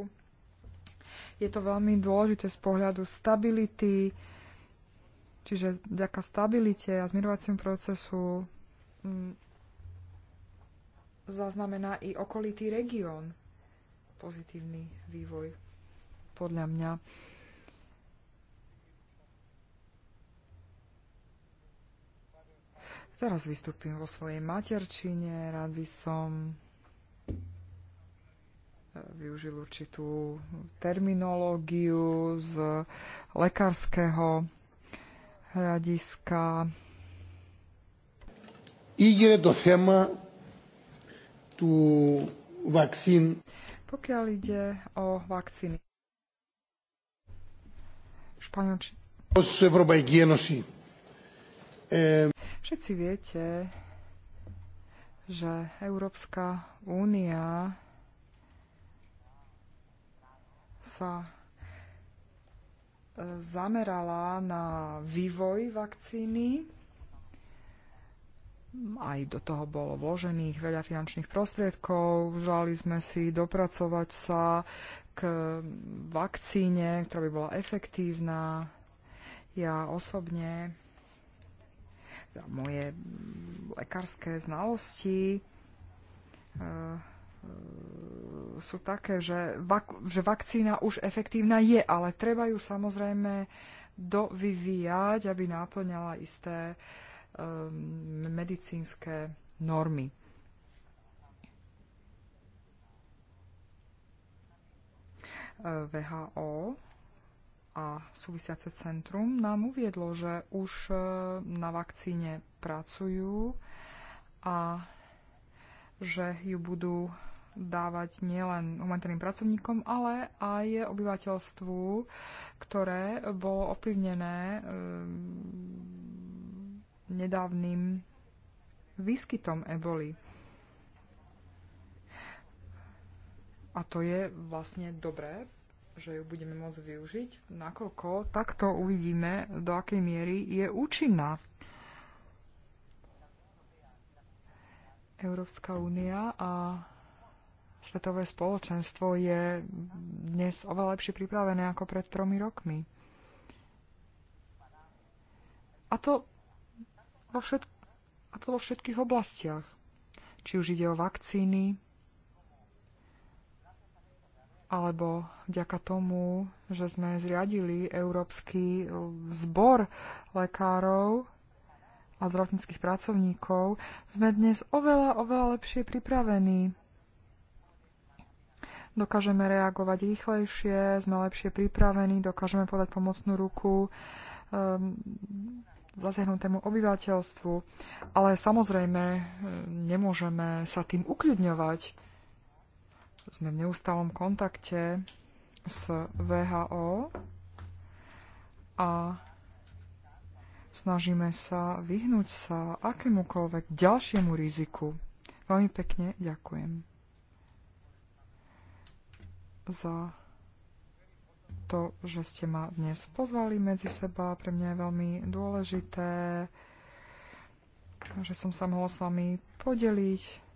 Je to veľmi dôležité z pohľadu stability, čiže vďaka stabilite a zmierovaciemu procesu m, mm, zaznamená i okolitý región pozitívny vývoj, podľa mňa. Teraz vystúpim vo svojej materčine. Rád by som e, využil určitú terminológiu z lekárskeho hľadiska. Ide do téma tu vakcín. Pokiaľ ide o vakcíny. Španielčina. Všetci viete, že Európska únia sa e, zamerala na vývoj vakcíny. Aj do toho bolo vložených veľa finančných prostriedkov. Žali sme si dopracovať sa k vakcíne, ktorá by bola efektívna. Ja osobne moje lekárske znalosti eh, eh, sú také, že, vak- že vakcína už efektívna je, ale treba ju samozrejme dovyvíjať, aby náplňala isté um, medicínske normy. Eh, VHO a súvisiace centrum nám uviedlo, že už e, na vakcíne pracujú a že ju budú dávať nielen humanitárnym pracovníkom, ale aj obyvateľstvu, ktoré bolo ovplyvnené e, nedávnym výskytom eboli. A to je vlastne dobré že ju budeme môcť využiť, nakoľko takto uvidíme, do akej miery je účinná. Európska únia a svetové spoločenstvo je dnes oveľa lepšie pripravené ako pred tromi rokmi. A to vo, a to vo všetkých oblastiach. Či už ide o vakcíny, alebo vďaka tomu, že sme zriadili Európsky zbor lekárov a zdravotníckých pracovníkov, sme dnes oveľa, oveľa lepšie pripravení. Dokážeme reagovať rýchlejšie, sme lepšie pripravení, dokážeme podať pomocnú ruku um, zasiahnutému obyvateľstvu. Ale samozrejme, e, nemôžeme sa tým ukľudňovať sme v neustálom kontakte s VHO a snažíme sa vyhnúť sa akémukoľvek ďalšiemu riziku. Veľmi pekne ďakujem za to, že ste ma dnes pozvali medzi seba. Pre mňa je veľmi dôležité, že som sa mohla s vami podeliť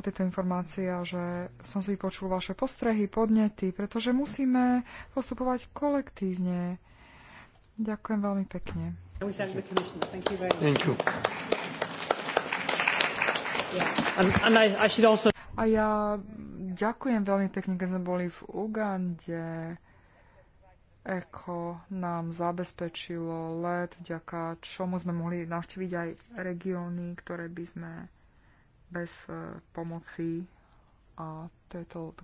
o tieto informácie a že som si počul vaše postrehy, podnety, pretože musíme postupovať kolektívne. Ďakujem veľmi pekne. A ja ďakujem veľmi pekne, keď sme boli v Ugande. Eko nám zabezpečilo let, vďaka čomu sme mohli navštíviť aj regióny, ktoré by sme bez e, pomoci a tohoto,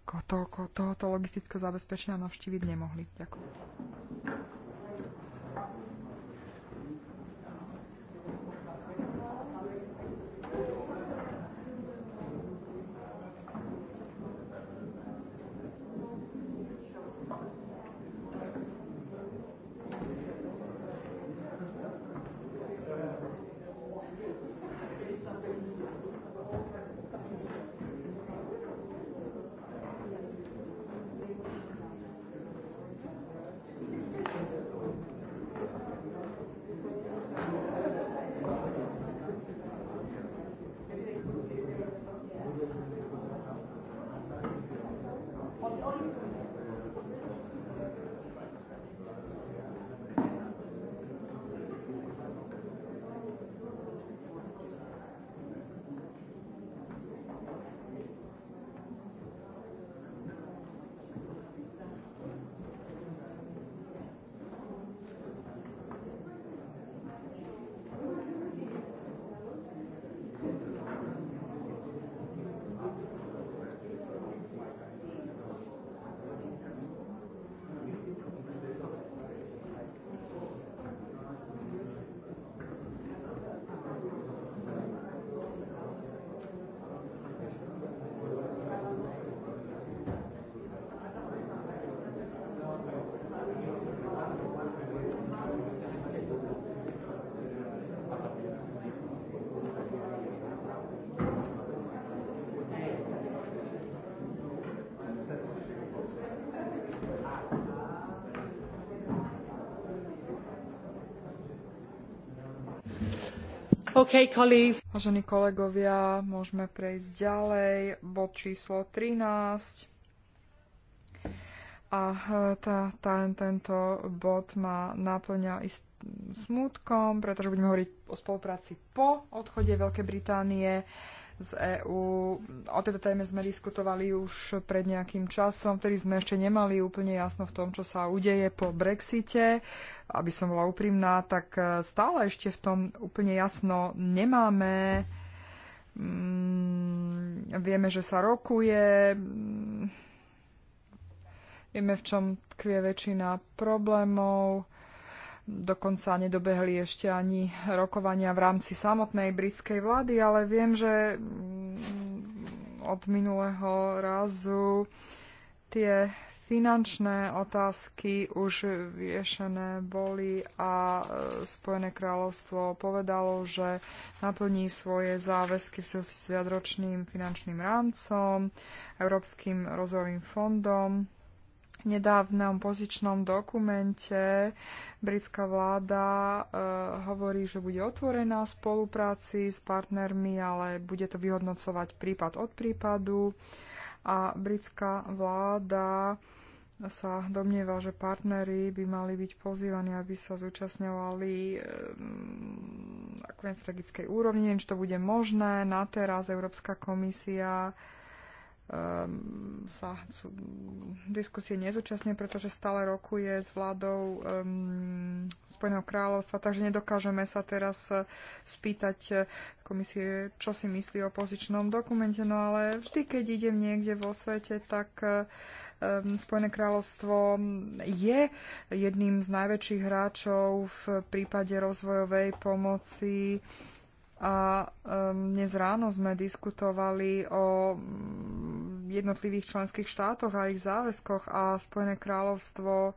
tohoto logistického zabezpečenia navštíviť nemohli. Ďakujem. Okay, Vážení kolegovia, môžeme prejsť ďalej. Bod číslo 13. A e, tá, tá, tento bod ma naplňa ist, smutkom, pretože budeme hovoriť o spolupráci po odchode Veľkej Británie z EÚ. O tejto téme sme diskutovali už pred nejakým časom, ktorý sme ešte nemali úplne jasno v tom, čo sa udeje po Brexite. Aby som bola úprimná, tak e, stále ešte v tom úplne jasno nemáme. Mm, vieme, že sa rokuje. Mm, vieme, v čom tkvie väčšina problémov Dokonca nedobehli ešte ani rokovania v rámci samotnej britskej vlády, ale viem, že mm, od minulého razu tie finančné otázky už riešené boli a e, Spojené kráľovstvo povedalo, že naplní svoje záväzky s viadročným finančným rámcom, Európskym rozvojovým fondom nedávnom pozičnom dokumente britská vláda e, hovorí, že bude otvorená v spolupráci s partnermi, ale bude to vyhodnocovať prípad od prípadu. A britská vláda sa domnieva, že partnery by mali byť pozývaní, aby sa zúčastňovali e, ako na strategickej úrovni, neviem, či to bude možné. Na teraz Európska komisia um, sa sú, diskusie nezúčastňuje, pretože stále rokuje s vládou um, Spojeného kráľovstva, takže nedokážeme sa teraz e, spýtať e, komisie, čo si myslí o pozičnom dokumente, no ale vždy, keď idem niekde vo svete, tak um, Spojené kráľovstvo je jedným z najväčších hráčov v prípade rozvojovej pomoci. Um, a dnes ráno sme diskutovali o mm, jednotlivých členských štátoch a ich záväzkoch a Spojené kráľovstvo um,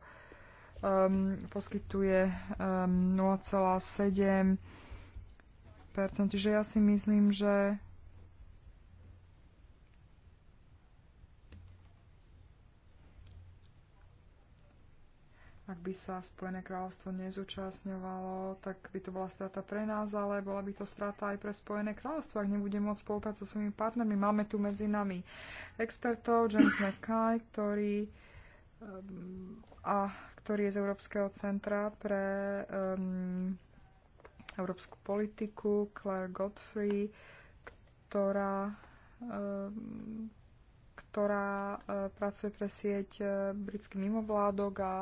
poskytuje um, 0,7 že ja si myslím, že Ak by sa Spojené kráľovstvo nezúčastňovalo, tak by to bola strata pre nás, ale bola by to strata aj pre Spojené kráľovstvo, ak nebude môcť spolupracovať so svojimi partnermi. Máme tu medzi nami expertov, James McKay, ktorý ehm, a ktorý je z Európskeho centra pre um, európsku politiku, Claire Godfrey, ktorá, um, ktorá e, pracuje pre sieť e, britských mimovládok a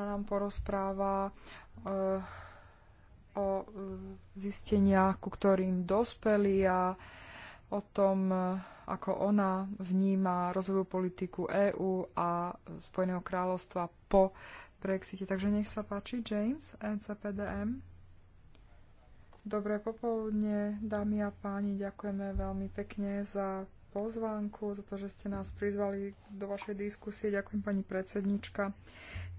a nám porozpráva eh, o eh, zisteniach, ku ktorým dospeli a o tom, eh, ako ona vníma rozvojovú politiku EÚ a Spojeného kráľovstva po Brexite. Takže nech sa páči, James, NCPDM. Dobré popoludne, dámy a páni, ďakujeme veľmi pekne za pozvánku, za to, že ste nás prizvali do vašej diskusie. Ďakujem pani predsednička.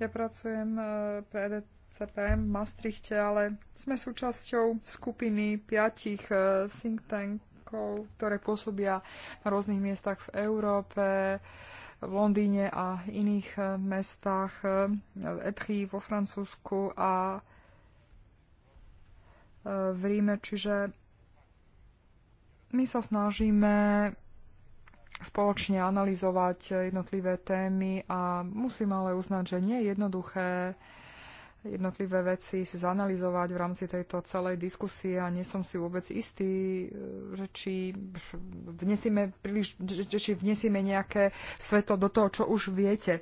Ja pracujem e, pre EDCPM v Maastrichte, ale sme súčasťou skupiny piatich e, think tankov, ktoré pôsobia na rôznych miestach v Európe v Londýne a iných e, mestách, v Etri vo Francúzsku a v Ríme. Čiže my sa snažíme spoločne analyzovať jednotlivé témy a musím ale uznať, že nie je jednoduché jednotlivé veci si zanalizovať v rámci tejto celej diskusie a nie som si vôbec istý, e, že či vnesieme, príliš, že či vnesieme nejaké sveto do toho, čo už viete. E,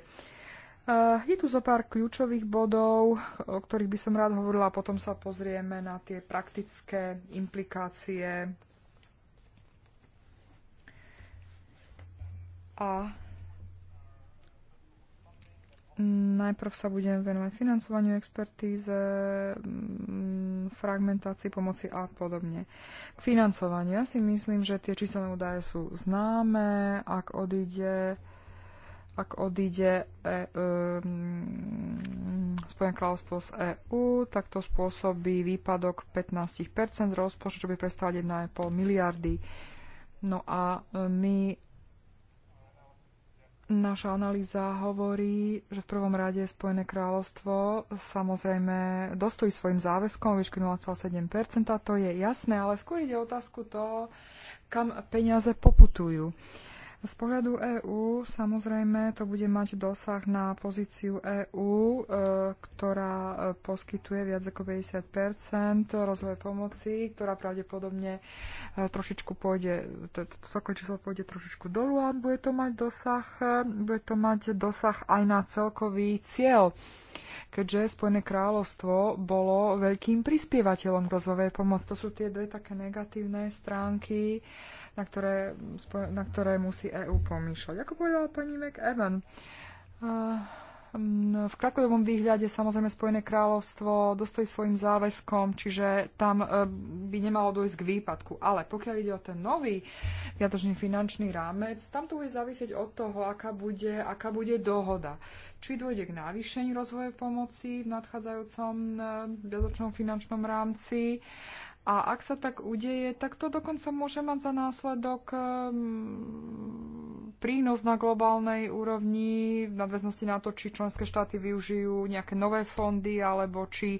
je tu zo pár kľúčových bodov, o ktorých by som rád hovorila a potom sa pozrieme na tie praktické implikácie a najprv sa budem venovať financovaniu expertíze, mm, fragmentácii pomoci a podobne. K financovaniu. Ja si myslím, že tie číselné údaje sú známe. Ak odíde ak odíde e, e, Spojené kráľovstvo z EÚ, tak to spôsobí výpadok 15 rozpočtu, čo by prestalo 1,5 miliardy. No a e, my Naša analýza hovorí, že v prvom rade Spojené kráľovstvo samozrejme dostojí svojim záväzkom výšky 0,7%, to je jasné, ale skôr ide o otázku toho, kam peniaze poputujú. Uh, z pohľadu EÚ samozrejme to bude mať dosah na pozíciu EÚ, e, ktorá e, poskytuje viac ako 50 rozvoje pomoci, ktorá pravdepodobne e, trošičku pôjde, to celkové číslo pôjde trošičku dolu a bude to mať dosah, bude to mať dosah aj na celkový cieľ keďže Spojené kráľovstvo bolo veľkým prispievateľom k rozvojovej pomoci. To sú tie dve také negatívne stránky, na ktoré, na ktoré musí EÚ pomýšľať. Ako povedala pani McEwan, uh, Mm, v krátkodobom výhľade samozrejme Spojené kráľovstvo dostojí svojim záväzkom, čiže tam e, by nemalo dojsť k výpadku. Ale pokiaľ ide o ten nový viatočný finančný rámec, tam to bude závisieť od toho, aká bude, aká bude dohoda. Či dôjde k navýšeniu rozvoju pomoci v nadchádzajúcom e, viatočnom finančnom rámci, a ak sa tak udeje, tak to dokonca môže mať za následok ehm, prínos na globálnej úrovni v nadväznosti na to, či členské štáty využijú nejaké nové fondy alebo či,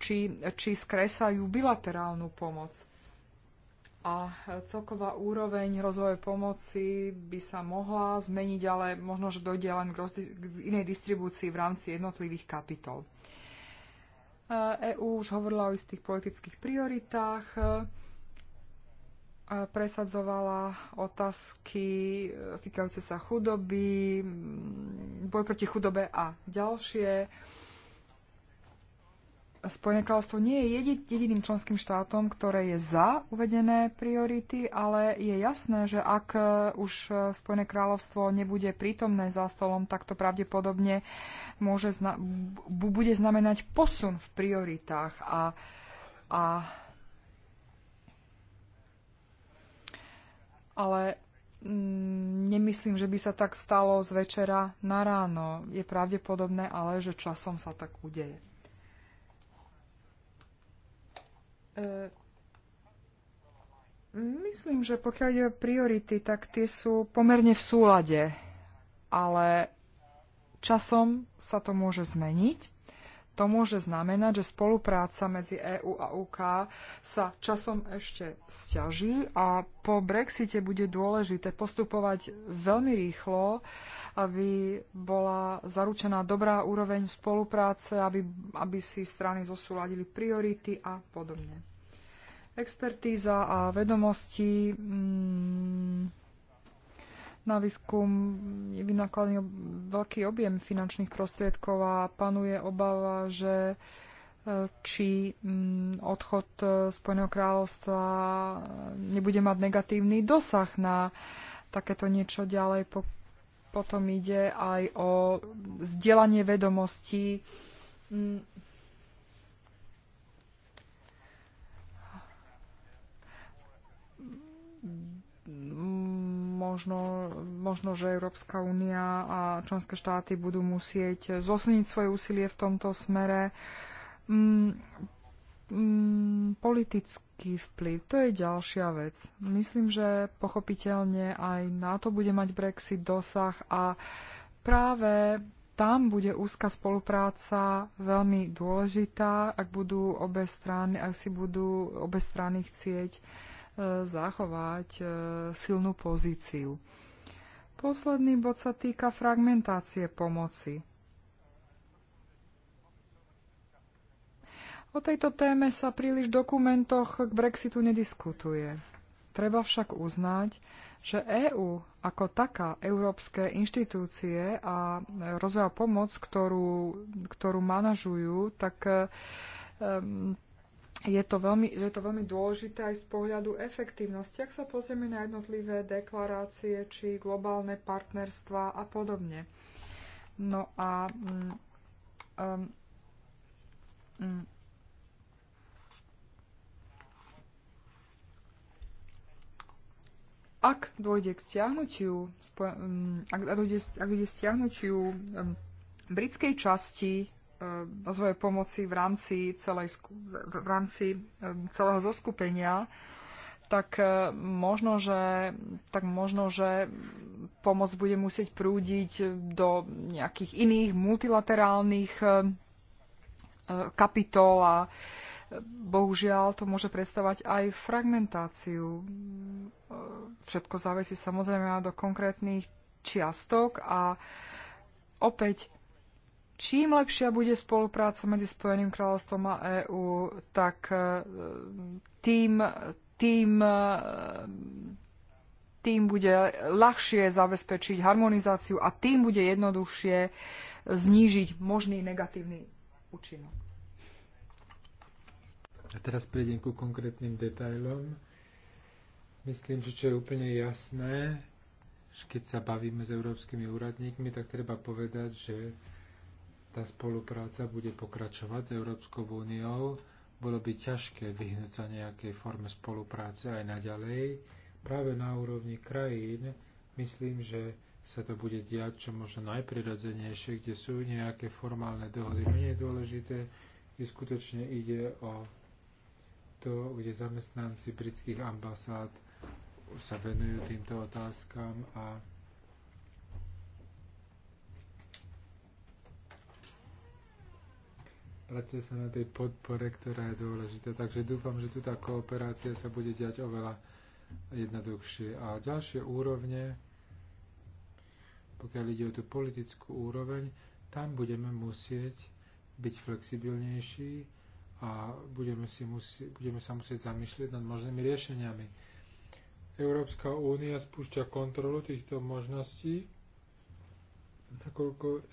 či, či skresajú bilaterálnu pomoc. A celková úroveň rozvoje pomoci by sa mohla zmeniť, ale možno, že dojde len k inej distribúcii v rámci jednotlivých kapitol. EÚ e už hovorila o istých politických prioritách, e, presadzovala otázky e, týkajúce sa chudoby, boj proti chudobe a ďalšie Spojené kráľovstvo nie je jediným členským štátom, ktoré je za uvedené priority, ale je jasné, že ak e, už e, Spojené kráľovstvo nebude prítomné za stolom, tak to pravdepodobne môže zna- bude znamenať posun v prioritách a, a ale mm, nemyslím, že by sa tak stalo z večera na ráno. Je pravdepodobné ale, že časom sa tak udeje. Myslím, že pokiaľ ide o priority, tak tie sú pomerne v súlade, ale časom sa to môže zmeniť. To môže znamenať, že spolupráca medzi EÚ a UK sa časom ešte stiaží a po Brexite bude dôležité postupovať veľmi rýchlo, aby bola zaručená dobrá úroveň spolupráce, aby, aby si strany zosúladili priority a podobne expertíza a vedomosti mm, na výskum je vynakladný veľký objem finančných prostriedkov a panuje obava, že e, či mm, odchod e, Spojeného kráľovstva e, nebude mať negatívny dosah na takéto niečo ďalej. Potom ide aj o mm, zdieľanie vedomostí možno, možno, že Európska únia a členské štáty budú musieť zosniť svoje úsilie v tomto smere. Mm, mm, politický vplyv, to je ďalšia vec. Myslím, že pochopiteľne aj na to bude mať Brexit dosah a práve tam bude úzka spolupráca veľmi dôležitá, ak budú obe strany, ak si budú obe strany chcieť E, zachovať e, silnú pozíciu. Posledný bod sa týka fragmentácie pomoci. O tejto téme sa príliš v dokumentoch k Brexitu nediskutuje. Treba však uznať, že EÚ ako taká európske inštitúcie a rozvoja pomoc, ktorú, ktorú manažujú, tak um, je to, veľmi, je to veľmi dôležité aj z pohľadu efektívnosti, ak sa pozrieme na jednotlivé deklarácie či globálne partnerstva a podobne. No a um, um, ak dôjde k stiahnutiu, ak dôjde, ak dôjde stiahnutiu britskej časti Eh, rozvoje pomoci v rámci, celej, v rámci celého zoskupenia, tak eh, možno, že, tak možno, že pomoc bude musieť prúdiť do nejakých iných multilaterálnych eh, kapitol a bohužiaľ to môže predstavať aj fragmentáciu. Všetko závisí samozrejme do konkrétnych čiastok a opäť čím lepšia bude spolupráca medzi Spojeným kráľovstvom a EÚ, tak e, tým, tým, e, tým bude ľahšie zabezpečiť harmonizáciu a tým bude jednoduchšie znížiť možný negatívny účinok. A teraz prejdem ku konkrétnym detailom. Myslím, že čo je úplne jasné, keď sa bavíme s európskymi úradníkmi, tak treba povedať, že tá spolupráca bude pokračovať s Európskou úniou. Bolo by ťažké vyhnúť sa nejakej forme spolupráce aj naďalej. Práve na úrovni krajín myslím, že sa to bude diať čo možno najprirodzenejšie, kde sú nejaké formálne dohody menej dôležité, kde skutočne ide o to, kde zamestnanci britských ambasád sa venujú týmto otázkam a pracuje sa na tej podpore, ktorá je dôležitá. Takže dúfam, že tu tá kooperácia sa bude diať oveľa jednoduchšie. A ďalšie úrovne, pokiaľ ide o tú politickú úroveň, tam budeme musieť byť flexibilnejší a budeme, si musí, budeme sa musieť zamýšľať nad možnými riešeniami. Európska únia spúšťa kontrolu týchto možností nakoľko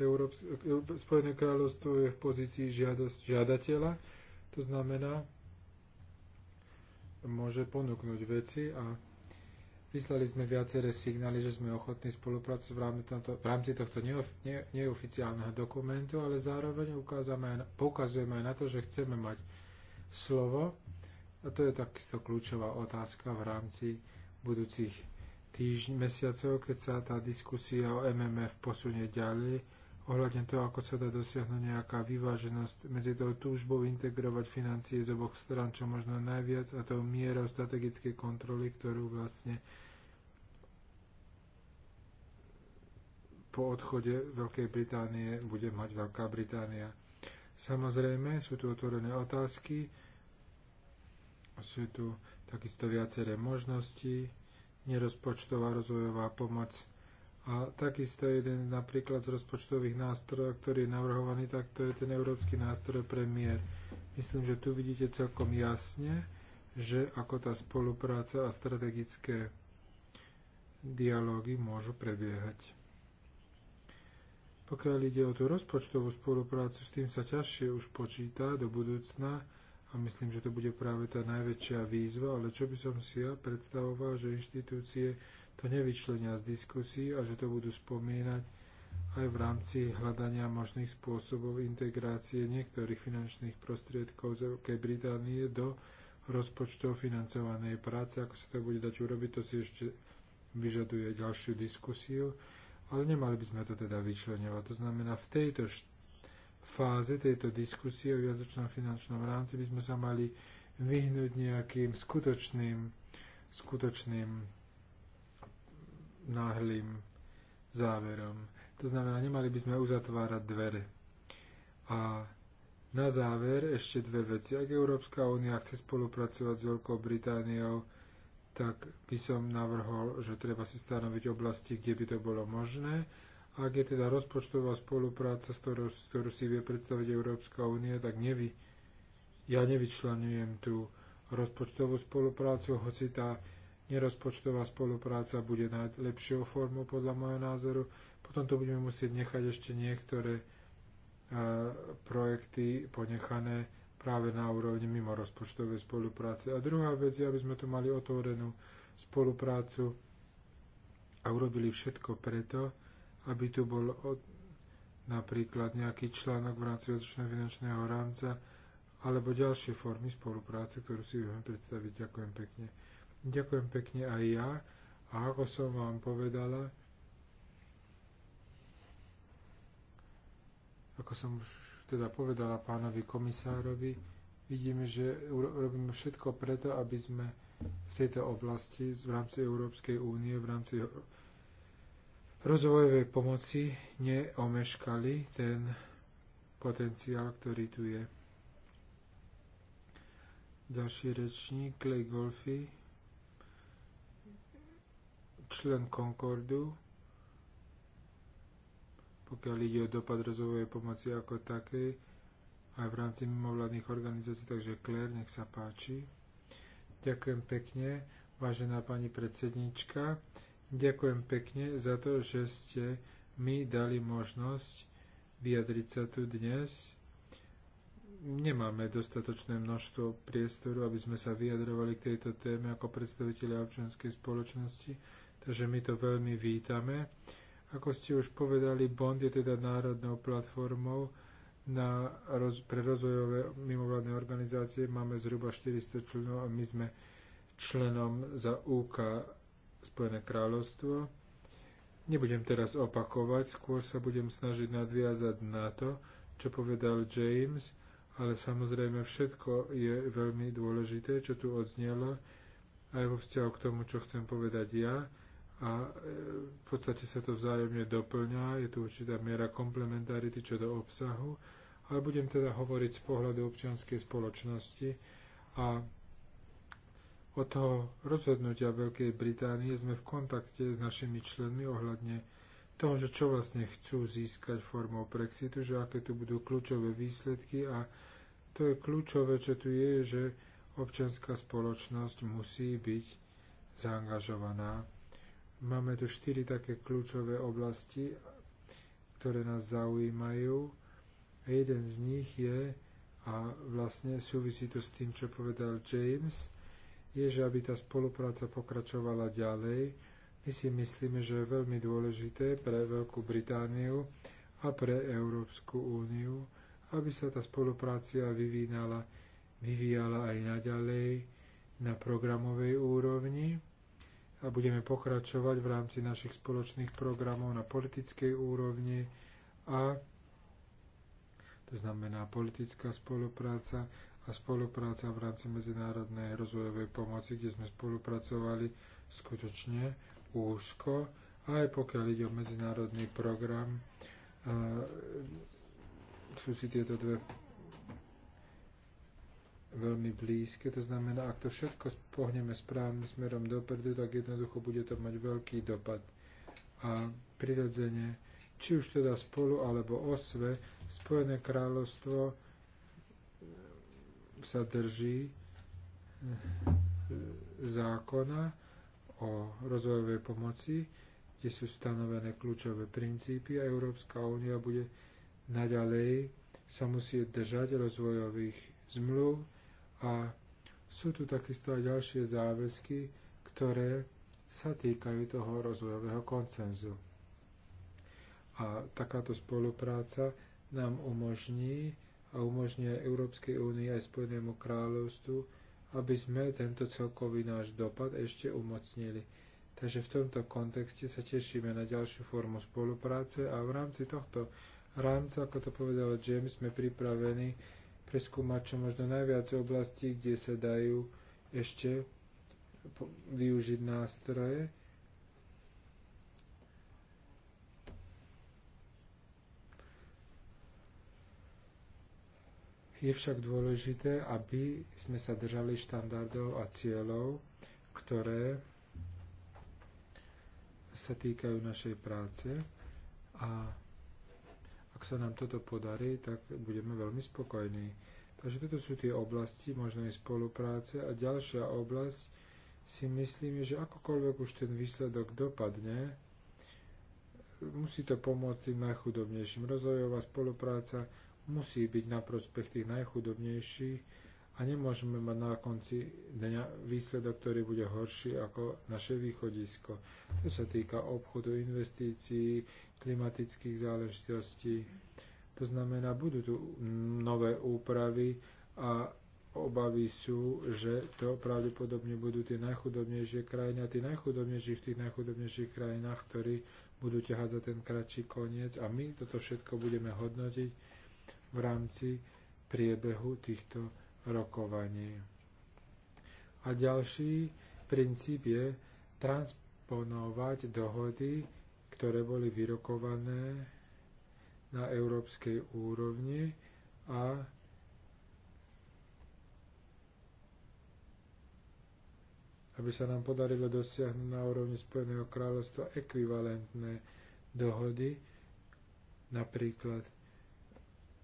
Spojené kráľovstvo je v pozícii žiadosť, žiadateľa, to znamená, môže ponúknuť veci a vyslali sme viaceré signály, že sme ochotní spolupracovať v rámci, tohto, v rámci tohto neof, ne, neoficiálneho dokumentu, ale zároveň aj, poukazujeme aj na to, že chceme mať slovo a to je takisto kľúčová otázka v rámci budúcich týždň, mesiacov, keď sa tá diskusia o MMF posunie ďalej, ohľadne toho, ako sa dá dosiahnuť nejaká vyváženosť medzi tou túžbou integrovať financie z oboch stran, čo možno najviac, a tou mierou strategickej kontroly, ktorú vlastne po odchode Veľkej Británie bude mať Veľká Británia. Samozrejme, sú tu otvorené otázky, sú tu takisto viaceré možnosti, nerozpočtová rozvojová pomoc. A takisto jeden napríklad z rozpočtových nástrojov, ktorý je navrhovaný, tak to je ten európsky nástroj premiér. Myslím, že tu vidíte celkom jasne, že ako tá spolupráca a strategické dialógy môžu prebiehať. Pokiaľ ide o tú rozpočtovú spoluprácu, s tým sa ťažšie už počíta do budúcna, myslím, že to bude práve tá najväčšia výzva, ale čo by som si ja predstavoval, že inštitúcie to nevyčlenia z diskusí a že to budú spomínať aj v rámci hľadania možných spôsobov integrácie niektorých finančných prostriedkov z Veľkej Británie do rozpočtov financovanej práce. Ako sa to bude dať urobiť, to si ešte vyžaduje ďalšiu diskusiu, ale nemali by sme to teda vyčlenovať. To znamená, v tejto št- fáze tejto diskusie o viacročnom finančnom rámci by sme sa mali vyhnúť nejakým skutočným, skutočným náhlým záverom. To znamená, nemali by sme uzatvárať dvere. A na záver ešte dve veci. Ak Európska únia chce spolupracovať s Veľkou Britániou, tak by som navrhol, že treba si stanoviť oblasti, kde by to bolo možné ak je teda rozpočtová spolupráca, ktorú, si vie predstaviť Európska únia, tak nevy, ja nevyčlenujem tú rozpočtovú spoluprácu, hoci tá nerozpočtová spolupráca bude najlepšou formou podľa môjho názoru. Potom to budeme musieť nechať ešte niektoré e, projekty ponechané práve na úrovni mimo rozpočtovej spolupráce. A druhá vec je, aby sme tu mali otvorenú spoluprácu a urobili všetko preto, aby tu bol od, napríklad nejaký článok v rámci rozličného finančného rámca alebo ďalšie formy spolupráce, ktorú si vieme predstaviť. Ďakujem pekne. Ďakujem pekne aj ja. A ako som vám povedala, ako som už teda povedala pánovi komisárovi, vidíme, že robíme všetko preto, aby sme v tejto oblasti v rámci Európskej únie, v rámci rozvojovej pomoci neomeškali ten potenciál, ktorý tu je. Ďalší rečník, Clay Golfi, člen Concordu, pokiaľ ide o dopad rozvojovej pomoci ako takej, aj v rámci mimovládnych organizácií, takže Claire, nech sa páči. Ďakujem pekne, vážená pani predsednička. Ďakujem pekne za to, že ste mi dali možnosť vyjadriť sa tu dnes. Nemáme dostatočné množstvo priestoru, aby sme sa vyjadrovali k tejto téme ako predstaviteľi občianskej spoločnosti, takže my to veľmi vítame. Ako ste už povedali, Bond je teda národnou platformou na, roz, pre rozvojové mimovládne organizácie. Máme zhruba 400 členov a my sme členom za UK Spojené kráľovstvo. Nebudem teraz opakovať, skôr sa budem snažiť nadviazať na to, čo povedal James, ale samozrejme všetko je veľmi dôležité, čo tu odznelo, aj vo vzťahu k tomu, čo chcem povedať ja. A e, v podstate sa to vzájomne doplňa, je tu určitá miera komplementarity čo do obsahu, ale budem teda hovoriť z pohľadu občianskej spoločnosti a od toho rozhodnutia Veľkej Británie sme v kontakte s našimi členmi ohľadne toho, že čo vlastne chcú získať formou Brexitu, že aké tu budú kľúčové výsledky a to je kľúčové, čo tu je, že občianská spoločnosť musí byť zaangažovaná. Máme tu štyri také kľúčové oblasti, ktoré nás zaujímajú. Jeden z nich je, a vlastne súvisí to s tým, čo povedal James, je, že aby tá spolupráca pokračovala ďalej. My si myslíme, že je veľmi dôležité pre Veľkú Britániu a pre Európsku úniu, aby sa tá spolupráca vyvínala, vyvíjala aj naďalej na programovej úrovni a budeme pokračovať v rámci našich spoločných programov na politickej úrovni a to znamená politická spolupráca a spolupráca v rámci medzinárodnej rozvojovej pomoci, kde sme spolupracovali skutočne úzko, aj pokiaľ ide o medzinárodný program, eh, sú si tieto dve veľmi blízke. To znamená, ak to všetko pohneme správnym smerom dopredu, tak jednoducho bude to mať veľký dopad. A prirodzene, či už teda spolu alebo osve, Spojené kráľovstvo sa drží eh, zákona o rozvojovej pomoci, kde sú stanovené kľúčové princípy a Európska únia bude naďalej sa musieť držať rozvojových zmluv a sú tu takisto aj ďalšie záväzky, ktoré sa týkajú toho rozvojového koncenzu. A takáto spolupráca nám umožní a umožňuje Európskej únii aj Spojenému kráľovstvu, aby sme tento celkový náš dopad ešte umocnili. Takže v tomto kontexte sa tešíme na ďalšiu formu spolupráce a v rámci tohto rámca, ako to povedal James, sme pripravení preskúmať čo možno najviac oblastí, kde sa dajú ešte využiť nástroje, Je však dôležité, aby sme sa držali štandardov a cieľov, ktoré sa týkajú našej práce a ak sa nám toto podarí, tak budeme veľmi spokojní. Takže toto sú tie oblasti možnej spolupráce a ďalšia oblasť si myslím, že akokoľvek už ten výsledok dopadne, musí to pomôcť tým najchudobnejším. Rozvojová spolupráca musí byť na prospech tých najchudobnejších a nemôžeme mať na konci dňa výsledok, ktorý bude horší ako naše východisko. To sa týka obchodu, investícií, klimatických záležitostí. To znamená, budú tu nové úpravy a obavy sú, že to pravdepodobne budú tie najchudobnejšie krajiny a tí najchudobnejší v tých najchudobnejších krajinách, ktorí budú ťahať za ten kratší koniec a my toto všetko budeme hodnotiť v rámci priebehu týchto rokovaní. A ďalší princíp je transponovať dohody, ktoré boli vyrokované na európskej úrovni a aby sa nám podarilo dosiahnuť na úrovni Spojeného kráľovstva ekvivalentné dohody, napríklad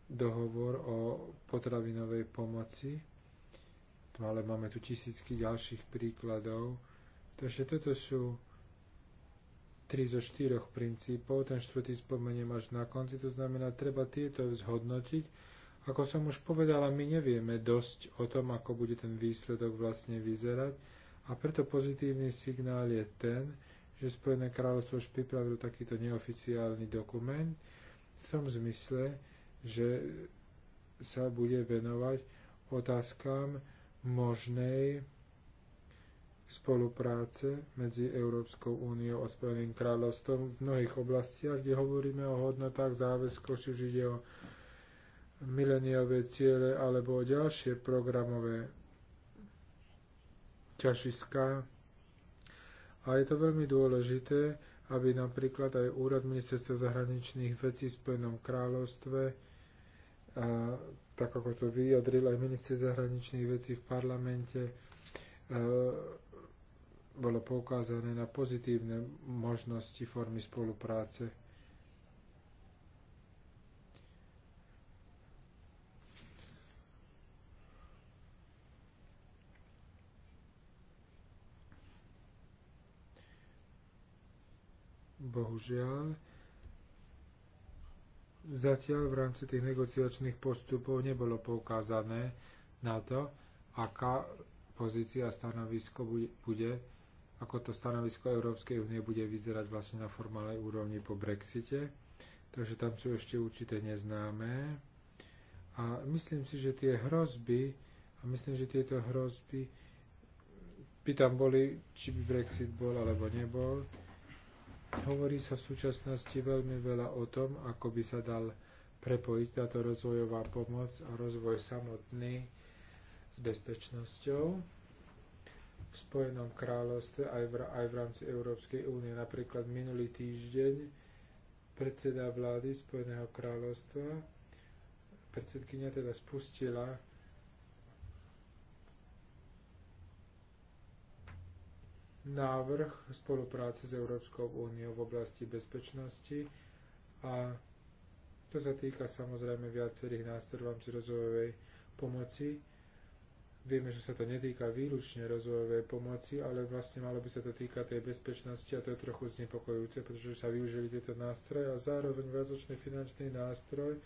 dohovor o potravinovej pomoci. Ale máme tu tisícky ďalších príkladov. Takže toto sú tri zo štyroch princípov. Ten štvrtý spomeniem až na konci. To znamená, treba tieto zhodnotiť. Ako som už povedala, my nevieme dosť o tom, ako bude ten výsledok vlastne vyzerať. A preto pozitívny signál je ten, že Spojené kráľovstvo už pripravilo takýto neoficiálny dokument v tom zmysle, že sa bude venovať otázkam možnej spolupráce medzi Európskou úniou a Spojeným kráľovstvom v mnohých oblastiach, kde hovoríme o hodnotách, záväzkov, či už ide o mileniové ciele alebo o ďalšie programové ťažiská. A je to veľmi dôležité, aby napríklad aj Úrad ministerstva zahraničných vecí v Spojenom kráľovstve tak ako to vyjadril aj minister zahraničných vecí v parlamente, e, bolo poukázané na pozitívne možnosti formy spolupráce. Bohužiaľ, Zatiaľ v rámci tých negociačných postupov nebolo poukázané na to, aká pozícia stanovisko bude, ako to stanovisko Európskej únie bude vyzerať vlastne na formálnej úrovni po Brexite. Takže tam sú ešte určité neznáme. A myslím si, že tie hrozby, a myslím, že tieto hrozby by tam boli, či by Brexit bol alebo nebol. Hovorí sa v súčasnosti veľmi veľa o tom, ako by sa dal prepojiť táto rozvojová pomoc a rozvoj samotný s bezpečnosťou. V Spojenom kráľovstve aj v, aj v rámci Európskej únie napríklad minulý týždeň predseda vlády Spojeného kráľovstva, predsedkynia teda spustila návrh spolupráce s Európskou úniou v oblasti bezpečnosti a to sa týka samozrejme viacerých nástrojov či rozvojovej pomoci. Vieme, že sa to netýka výlučne rozvojovej pomoci, ale vlastne malo by sa to týkať tej bezpečnosti a to je trochu znepokojujúce, pretože sa využili tieto nástroje a zároveň viacočný finančný nástroj.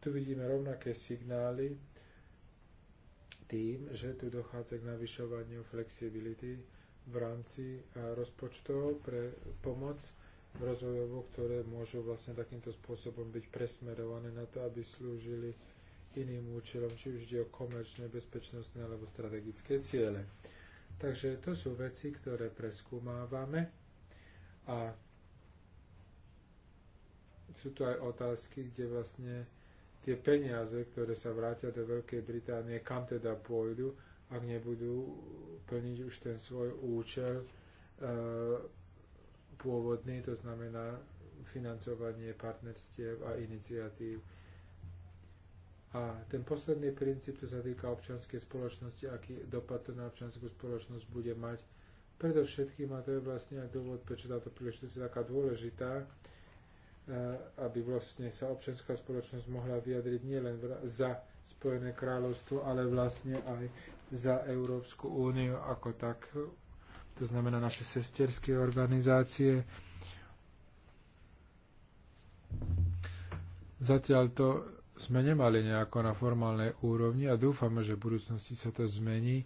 Tu vidíme rovnaké signály tým, že tu dochádza k navyšovaniu flexibility v rámci rozpočtov pre pomoc rozvojovú, ktoré môžu vlastne takýmto spôsobom byť presmerované na to, aby slúžili iným účelom, či už ide o komerčné, bezpečnostné alebo strategické ciele. Takže to sú veci, ktoré preskúmávame a sú tu aj otázky, kde vlastne tie peniaze, ktoré sa vrátia do Veľkej Británie, kam teda pôjdu, ak nebudú plniť už ten svoj účel e, pôvodný, to znamená financovanie partnerstiev a iniciatív. A ten posledný princíp, to sa týka občianskej spoločnosti, aký dopad to na občianskú spoločnosť bude mať. Predovšetkým, a to je vlastne aj dôvod, prečo táto príležitosť je taká dôležitá, e, aby vlastne sa občianská spoločnosť mohla vyjadriť nielen za Spojené kráľovstvo, ale vlastne aj za Európsku úniu ako tak, to znamená naše sesterské organizácie. Zatiaľ to sme nemali nejako na formálnej úrovni a dúfame, že v budúcnosti sa to zmení,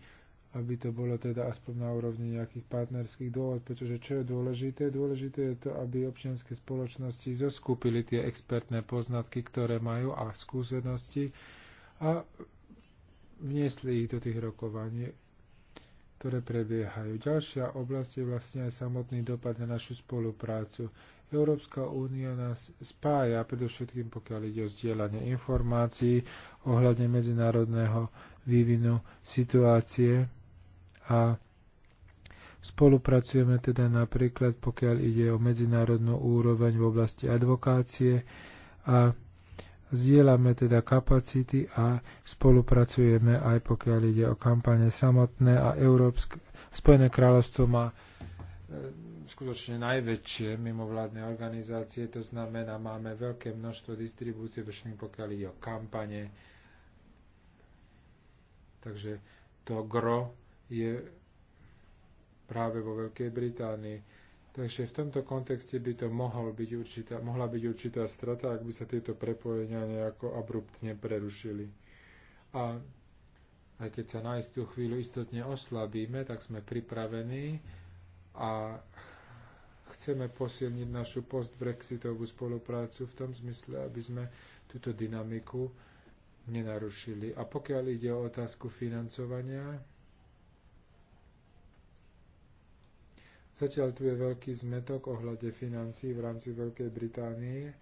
aby to bolo teda aspoň na úrovni nejakých partnerských dôvod, pretože čo je dôležité? Dôležité je to, aby občianske spoločnosti zoskúpili tie expertné poznatky, ktoré majú a skúsenosti a vniesli ich do tých rokovaní, ktoré prebiehajú. Ďalšia oblasť je vlastne aj samotný dopad na našu spoluprácu. Európska únia nás spája, predovšetkým pokiaľ ide o zdieľanie informácií ohľadne medzinárodného vývinu situácie a spolupracujeme teda napríklad pokiaľ ide o medzinárodnú úroveň v oblasti advokácie a Zdieľame teda kapacity a spolupracujeme aj pokiaľ ide o kampane samotné a Európske, Spojené kráľovstvo má e, skutočne najväčšie mimovládne organizácie, to znamená, máme veľké množstvo distribúcie, všetkým pokiaľ ide o kampane. Takže to gro je práve vo Veľkej Británii. Takže v tomto kontexte by to mohol byť určitá, mohla byť určitá strata, ak by sa tieto prepojenia nejako abruptne prerušili. A aj keď sa na istú chvíľu istotne oslabíme, tak sme pripravení a chceme posilniť našu post-Brexitovú spoluprácu v tom zmysle, aby sme túto dynamiku nenarušili. A pokiaľ ide o otázku financovania, Zatiaľ tu je veľký zmetok ohľade financií v rámci Veľkej Británie,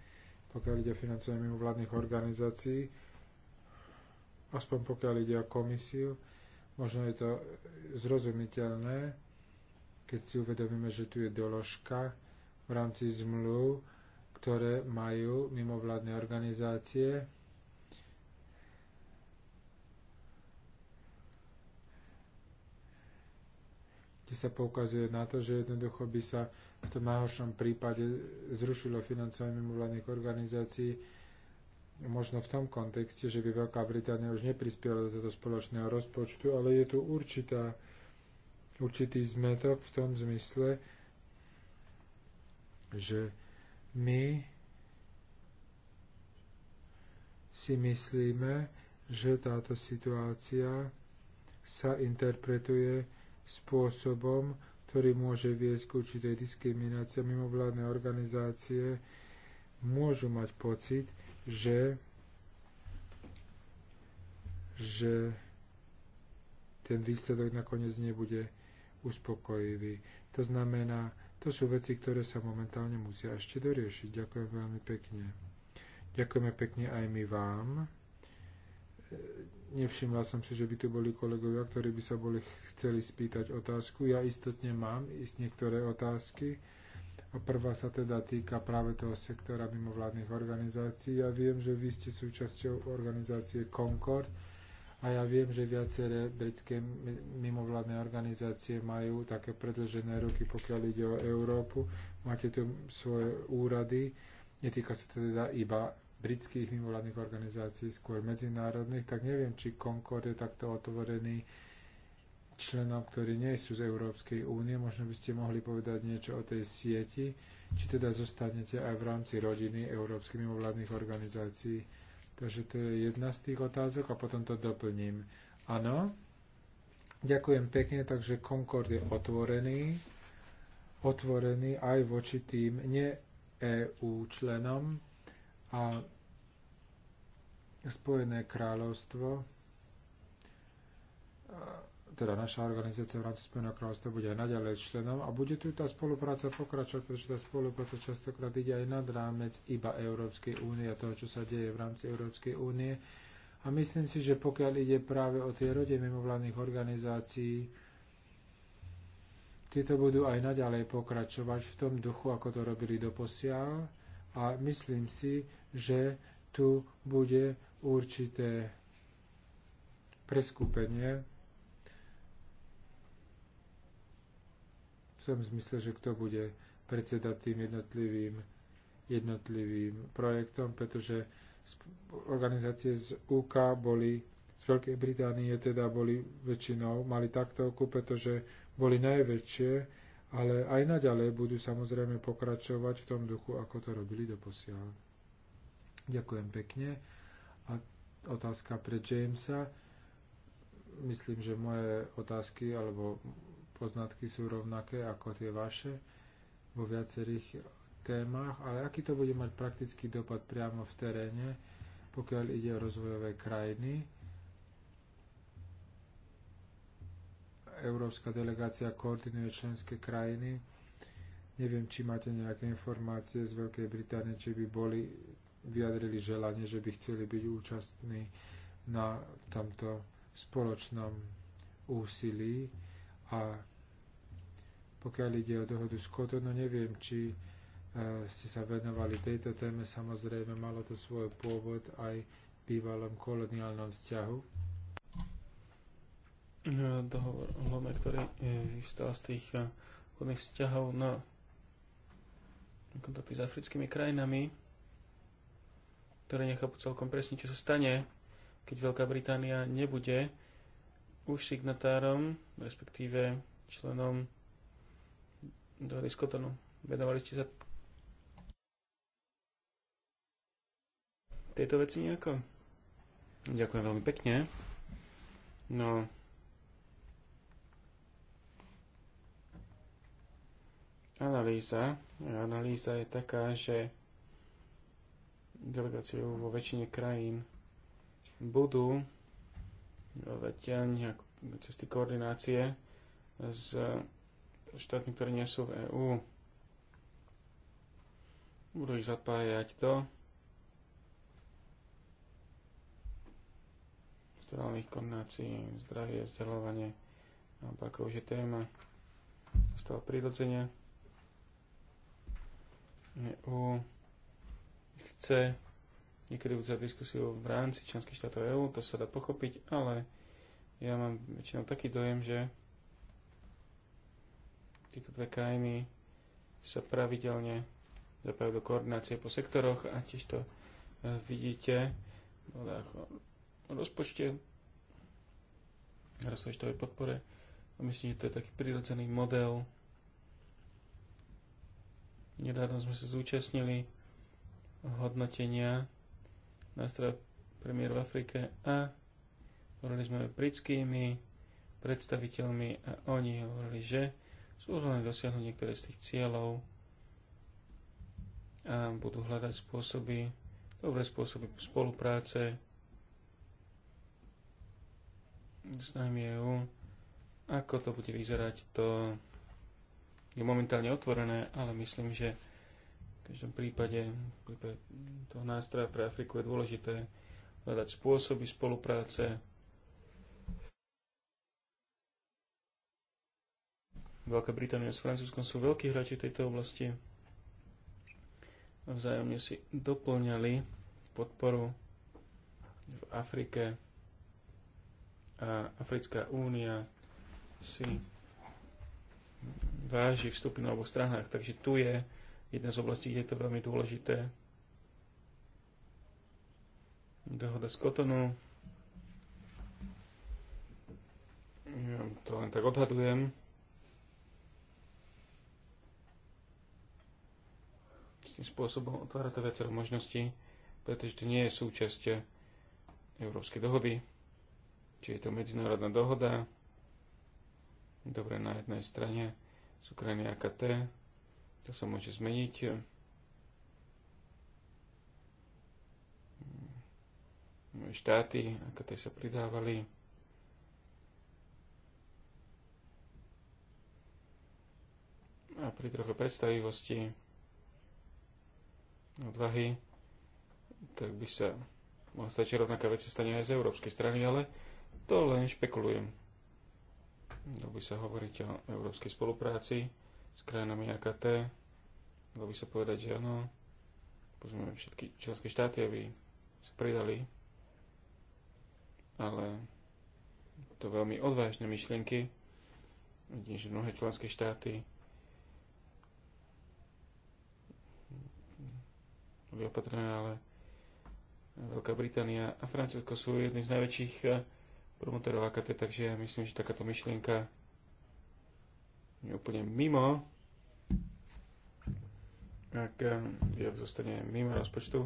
pokiaľ ide o financovanie mimovládnych organizácií, aspoň pokiaľ ide o komisiu. Možno je to zrozumiteľné, keď si uvedomíme, že tu je doložka v rámci zmluv, ktoré majú mimovládne organizácie, sa poukazuje na to, že jednoducho by sa v tom najhoršom prípade zrušilo financovanie mimovládnych organizácií, možno v tom kontexte, že by Veľká Británia už neprispiela do tohto spoločného rozpočtu, ale je tu určitá, určitý zmetok v tom zmysle, že my si myslíme, že táto situácia sa interpretuje spôsobom, ktorý môže viesť k určitej diskriminácii. Mimovládne organizácie môžu mať pocit, že, že ten výsledok nakoniec nebude uspokojivý. To znamená, to sú veci, ktoré sa momentálne musia ešte doriešiť. Ďakujem veľmi pekne. Ďakujeme pekne aj my vám. Nevšimla som si, že by tu boli kolegovia, ktorí by sa boli chceli spýtať otázku. Ja istotne mám ísť niektoré otázky. A prvá sa teda týka práve toho sektora mimovládnych organizácií. Ja viem, že vy ste súčasťou organizácie Concord a ja viem, že viaceré britské mimovládne organizácie majú také predlžené ruky, pokiaľ ide o Európu. Máte tu svoje úrady. Netýka sa to teda iba britských mimovládnych organizácií, skôr medzinárodných, tak neviem, či Concord je takto otvorený členom, ktorí nie sú z Európskej únie. Možno by ste mohli povedať niečo o tej sieti, či teda zostanete aj v rámci rodiny európskych mimovládnych organizácií. Takže to je jedna z tých otázok a potom to doplním. Áno, ďakujem pekne, takže Concord je otvorený, otvorený aj voči tým ne EU členom a Spojené kráľovstvo, teda naša organizácia v rámci Spojeného kráľovstva bude aj naďalej členom a bude tu tá spolupráca pokračovať, pretože tá spolupráca častokrát ide aj nad rámec iba Európskej únie a toho, čo sa deje v rámci Európskej únie. A myslím si, že pokiaľ ide práve o tie rode mimovládnych organizácií, tieto budú aj naďalej pokračovať v tom duchu, ako to robili doposiaľ. A myslím si, že tu bude určité preskúpenie v tom zmysle, že kto bude predsedať tým jednotlivým, jednotlivým projektom, pretože organizácie z UK boli z Veľkej Británie teda boli väčšinou, mali taktovku, pretože boli najväčšie, ale aj naďalej budú samozrejme pokračovať v tom duchu, ako to robili doposiaľ. Ďakujem pekne. A otázka pre Jamesa. Myslím, že moje otázky alebo poznatky sú rovnaké ako tie vaše vo viacerých témach, ale aký to bude mať praktický dopad priamo v teréne, pokiaľ ide o rozvojové krajiny. Európska delegácia koordinuje členské krajiny. Neviem, či máte nejaké informácie z Veľkej Británie, či by boli vyjadrili želanie, že by chceli byť účastní na tomto spoločnom úsilí a pokiaľ ide o dohodu s Kotonu, neviem, či e, ste sa venovali tejto téme, samozrejme malo to svoj pôvod aj v bývalom koloniálnom vzťahu. E, dohovor hlavne, ktorý e, vyvstal z tých vzťahov na no, kontakty s africkými krajinami, ktoré nechápu celkom presne, čo sa stane, keď Veľká Británia nebude už signatárom, respektíve členom do Riskotonu. Kotonu. Venovali ste sa tejto veci nejako? Ďakujem veľmi pekne. No, analýza. Analýza je taká, že delegáciou vo väčšine krajín budú vedia nejakú cesty koordinácie s štátmi, ktoré nie sú v EÚ. Budú ich zapájať do strukturálnych koordinácií, zdravie, vzdelávanie, ako už je téma, toho prírodzenia. EU chce niekedy za diskusiu v rámci členských štátov EÚ, to sa dá pochopiť, ale ja mám väčšinou taký dojem, že tieto dve krajiny sa pravidelne zapájajú do koordinácie po sektoroch a tiež to e, vidíte v rozpočte rozpočtovej podpore. A myslím, že to je taký prirodzený model. Nedávno sme sa zúčastnili hodnotenia nástroja premiér v Afrike a hovorili sme britskými predstaviteľmi a oni hovorili, že sú odhodlaní dosiahnuť niektoré z tých cieľov a budú hľadať spôsoby, dobré spôsoby spolupráce s nami EU. Ako to bude vyzerať, to je momentálne otvorené, ale myslím, že v každom prípade, v prípade toho nástroja pre Afriku je dôležité hľadať spôsoby spolupráce, Veľká Británia s Francúzskom sú veľkí hráči v tejto oblasti. Vzájomne si doplňali podporu v Afrike a Africká únia si váži vstupy na oboch stranách. Takže tu je Jedna z oblastí, kde je to veľmi dôležité, dohoda z Kotonu. Ja to len tak odhadujem. S tým spôsobom otvára to viacero možností, pretože to nie je súčasť Európskej dohody, či je to medzinárodná dohoda, dobre na jednej strane sú krajiny AKT, to sa môže zmeniť. Štáty, ako tie sa pridávali. A pri trochu predstavivosti odvahy, tak by sa mohla stať, že rovnaká vec sa stane aj z európskej strany, ale to len špekulujem. Dobre by sa hovoriť o európskej spolupráci s krajinami AKT. Dalo by sa povedať, že áno. Pozrieme všetky členské štáty, aby sa pridali. Ale to veľmi odvážne myšlienky. Vidím, že mnohé členské štáty boli opatrné, ale Veľká Británia a Francúzsko sú jedni z najväčších eh, promotorov AKT, takže myslím, že takáto myšlienka je úplne mimo, ak dialog eh, zostane mimo rozpočtu,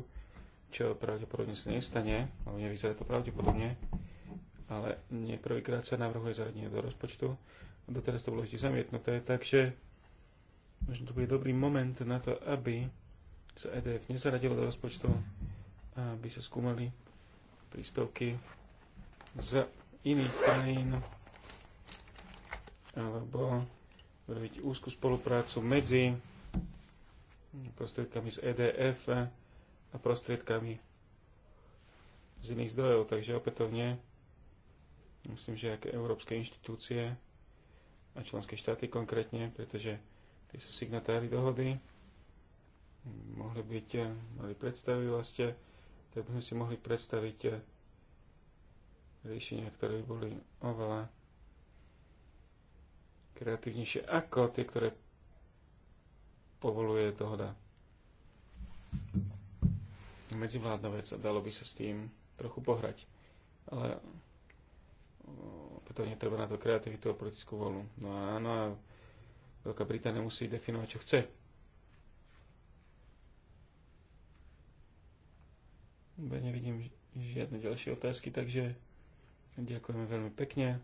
čo pravdepodobne sa nestane, alebo nevyzerá to pravdepodobne, ale nie prvýkrát sa navrhuje zaradenie do rozpočtu, a doteraz to bolo vždy zamietnuté, takže možno to bude dobrý moment na to, aby sa EDF nezaradilo do rozpočtu, aby sa skúmali príspevky z iných krajín alebo robiť úzkú spoluprácu medzi prostriedkami z EDF a prostriedkami z iných zdrojov. Takže opätovne myslím, že aké európske inštitúcie a členské štáty konkrétne, pretože tí sú signatári dohody, mohli byť, mali predstavivosť, vlastne, tak by sme si mohli predstaviť eh, riešenia, ktoré by boli oveľa kreatívnejšie ako tie, ktoré povoluje dohoda. Medzivládna vec, dalo by sa s tým trochu pohrať. Ale preto treba na to kreativitu a politickú volu. No a áno, a Veľká Británia musí definovať, čo chce. Ja nevidím žiadne ďalšie otázky, takže ďakujeme veľmi pekne.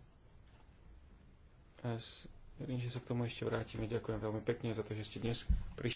A s Verím, že sa k tomu ešte vrátime. Ďakujem veľmi pekne za to, že ste dnes prišli.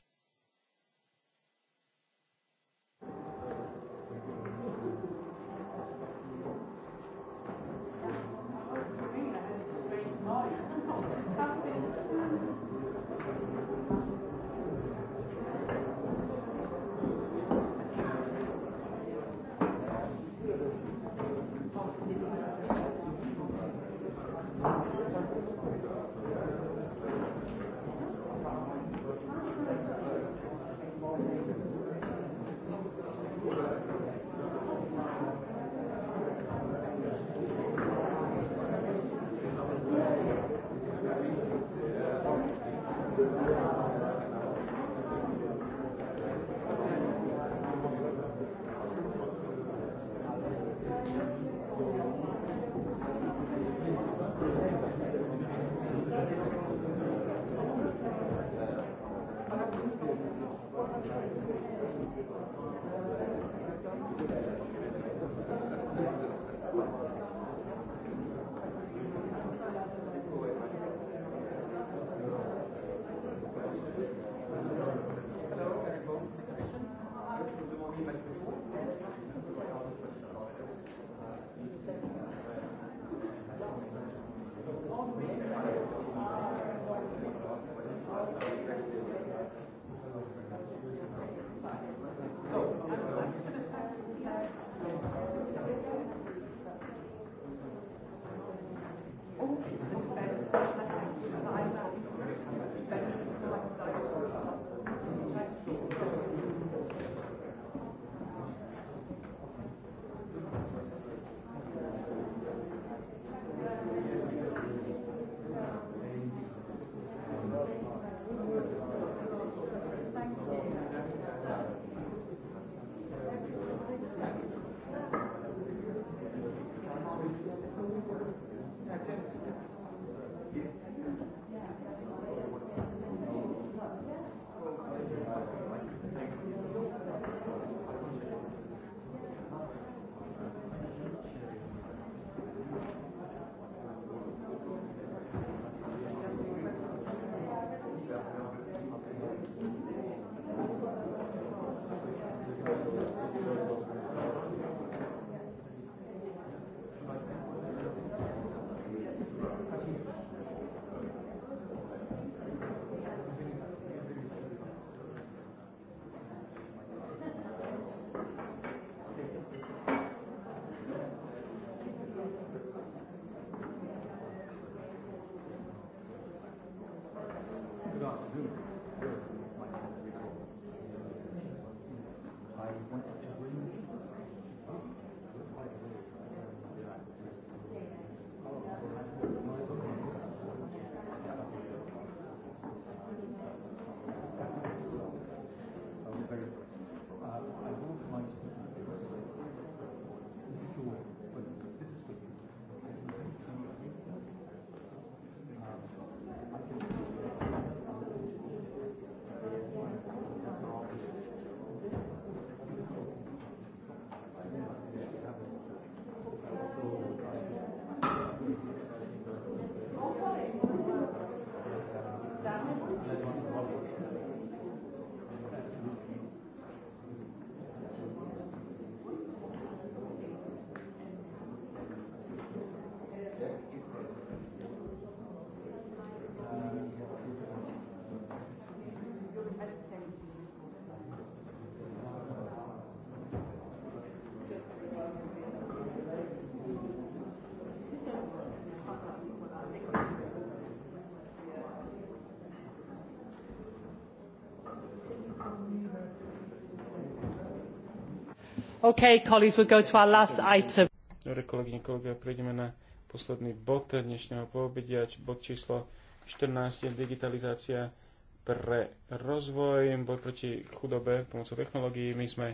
Okay, colleagues, we'll go to our last item. Dobre, kolegyne, prejdeme na posledný bod dnešného poobedia, bod číslo 14, digitalizácia pre rozvoj, boj proti chudobe pomocou technológií. My sme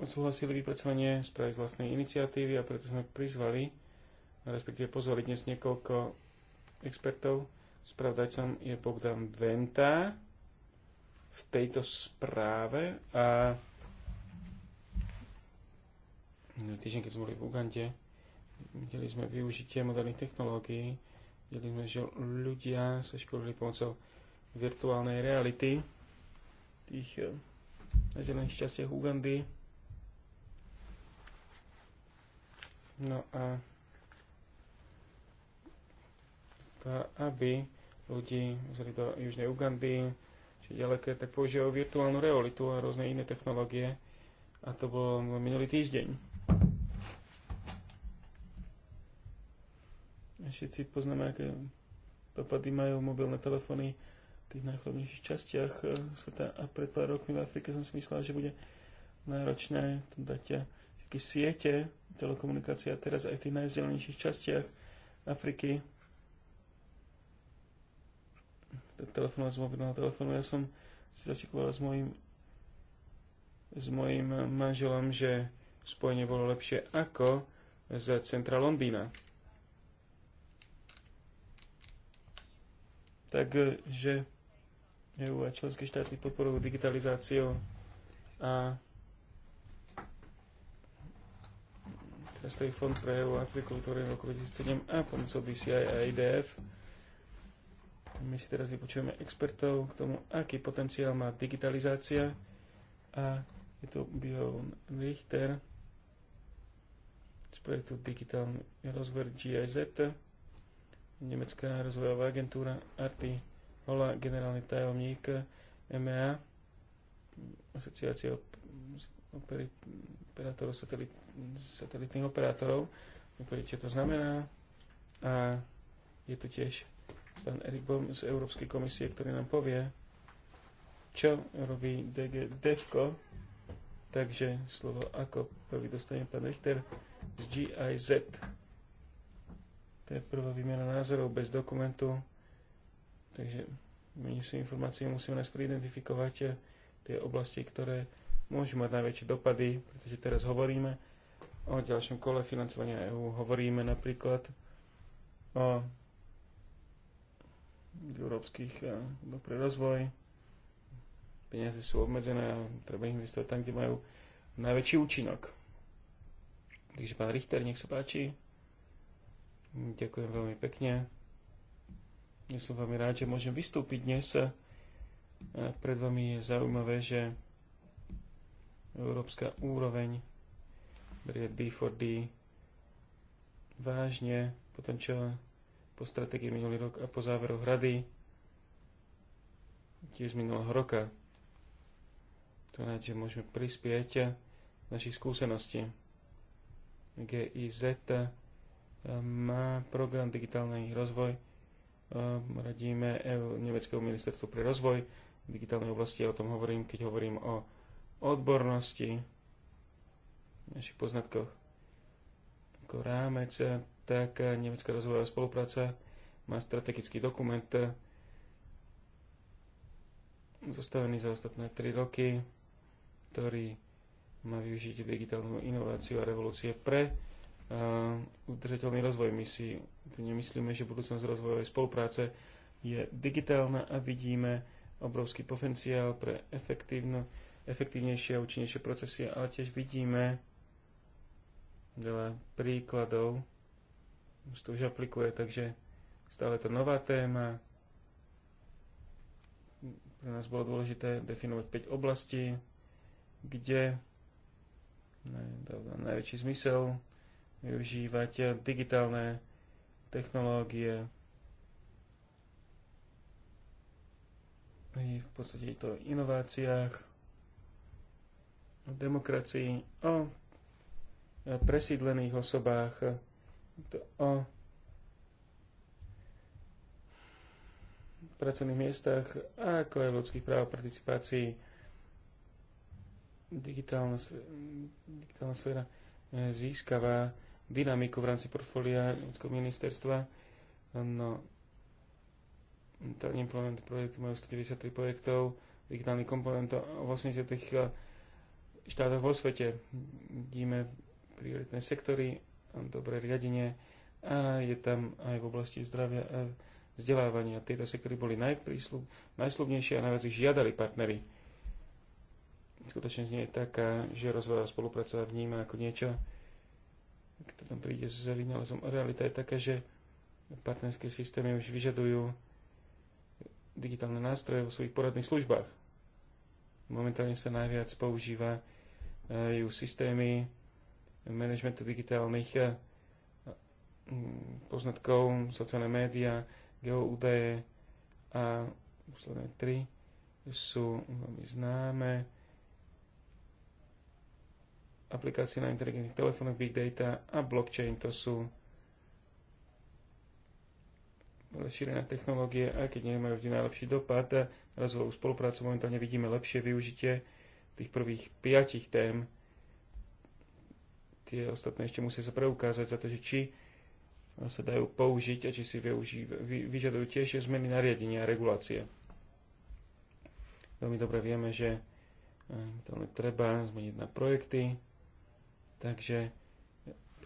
odsúhlasili vypracovanie spraviť z vlastnej iniciatívy a preto sme prizvali, respektíve pozvali dnes niekoľko expertov. Spravdajcom je Bogdan Venta, v tejto správe a týždeň, keď sme boli v Ugande, videli sme využitie moderných technológií, videli sme, že ľudia sa školili pomocou virtuálnej reality tých eh, zelených častiach Ugandy. No a aby ľudí vzali do Južnej Ugandy, ďaleké, tak používajú virtuálnu realitu a rôzne iné technológie. A to bolo minulý týždeň. Všetci poznáme, aké dopady majú mobilné telefóny v tých najchladnejších častiach e, sveta. A pred pár rokmi v Afrike som si myslela, že bude náročné dať e, všetky siete telekomunikácie a teraz aj v tých najvzdelenejších častiach Afriky telefonovať z mobilného telefónu. Ja som si začekovala s mojim, s mojim manželom, že spojenie bolo lepšie ako z centra Londýna. Takže EU a členské štáty podporujú digitalizáciu a teraz to je fond pre EU Afriku, ktorý v roku 2007 a pomocou DCI a IDF my si teraz vypočujeme expertov k tomu, aký potenciál má digitalizácia a je tu Björn Richter z projektu Digitálny rozvoj GIZ, Nemecká rozvojová agentúra Arti Hola, generálny tajomník MEA, asociácia operátorov satelit, satelitných operátorov. čo to znamená. A je tu tiež pán Erik Bohm z Európskej komisie, ktorý nám povie, čo robí DG DEFCO. Takže slovo ako prvý dostane pán Richter z GIZ. To je prvá výmena názorov bez dokumentu. Takže my si informácie musíme najskôr identifikovať eh, tie oblasti, ktoré môžu mať najväčšie dopady, pretože teraz hovoríme o ďalšom kole financovania EÚ, hovoríme napríklad o európskych e, pre rozvoj. Peniaze sú obmedzené a treba investovať tam, kde majú najväčší účinok. Takže pán Richter, nech sa páči. Ďakujem veľmi pekne. Ja som veľmi rád, že môžem vystúpiť dnes. E, pred vami je zaujímavé, že európska úroveň berie D4D vážne po čo po stratégii minulý rok a po záveru hrady tiež z minulého roka. To rád, že môžeme prispieť našich skúseností. GIZ ehm, má program digitálny rozvoj. Ehm, radíme e Nemeckého ministerstvu pre rozvoj v digitálnej oblasti. O tom hovorím, keď hovorím o odbornosti, našich poznatkoch. Ako rámec tak Nemecká rozvojová spolupráca má strategický dokument e, zostavený za ostatné 3 roky, ktorý má využiť digitálnu inováciu a revolúcie pre uh, udržateľný rozvoj. My si nemyslíme, že budúcnosť rozvojovej spolupráce je digitálna a vidíme obrovský potenciál pre efektívno, efektívnejšie a účinnejšie procesy, ale tiež vidíme veľa príkladov už to už aplikuje, takže stále to nová téma. Pre nás bolo dôležité definovať 5 oblastí, kde najväčší zmysel využívať digitálne technológie. I v podstate je to o inováciách, o demokracii, o presídlených osobách, o pracovných miestach, ako aj ľudských práv a participácií. Digitálna, digitálna sféra e, získava dynamiku v rámci portfólia Európskeho ministerstva. No, ten implement projektu majú 193 projektov, digitálny komponent v 80 e, štátoch vo svete. Vidíme prioritné sektory dobré riadenie a je tam aj v oblasti zdravia a vzdelávania. Tieto sektory boli najslubnejšie a najviac ich žiadali partnery. Skutočne nie je taká, že rozvojová spolupráca vníma ako niečo, kto tam príde s vynálezom. Realita je taká, že partnerské systémy už vyžadujú digitálne nástroje vo svojich poradných službách. Momentálne sa najviac používajú systémy manažmentu digitálnych eh, poznatkov, sociálne médiá, geoúdaje a posledné tri sú veľmi známe. Aplikácie na inteligentných telefónoch, big data a blockchain to sú rozšírené technológie, aj keď nemajú vždy najlepší dopad. Rozvojovú spoluprácu momentálne vidíme lepšie využitie tých prvých piatich tém, tie ostatné ešte musia sa preukázať za to, že či sa dajú použiť a či si využí, vy, vyžadujú tiež zmeny nariadenia a regulácie. Veľmi dobre vieme, že eh, to treba zmeniť na projekty, takže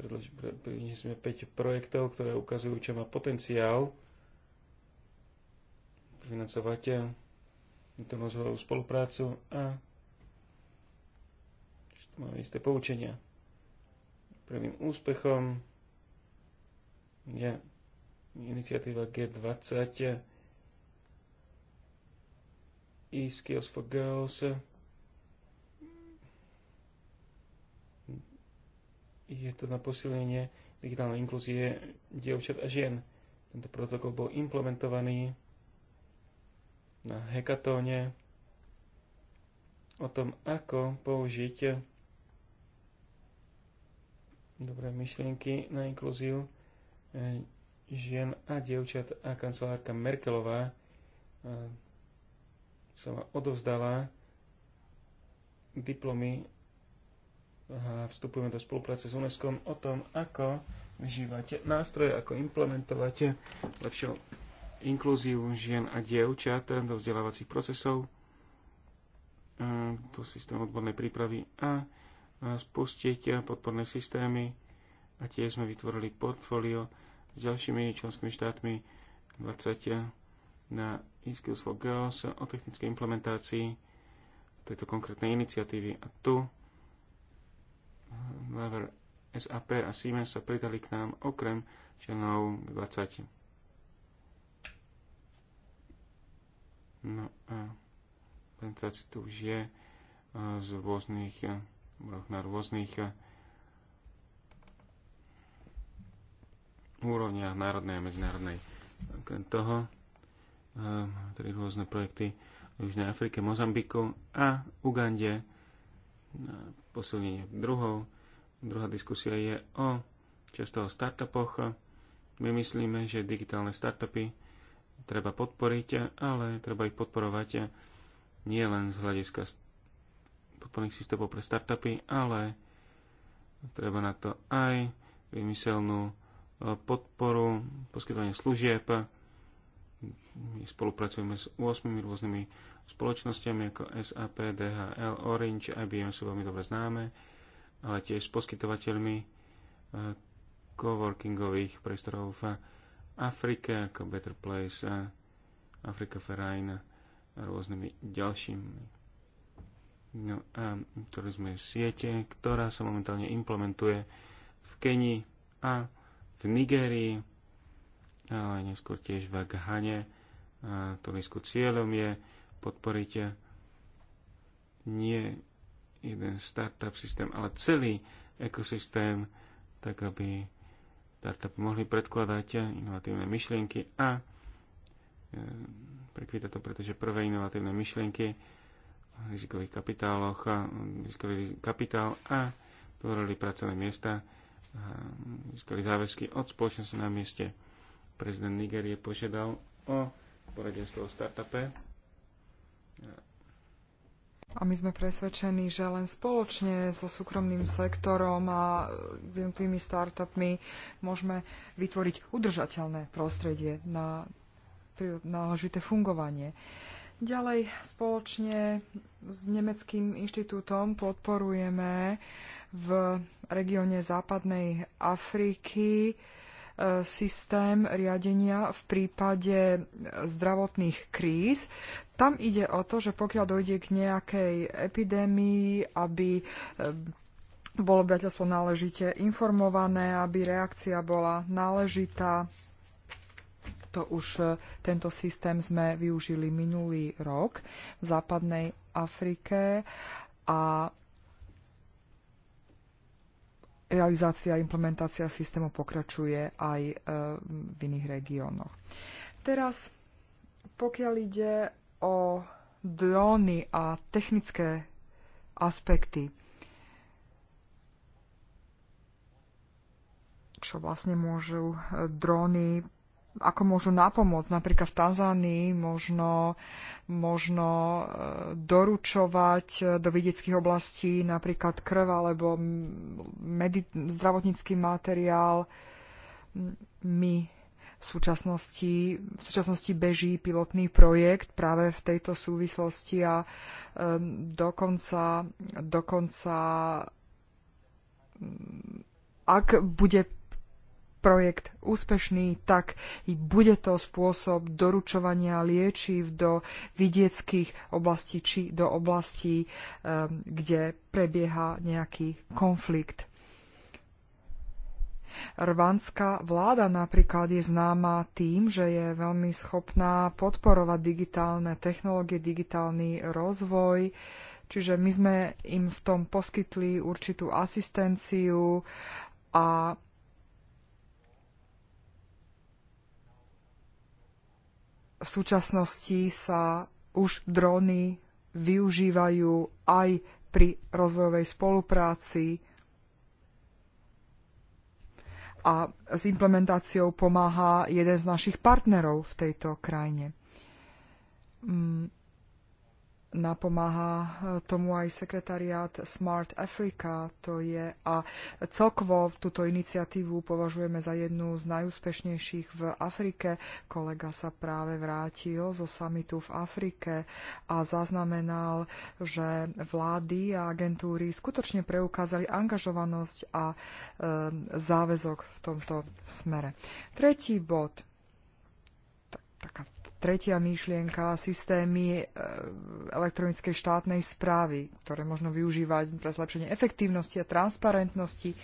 predložili sme 5 projektov, ktoré ukazujú, čo má potenciál financovať eh, tú spoluprácu a máme isté poučenia. Prvým úspechom je iniciatíva G20 e-skills for girls je to na posilnenie digitálnej inkluzie dievčat a žien. Tento protokol bol implementovaný na hekatóne o tom, ako použiť dobré myšlienky na inkluziu e, žien a dievčat a kancelárka Merkelová e, sa ma odovzdala diplomy a vstupujeme do spolupráce s UNESCO o tom, ako vyžívate nástroje, ako implementovať lepšiu inklúziu žien a dievčat do vzdelávacích procesov, e, do systému odbornej prípravy a spustiť podporné systémy a tiež sme vytvorili portfólio s ďalšími členskými štátmi 20 na eSkills for girls o technickej implementácii tejto konkrétnej iniciatívy. A tu Lever SAP a Siemens sa pridali k nám okrem členov 20. No a prezentácia tu už je eh, z rôznych eh, na rôznych eh, úrovniach národnej a medzinárodnej. Okrem toho, eh, tri rôzne projekty v Južnej Afrike, Mozambiku a Ugande. Posilnenie druhou. Druhá diskusia je o často o startupoch. My myslíme, že digitálne startupy treba podporiť, ale treba ich podporovať nie len z hľadiska podporných systémov pre startupy, ale treba na to aj vymyselnú e, podporu, poskytovanie služieb. My spolupracujeme s 8 rôznymi spoločnosťami ako SAP, DHL, Orange, IBM sú veľmi dobre známe, ale tiež s poskytovateľmi e, coworkingových priestorov v Afrike ako Better Place, Afrika Ferrain a rôznymi ďalšími No a turizmu sme siete, ktorá sa momentálne implementuje v Kenii a v Nigérii, ale neskôr tiež v Ghane. A turizmu cieľom je podporiť nie jeden startup systém, ale celý ekosystém, tak aby startupy mohli predkladať inovatívne myšlienky a e, prekvíta to, pretože prvé inovatívne myšlienky rizikových kapitáloch, získali kapitál a tvorili pracovné miesta, získali záväzky od spoločnosti na mieste. Prezident Nigerie požiadal o poradenstvo o startupe. A my sme presvedčení, že len spoločne so súkromným sektorom a jednotlivými startupmi môžeme vytvoriť udržateľné prostredie na náležité fungovanie. Uh, Ďalej spoločne s Nemeckým inštitútom podporujeme v regióne západnej Afriky e, systém riadenia v prípade zdravotných kríz. Tam ide o to, že pokiaľ dojde k nejakej epidémii, aby e, bolo obyvateľstvo náležite informované, aby reakcia bola náležitá to už e, tento systém sme využili minulý rok v západnej Afrike a realizácia a implementácia systému pokračuje aj e, v iných regiónoch. Teraz, pokiaľ ide o dróny a technické aspekty, čo vlastne môžu e, dróny ako môžu napomôcť. Napríklad v Tanzánii možno, možno e, doručovať e, do vidieckých oblastí napríklad krv alebo medi- zdravotnícky materiál. My v súčasnosti, v súčasnosti beží pilotný projekt práve v tejto súvislosti a um, dokonca, dokonca ak bude projekt úspešný, tak bude to spôsob doručovania liečiv do vidieckých oblastí či do oblastí, ehm, kde prebieha nejaký konflikt. Rvanská vláda napríklad je známa tým, že je veľmi schopná podporovať digitálne technológie, digitálny rozvoj. Čiže my sme im v tom poskytli určitú asistenciu a v súčasnosti sa už dróny využívajú aj pri rozvojovej spolupráci a s implementáciou pomáha jeden z našich partnerov v tejto krajine. Mm, napomáha eh, tomu aj sekretariát Smart Africa. To je, a celkovo túto iniciatívu považujeme za jednu z najúspešnejších v Afrike. Kolega sa práve vrátil zo samitu v Afrike a zaznamenal, že vlády a agentúry skutočne preukázali angažovanosť a e, záväzok v tomto smere. Tretí bod. Tak, taká Tretia myšlienka, systémy e, elektronickej štátnej správy, ktoré možno využívať pre zlepšenie efektívnosti a transparentnosti. E,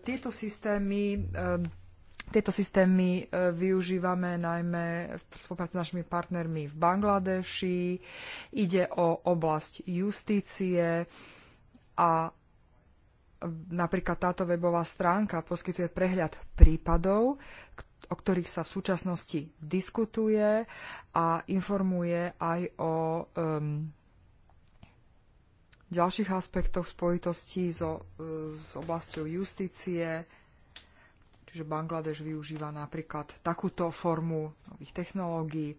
tieto systémy e, tieto systémy využívame najmä v spolupráci s našimi partnermi v Bangladeši. Ide o oblasť justície a napríklad táto webová stránka poskytuje prehľad prípadov, o ktorých sa v súčasnosti diskutuje a informuje aj o um, ďalších aspektoch spojitosti so, uh, s oblasťou justície. Čiže Bangladeš využíva napríklad takúto formu nových technológií.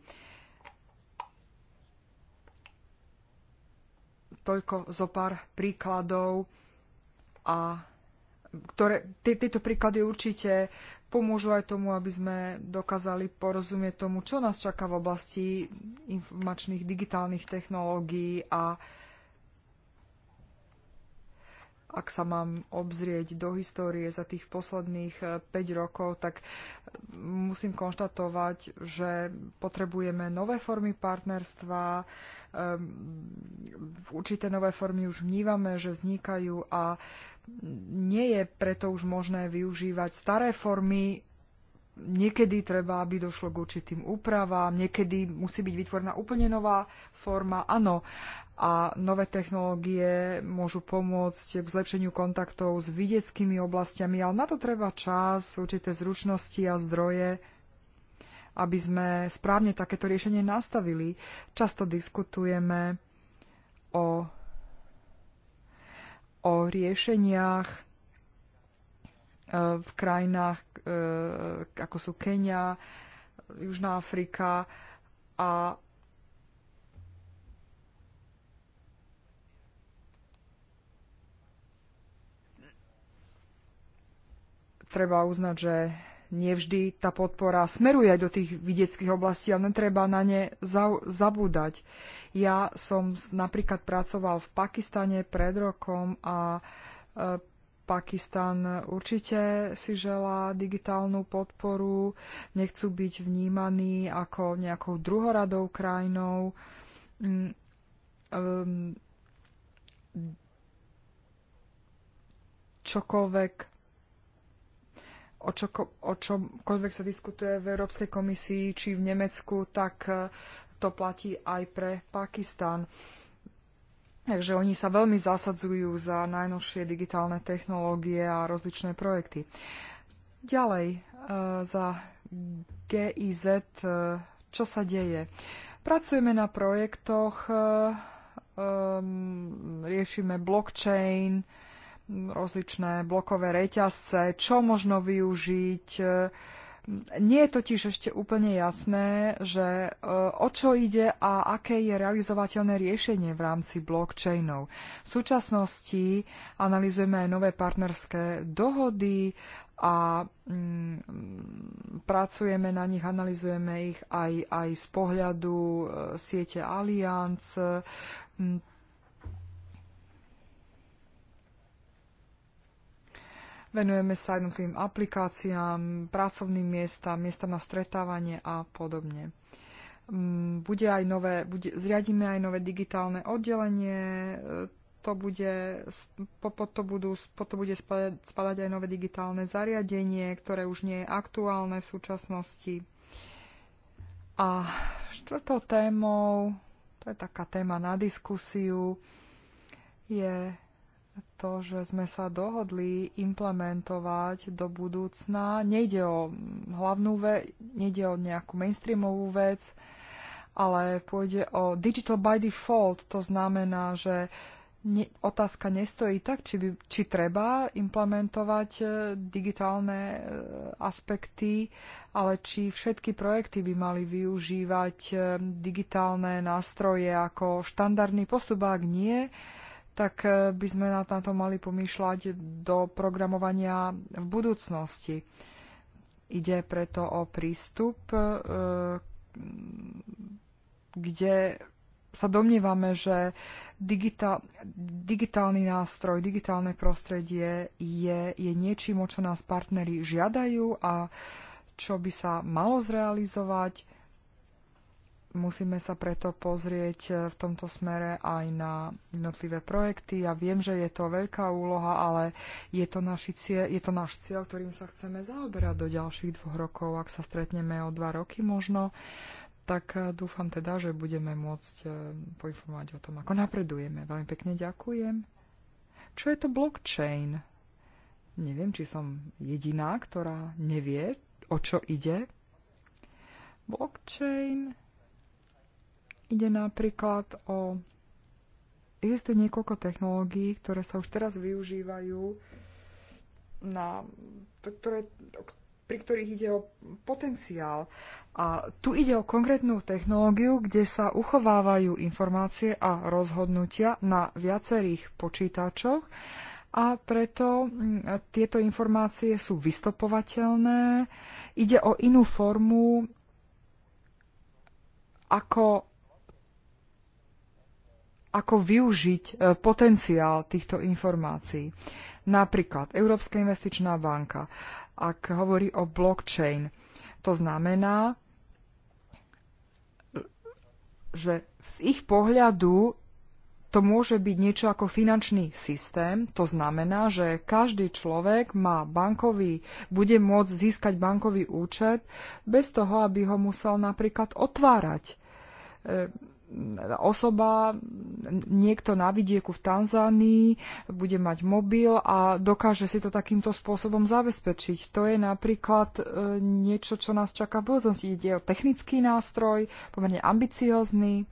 Toľko zo pár príkladov a ktoré, tí, títo príklady určite pomôžu aj tomu, aby sme dokázali porozumieť tomu, čo nás čaká v oblasti informačných digitálnych technológií a ak sa mám obzrieť do histórie za tých posledných 5 eh, rokov, tak eh, musím konštatovať, že potrebujeme nové formy partnerstva, eh, určité nové formy už vnívame, že vznikajú a nie je preto už možné využívať staré formy. Niekedy treba, aby došlo k určitým úpravám, niekedy musí byť vytvorená úplne nová forma, áno. A nové technológie môžu pomôcť k zlepšeniu kontaktov s vidieckými oblastiami, ale na to treba čas, určité zručnosti a zdroje aby sme správne takéto riešenie nastavili. Často diskutujeme o o riešeniach e, v krajinách e, ako sú Kenia, Južná Afrika a treba uznať, že nevždy tá podpora smeruje aj do tých vidieckých oblastí, a netreba na ne zabúdať. Ja som napríklad pracoval v Pakistane pred rokom a e, Pakistan určite si želá digitálnu podporu, nechcú byť vnímaní ako nejakou druhoradou krajinou. Mm, ehm, čokoľvek o, čo, o čomkoľvek sa diskutuje v Európskej komisii či v Nemecku, tak e, to platí aj pre Pakistan. Takže oni sa veľmi zasadzujú za najnovšie digitálne technológie a rozličné projekty. Ďalej, e, za GIZ, e, čo sa deje? Pracujeme na projektoch, riešime blockchain, rozličné blokové reťazce, čo možno využiť. Nie je totiž ešte úplne jasné, že e, o čo ide a aké je realizovateľné riešenie v rámci blockchainov. V súčasnosti analizujeme aj nové partnerské dohody a mm, pracujeme na nich, analizujeme ich aj, aj z pohľadu e, siete Allianz mm, Venujeme sa jednotlivým aplikáciám, pracovným miestam, miestam na stretávanie a podobne. Mm, bude aj nové, bude, zriadíme aj nové digitálne oddelenie, e, to bude, po, po to, budú, po to bude spadať, spadať aj nové digitálne zariadenie, ktoré už nie je aktuálne v súčasnosti. A štvrtou témou, to je taká téma na diskusiu, je to, že sme sa dohodli implementovať do budúcna. Nejde o hlavnú vec, nejde o nejakú mainstreamovú vec, ale pôjde o digital by default. To znamená, že ne, otázka nestojí tak, či, by, či treba implementovať e, digitálne e, aspekty, ale či všetky projekty by mali využívať e, digitálne nástroje ako štandardný postup, ak nie, tak e, by sme na to mali pomýšľať do programovania v budúcnosti. Ide preto o prístup, e, kde sa domnievame, že digitál, digitálny nástroj, digitálne prostredie je, je niečím, o čo nás partnery žiadajú a čo by sa malo zrealizovať Musíme sa preto pozrieť e, v tomto smere aj na jednotlivé projekty. Ja viem, že je to veľká úloha, ale je to, naši cieľ, je to náš cieľ, ktorým sa chceme zaoberať do ďalších dvoch rokov. Ak sa stretneme o dva roky možno, tak e, dúfam teda, že budeme môcť e, poinformovať o tom, ako napredujeme. Veľmi pekne ďakujem. Čo je to blockchain? Neviem, či som jediná, ktorá nevie, o čo ide. Blockchain Ide napríklad o... Existuje niekoľko technológií, ktoré sa už teraz využívajú, na, ktoré, pri ktorých ide o potenciál. A tu ide o konkrétnu technológiu, kde sa uchovávajú informácie a rozhodnutia na viacerých počítačoch a preto mm, tieto informácie sú vystopovateľné. Ide o inú formu, ako ako využiť e, potenciál týchto informácií. Napríklad Európska investičná banka, ak hovorí o blockchain, to znamená, že z ich pohľadu to môže byť niečo ako finančný systém. To znamená, že každý človek má bankový, bude môcť získať bankový účet bez toho, aby ho musel napríklad otvárať. E, osoba, niekto na vidieku v Tanzánii bude mať mobil a dokáže si to takýmto spôsobom zabezpečiť. To je napríklad e, niečo, čo nás čaká v budúcnosti. Ide o technický nástroj, pomerne ambiciózny.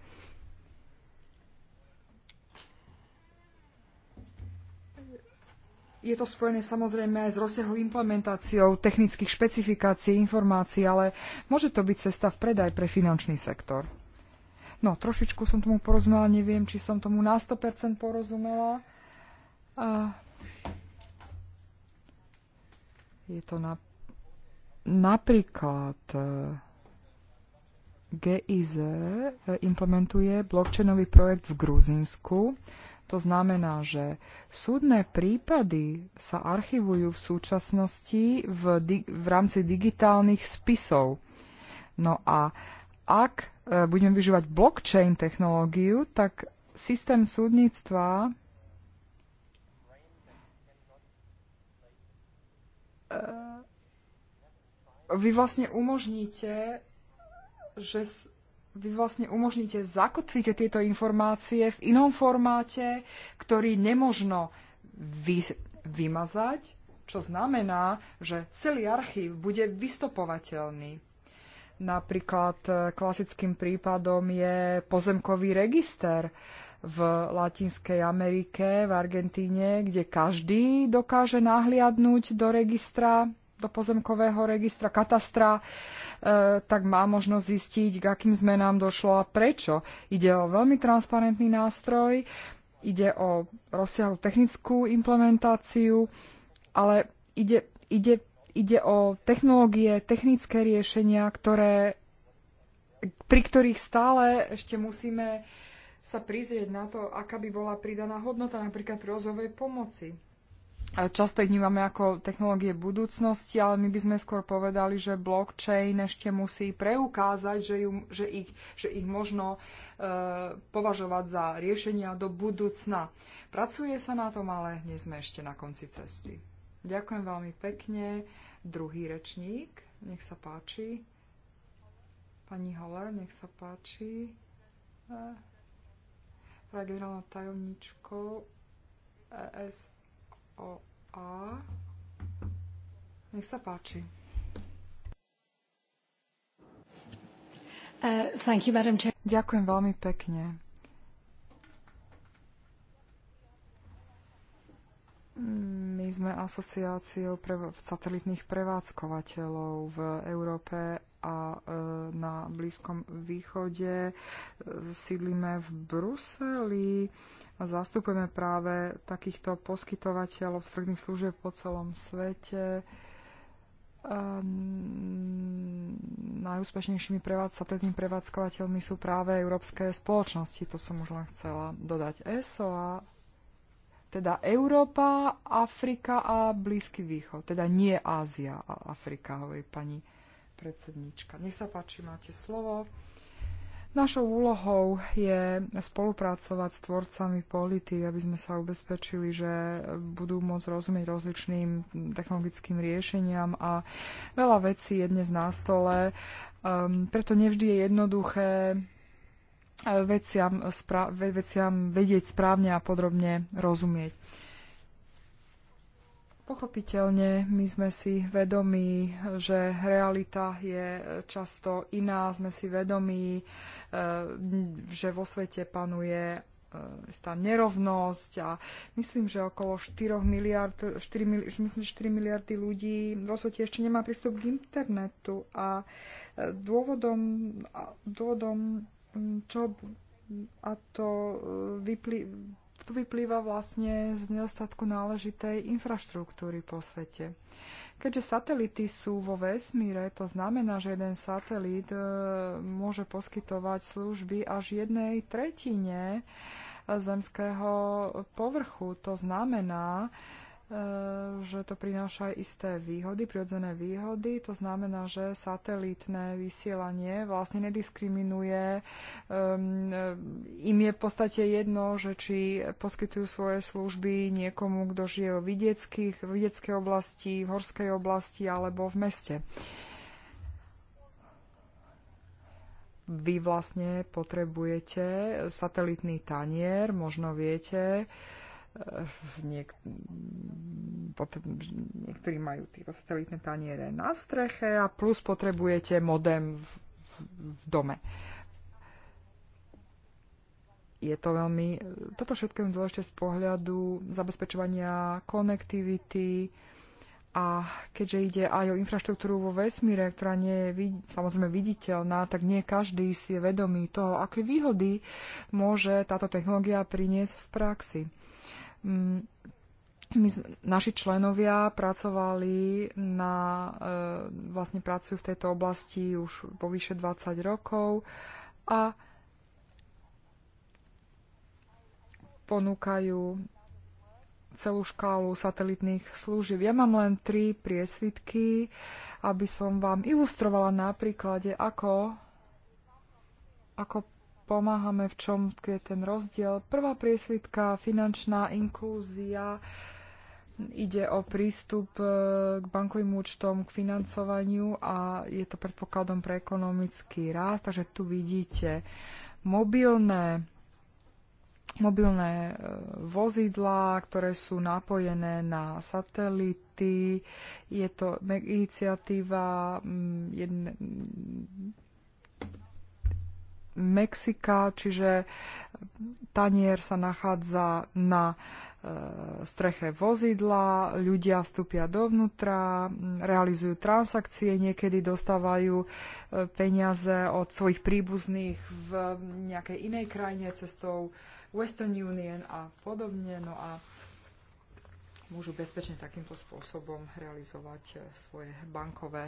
je to spojené samozrejme aj s rozsiahou implementáciou technických špecifikácií informácií, ale môže to byť cesta v predaj pre finančný sektor. No, trošičku som tomu porozumela, neviem, či som tomu na 100% porozumela. A je to na, napríklad e, GIZ e, implementuje blockchainový projekt v Gruzinsku, To znamená, že súdne prípady sa archivujú v súčasnosti v, di- v rámci digitálnych spisov. No a ak E, budeme využívať blockchain technológiu, tak systém súdnictva e, vy vlastne umožníte, že vy vlastne umožníte, zakotvíte tieto informácie v inom formáte, ktorý nemožno vy, vymazať, čo znamená, že celý archív bude vystopovateľný. Napríklad e, klasickým prípadom je pozemkový register v Latinskej Amerike, v Argentíne, kde každý dokáže nahliadnúť do registra do pozemkového registra, katastra, e, tak má možnosť zistiť, k akým zmenám došlo a prečo. Ide o veľmi transparentný nástroj, ide o rozsiahlu technickú implementáciu, ale ide, ide ide o technológie, technické riešenia, ktoré, pri ktorých stále ešte musíme sa prizrieť na to, aká by bola pridaná hodnota napríklad pri rozvojovej pomoci. Často ich vnímame ako technológie budúcnosti, ale my by sme skôr povedali, že blockchain ešte musí preukázať, že, ju, že, ich, že ich možno e, považovať za riešenia do budúcna. Pracuje sa na tom, ale nie sme ešte na konci cesty. Ďakujem veľmi pekne. Druhý rečník, nech sa páči. Pani Holler, nech sa páči. Ktorá e, generálna tajomničko e ESOA. Nech sa páči. Uh, you, Ďakujem veľmi pekne. My sme asociáciou pre satelitných prevádzkovateľov v Európe a e, na Blízkom východe. E, sídlíme v Bruseli a zastupujeme práve takýchto poskytovateľov stredných služieb po celom svete. Um, najúspešnejšími prevádz- satelitnými prevádzkovateľmi sú práve európske spoločnosti. To som už len chcela dodať. ESO a teda Európa, Afrika a Blízky východ. Teda nie Ázia a Afrika, hovorí pani predsednička. Nech sa páči, máte slovo. Našou úlohou je spolupracovať s tvorcami politik, aby sme sa ubezpečili, že budú môcť rozumieť rozličným technologickým riešeniam a veľa vecí je dnes na stole. Um, preto nevždy je jednoduché veciam, spra- veciam vedieť správne a podrobne rozumieť. Pochopiteľne my sme si vedomí, že realita je často iná, sme si vedomí, e, že vo svete panuje e, tá nerovnosť a myslím, že okolo 4 miliard, 4, myslím, 4 miliardy ľudí vo svete ešte nemá prístup k internetu a e, dôvodom, dôvodom čo a to, e, vyplý, to vyplýva vlastne z nedostatku náležitej infraštruktúry po svete. Keďže satelity sú vo vesmíre, to znamená, že jeden satelit e, môže poskytovať služby až jednej tretine zemského povrchu. To znamená, E, že to prináša aj isté výhody, prirodzené výhody. To znamená, že satelitné vysielanie vlastne nediskriminuje. Um, im je v podstate jedno, že či poskytujú svoje služby niekomu, kto žije v vidieckej oblasti, v horskej oblasti alebo v meste. Vy vlastne potrebujete satelitný tanier, možno viete, uh, Eh, niek- niektorí majú tieto satelitné taniere na streche a plus potrebujete modem v, v dome. Je to veľmi, eh, toto všetko je dôležité z pohľadu zabezpečovania konektivity a keďže ide aj o infraštruktúru vo vesmíre, ktorá nie je vid- samozrejme viditeľná, tak nie každý si je vedomý toho, aké výhody môže táto technológia priniesť v praxi Mm, my, naši členovia pracovali na, e, vlastne pracujú v tejto oblasti už po vyše 20 rokov a ponúkajú celú škálu satelitných služieb. Ja mám len tri priesvitky, aby som vám ilustrovala na príklade, ako, ako pomáhame, v čom je ten rozdiel. Prvá priesvitka, finančná inklúzia, ide o prístup e, k bankovým účtom, k financovaniu a je to predpokladom pre ekonomický rast. Takže tu vidíte mobilné mobilné e, vozidlá, ktoré sú napojené na satelity. Je to iniciatíva jedne, Mexika, čiže e, tanier sa nachádza na e, streche vozidla, ľudia vstúpia dovnútra, realizujú transakcie, niekedy dostávajú e, peniaze od svojich príbuzných v nejakej inej krajine cestou Western Union a podobne. No a môžu bezpečne takýmto spôsobom realizovať svoje bankové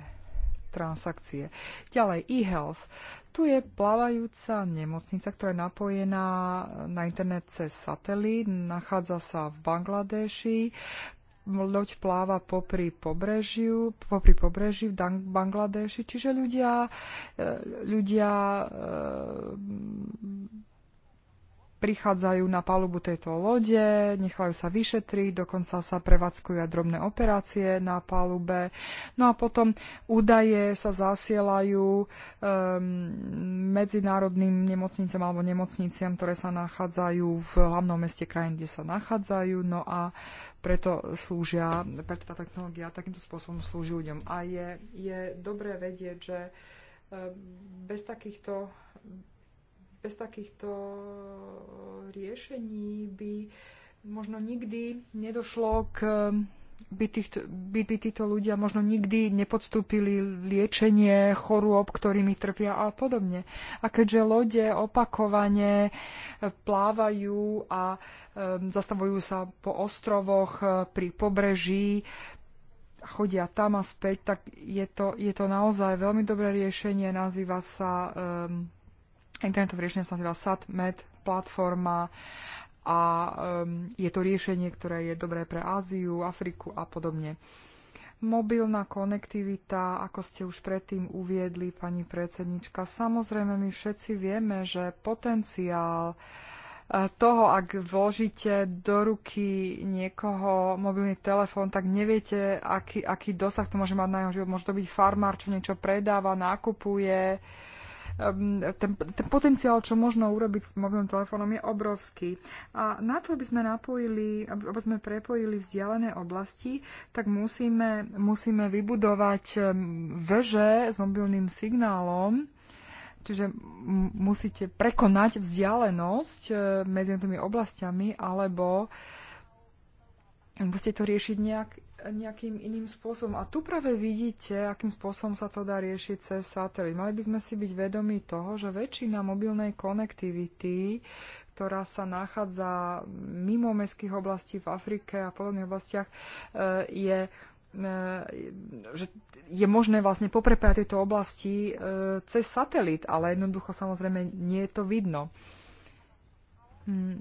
transakcie. Ďalej e-health. Tu je plávajúca nemocnica, ktorá je napojená na internet cez satelit, Nachádza sa v Bangladeši loď pláva popri pobrežiu, popri pobreží v Bangladeši, čiže ľudia, e, ľudia e, prichádzajú na palubu tejto lode, nechajú sa vyšetriť, dokonca sa prevádzkujú aj drobné operácie na palube. No a potom údaje sa zasielajú um, medzinárodným nemocnicám alebo nemocniciam, ktoré sa nachádzajú v hlavnom meste krajín, kde sa nachádzajú. No a preto slúžia, preto tá technológia takýmto spôsobom slúži ľuďom. A je, je dobré vedieť, že ehm, bez takýchto bez takýchto eh, riešení by možno nikdy nedošlo k eh, by, týchto, by, by títo ľudia možno nikdy nepodstúpili liečenie chorôb, ktorými trpia a podobne. A keďže lode opakovane eh, plávajú a e, zastavujú sa po ostrovoch e, pri pobreží, chodia tam a späť, tak je to, je to naozaj veľmi dobré riešenie. Nazýva sa um, internetové riešenie sa nazýva SatMed platforma a um, je to riešenie, ktoré je dobré pre Áziu, Afriku a podobne. Mobilná konektivita, ako ste už predtým uviedli, pani predsednička, samozrejme my všetci vieme, že potenciál e, toho, ak vložíte do ruky niekoho mobilný telefón, tak neviete, aký, aký dosah to môže mať na jeho život. Môže to byť farmár, čo niečo predáva, nákupuje. uh, ten, ten potenciál, čo možno urobiť s mobilným telefónom, je obrovský. A na to, aby sme napojili, aby sme prepojili vzdialené oblasti, tak musíme, musíme vybudovať veže s mobilným signálom, Čiže musíte prekonať vzdialenosť medzi tými oblastiami, alebo musíte to riešiť nejak nejakým iným spôsobom. A tu práve vidíte, akým spôsobom sa to dá riešiť cez satelit. Mali by sme si byť vedomi toho, že väčšina mobilnej konektivity, ktorá sa nachádza mimo mestských oblastí v Afrike a podobných oblastiach, e, je e, že je možné vlastne poprepájať tieto oblasti e, cez satelit, ale jednoducho samozrejme nie je to vidno. Hm.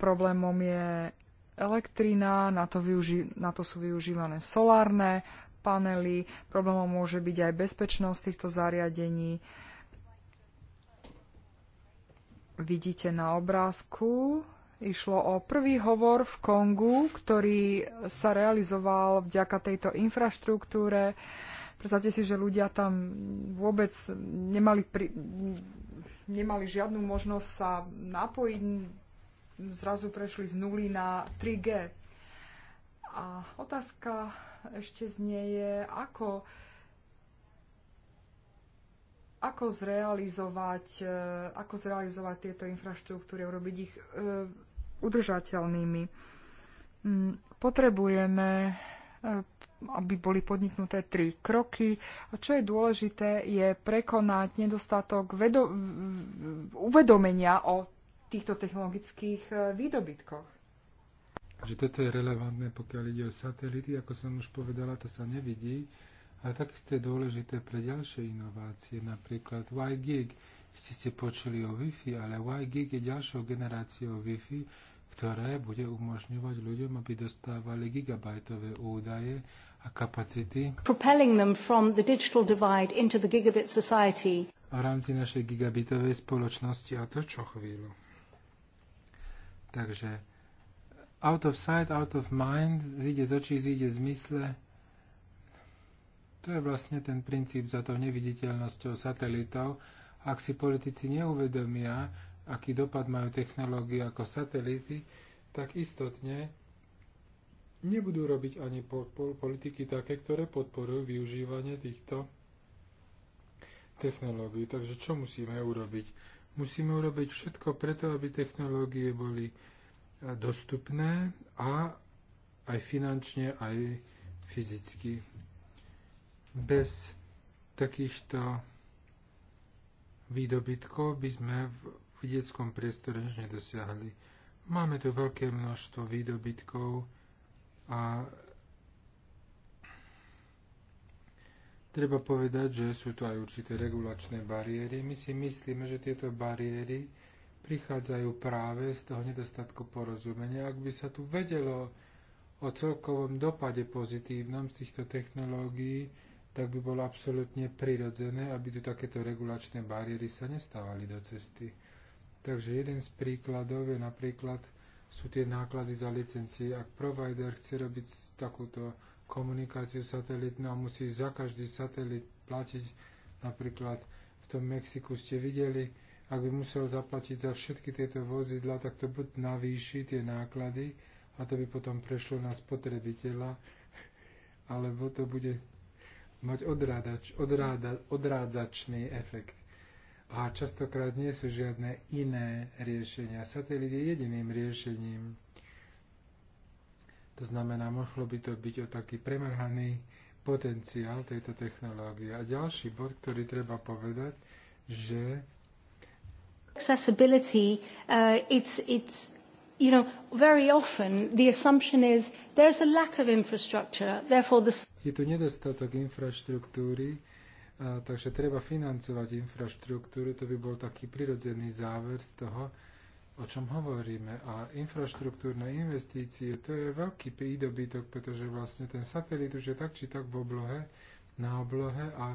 problémom je elektrina, na to, využi- na to sú využívané solárne panely, problémom môže byť aj bezpečnosť týchto zariadení. Vidíte na obrázku, išlo o prvý hovor v Kongu, ktorý sa realizoval vďaka tejto infraštruktúre. Predstavte si, že ľudia tam vôbec nemali, pri, nemali žiadnu možnosť sa napojiť zrazu prešli z nuly na 3G. A otázka ešte znie je, ako, ako, zrealizovať, e, ako zrealizovať tieto infraštruktúry, urobiť ich e, udržateľnými. Mm, potrebujeme e, aby boli podniknuté tri kroky. A čo je dôležité, je prekonať nedostatok uvedomenia o týchto technologických e, výdobytkoch. Že toto je relevantné, pokiaľ ide o satelity, ako som už povedala, to sa nevidí, ale takisto je dôležité pre ďalšie inovácie, napríklad YGIG. Ste ste počuli o Wi-Fi, ale YGIG je ďalšou generáciou Wi-Fi, ktoré bude umožňovať ľuďom, aby dostávali gigabajtové údaje a kapacity. Propelling them from the digital divide into the gigabit society. A v rámci našej gigabitovej spoločnosti a to čo chvíľu. Takže out of sight, out of mind, zíde z očí, zíde z mysle. To je vlastne ten princíp za tou neviditeľnosťou satelitov. Ak si politici neuvedomia, aký dopad majú technológie ako satelity, tak istotne nebudú robiť ani po, po, politiky také, ktoré podporujú využívanie týchto technológií. Takže čo musíme urobiť? Musíme urobiť všetko preto, aby technológie boli eh, dostupné a aj finančne, aj fyzicky. Bez takýchto výdobytkov by sme v vidieckom priestore nič nedosiahli. Máme tu veľké množstvo výdobytkov a Treba povedať, že sú tu aj určité regulačné bariéry. My si myslíme, že tieto bariéry prichádzajú práve z toho nedostatku porozumenia. Ak by sa tu vedelo o celkovom dopade pozitívnom z týchto technológií, tak by bolo absolútne prirodzené, aby tu takéto regulačné bariéry sa nestávali do cesty. Takže jeden z príkladov je napríklad sú tie náklady za licencie. Ak provider chce robiť takúto komunikáciu satelitnú a musí za každý satelit platiť. Napríklad v tom Mexiku ste videli, ak by musel zaplatiť za všetky tieto vozidla, tak to buď navýši tie náklady a to by potom prešlo na spotrebiteľa, alebo to bude mať odrádač, odráda, odrádzačný efekt. A častokrát nie sú žiadne iné riešenia. Satelit je jediným riešením. To znamená, mohlo by to byť o taký premrhaný potenciál tejto technológie. A ďalší bod, ktorý treba povedať, že accessibility, uh, it's, it's you know, very often the assumption is there's a lack of infrastructure, therefore the... Je tu nedostatok infraštruktúry, a, uh, takže treba financovať infraštruktúru, to by bol taký prirodzený záver z toho, o čom hovoríme. A infraštruktúrne investície, to je veľký prídobytok, pretože vlastne ten satelit už je tak či tak v oblohe, na oblohe a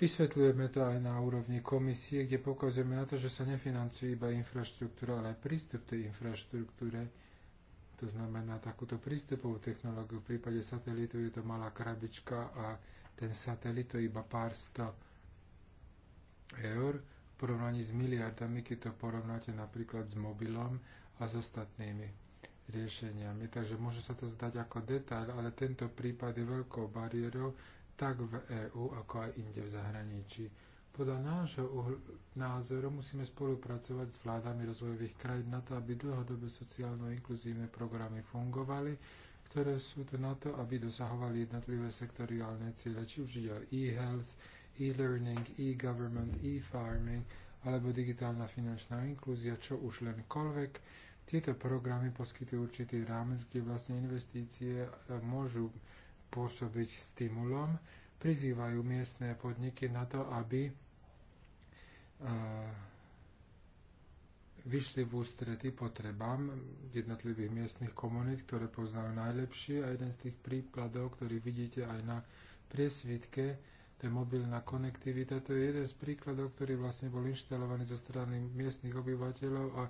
vysvetľujeme to aj na úrovni komisie, kde pokazujeme na to, že sa nefinancuje iba infraštruktúra, ale aj prístup tej infraštruktúre. To znamená takúto prístupovú technológiu. V prípade satelitu je to malá krabička a ten satelit to iba pár sto eur porovnaní s miliardami, keď to porovnáte napríklad s mobilom a s ostatnými riešeniami. Takže môže sa to zdať ako detail, ale tento prípad je veľkou bariérou tak v EÚ, ako aj inde v zahraničí. Podľa nášho názoru musíme spolupracovať s vládami rozvojových krajín na to, aby dlhodobé sociálno-inkluzívne programy fungovali, ktoré sú tu na to, aby dosahovali jednotlivé sektoriálne ciele, či už ide o e-health, e-learning, e-government, e-farming alebo digitálna finančná inklúzia, čo už lenkoľvek. Tieto programy poskytujú určitý rámec, kde vlastne investície e, môžu pôsobiť stimulom, prizývajú miestne podniky na to, aby e, vyšli v ústrety potrebám jednotlivých miestnych komunít, ktoré poznajú najlepšie a jeden z tých príkladov, ktorý vidíte aj na priesvitke, to je mobilná konektivita. To je jeden z príkladov, ktorý vlastne bol inštalovaný zo strany miestnych obyvateľov a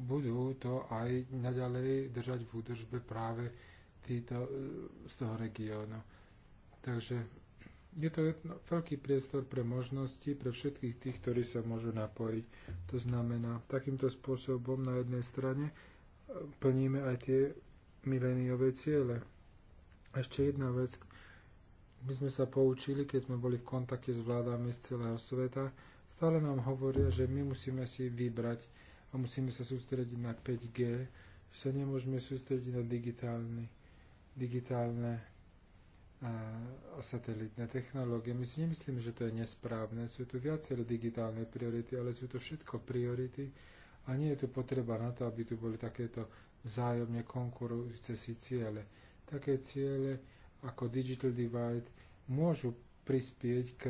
budú to aj naďalej držať v údržbe práve títo e, z toho regiónu. Takže je to veľký priestor pre možnosti pre všetkých tých, ktorí sa môžu napojiť. To znamená, takýmto spôsobom na jednej strane e, plníme aj tie mileniové ciele. Ešte jedna vec, my sme sa poučili, keď sme boli v kontakte s vládami z celého sveta, stále nám hovoria, že my musíme si vybrať a musíme sa sústrediť na 5G, že sa nemôžeme sústrediť na digitálny, digitálne a, a satelitné technológie. My si nemyslíme, že to je nesprávne. Sú tu viaceré digitálne priority, ale sú to všetko priority a nie je tu potreba na to, aby tu boli takéto vzájomne konkurujúce si ciele. Také ciele, ako Digital Divide môžu prispieť k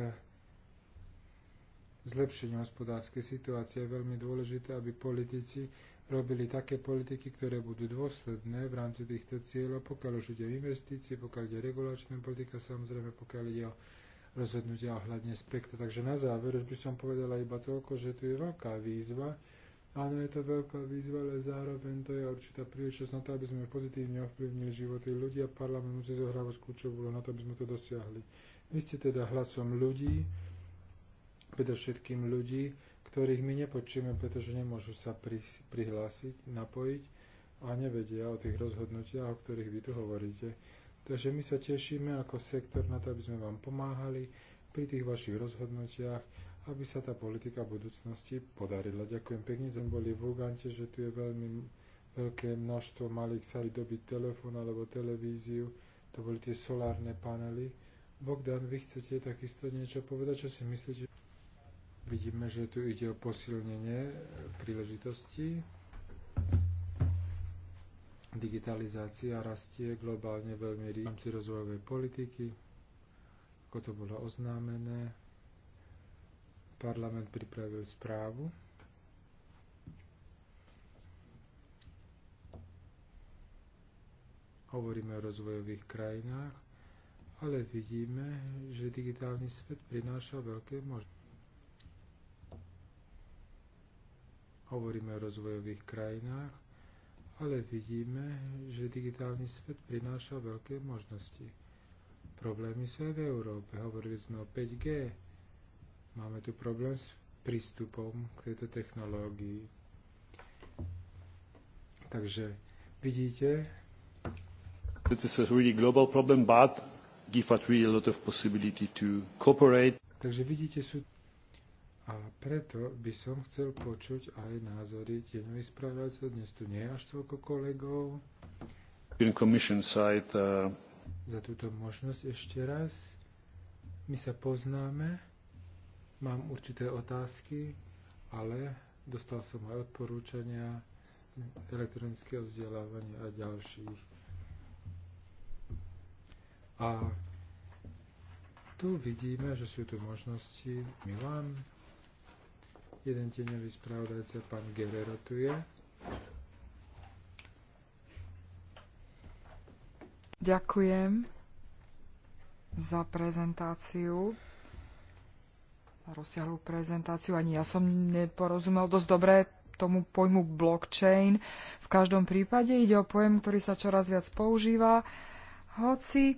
zlepšeniu hospodárskej situácie. Je veľmi dôležité, aby politici robili také politiky, ktoré budú dôsledné v rámci týchto cieľov, pokiaľ už ide o investície, pokiaľ ide o regulačná politika, samozrejme pokiaľ ide o rozhodnutia ohľadne spektra. Takže na záver už by som povedala iba toľko, že tu je veľká výzva, Áno, je to veľká výzva, ale zároveň to je určitá príležitosť na to, aby sme pozitívne ovplyvnili životy ľudí a parlament musí zohrávať kľúčovú na to, aby sme to dosiahli. Vy ste teda hlasom ľudí, predovšetkým ľudí, ktorých my nepočíme, pretože nemôžu sa prihlásiť, napojiť a nevedia o tých rozhodnutiach, o ktorých vy tu hovoríte. Takže my sa tešíme ako sektor na to, aby sme vám pomáhali pri tých vašich rozhodnutiach aby sa tá politika budúcnosti podarila. Ďakujem pekne, sme boli v Ugante, že tu je veľmi veľké množstvo malých sa dobiť telefón alebo televíziu, to boli tie solárne panely. Bogdan, vy chcete takisto niečo povedať, čo si myslíte? Vidíme, že tu ide o posilnenie príležitostí digitalizácia rastie globálne veľmi rýchlo v rámci rozvojovej politiky, ako to bolo oznámené. Parlament pripravil správu. Hovoríme o rozvojových krajinách, ale vidíme, že digitálny svet prináša veľké možnosti. Hovoríme o rozvojových krajinách, ale vidíme, že digitálny svet prináša veľké možnosti. Problémy sú aj v Európe. Hovorili sme o 5G, Máme tu problém s prístupom k tejto technológii. Takže vidíte, This is a really global problem, but give us really a lot of possibility to cooperate. Takže vidíte, sú a preto by som chcel počuť aj názory tieňových správajcov. Dnes tu nie je až toľko kolegov. Side, uh... Za túto možnosť ešte raz. My sa poznáme. Mám určité otázky, ale dostal som aj odporúčania elektronického vzdelávania a ďalších. A tu vidíme, že sú tu možnosti. Milan, jeden tieňový spravodajca, pán Guerrero tu je. Ďakujem za prezentáciu rozsiahlu prezentáciu. Ani ja som neporozumel dosť dobre tomu pojmu blockchain. V každom prípade ide o pojem, ktorý sa čoraz viac používa, hoci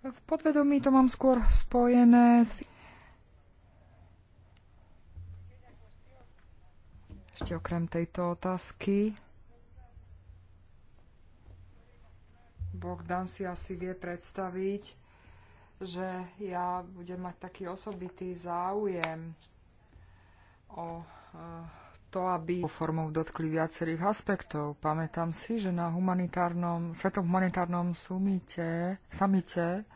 v podvedomí to mám skôr spojené s... Ešte okrem tejto otázky. Bogdan si asi vie predstaviť, že ja budem mať taký osobitý záujem o e, to, aby formou dotkli viacerých aspektov. Pamätám si, že na humanitárnom, Svetom humanitárnom sumite, samite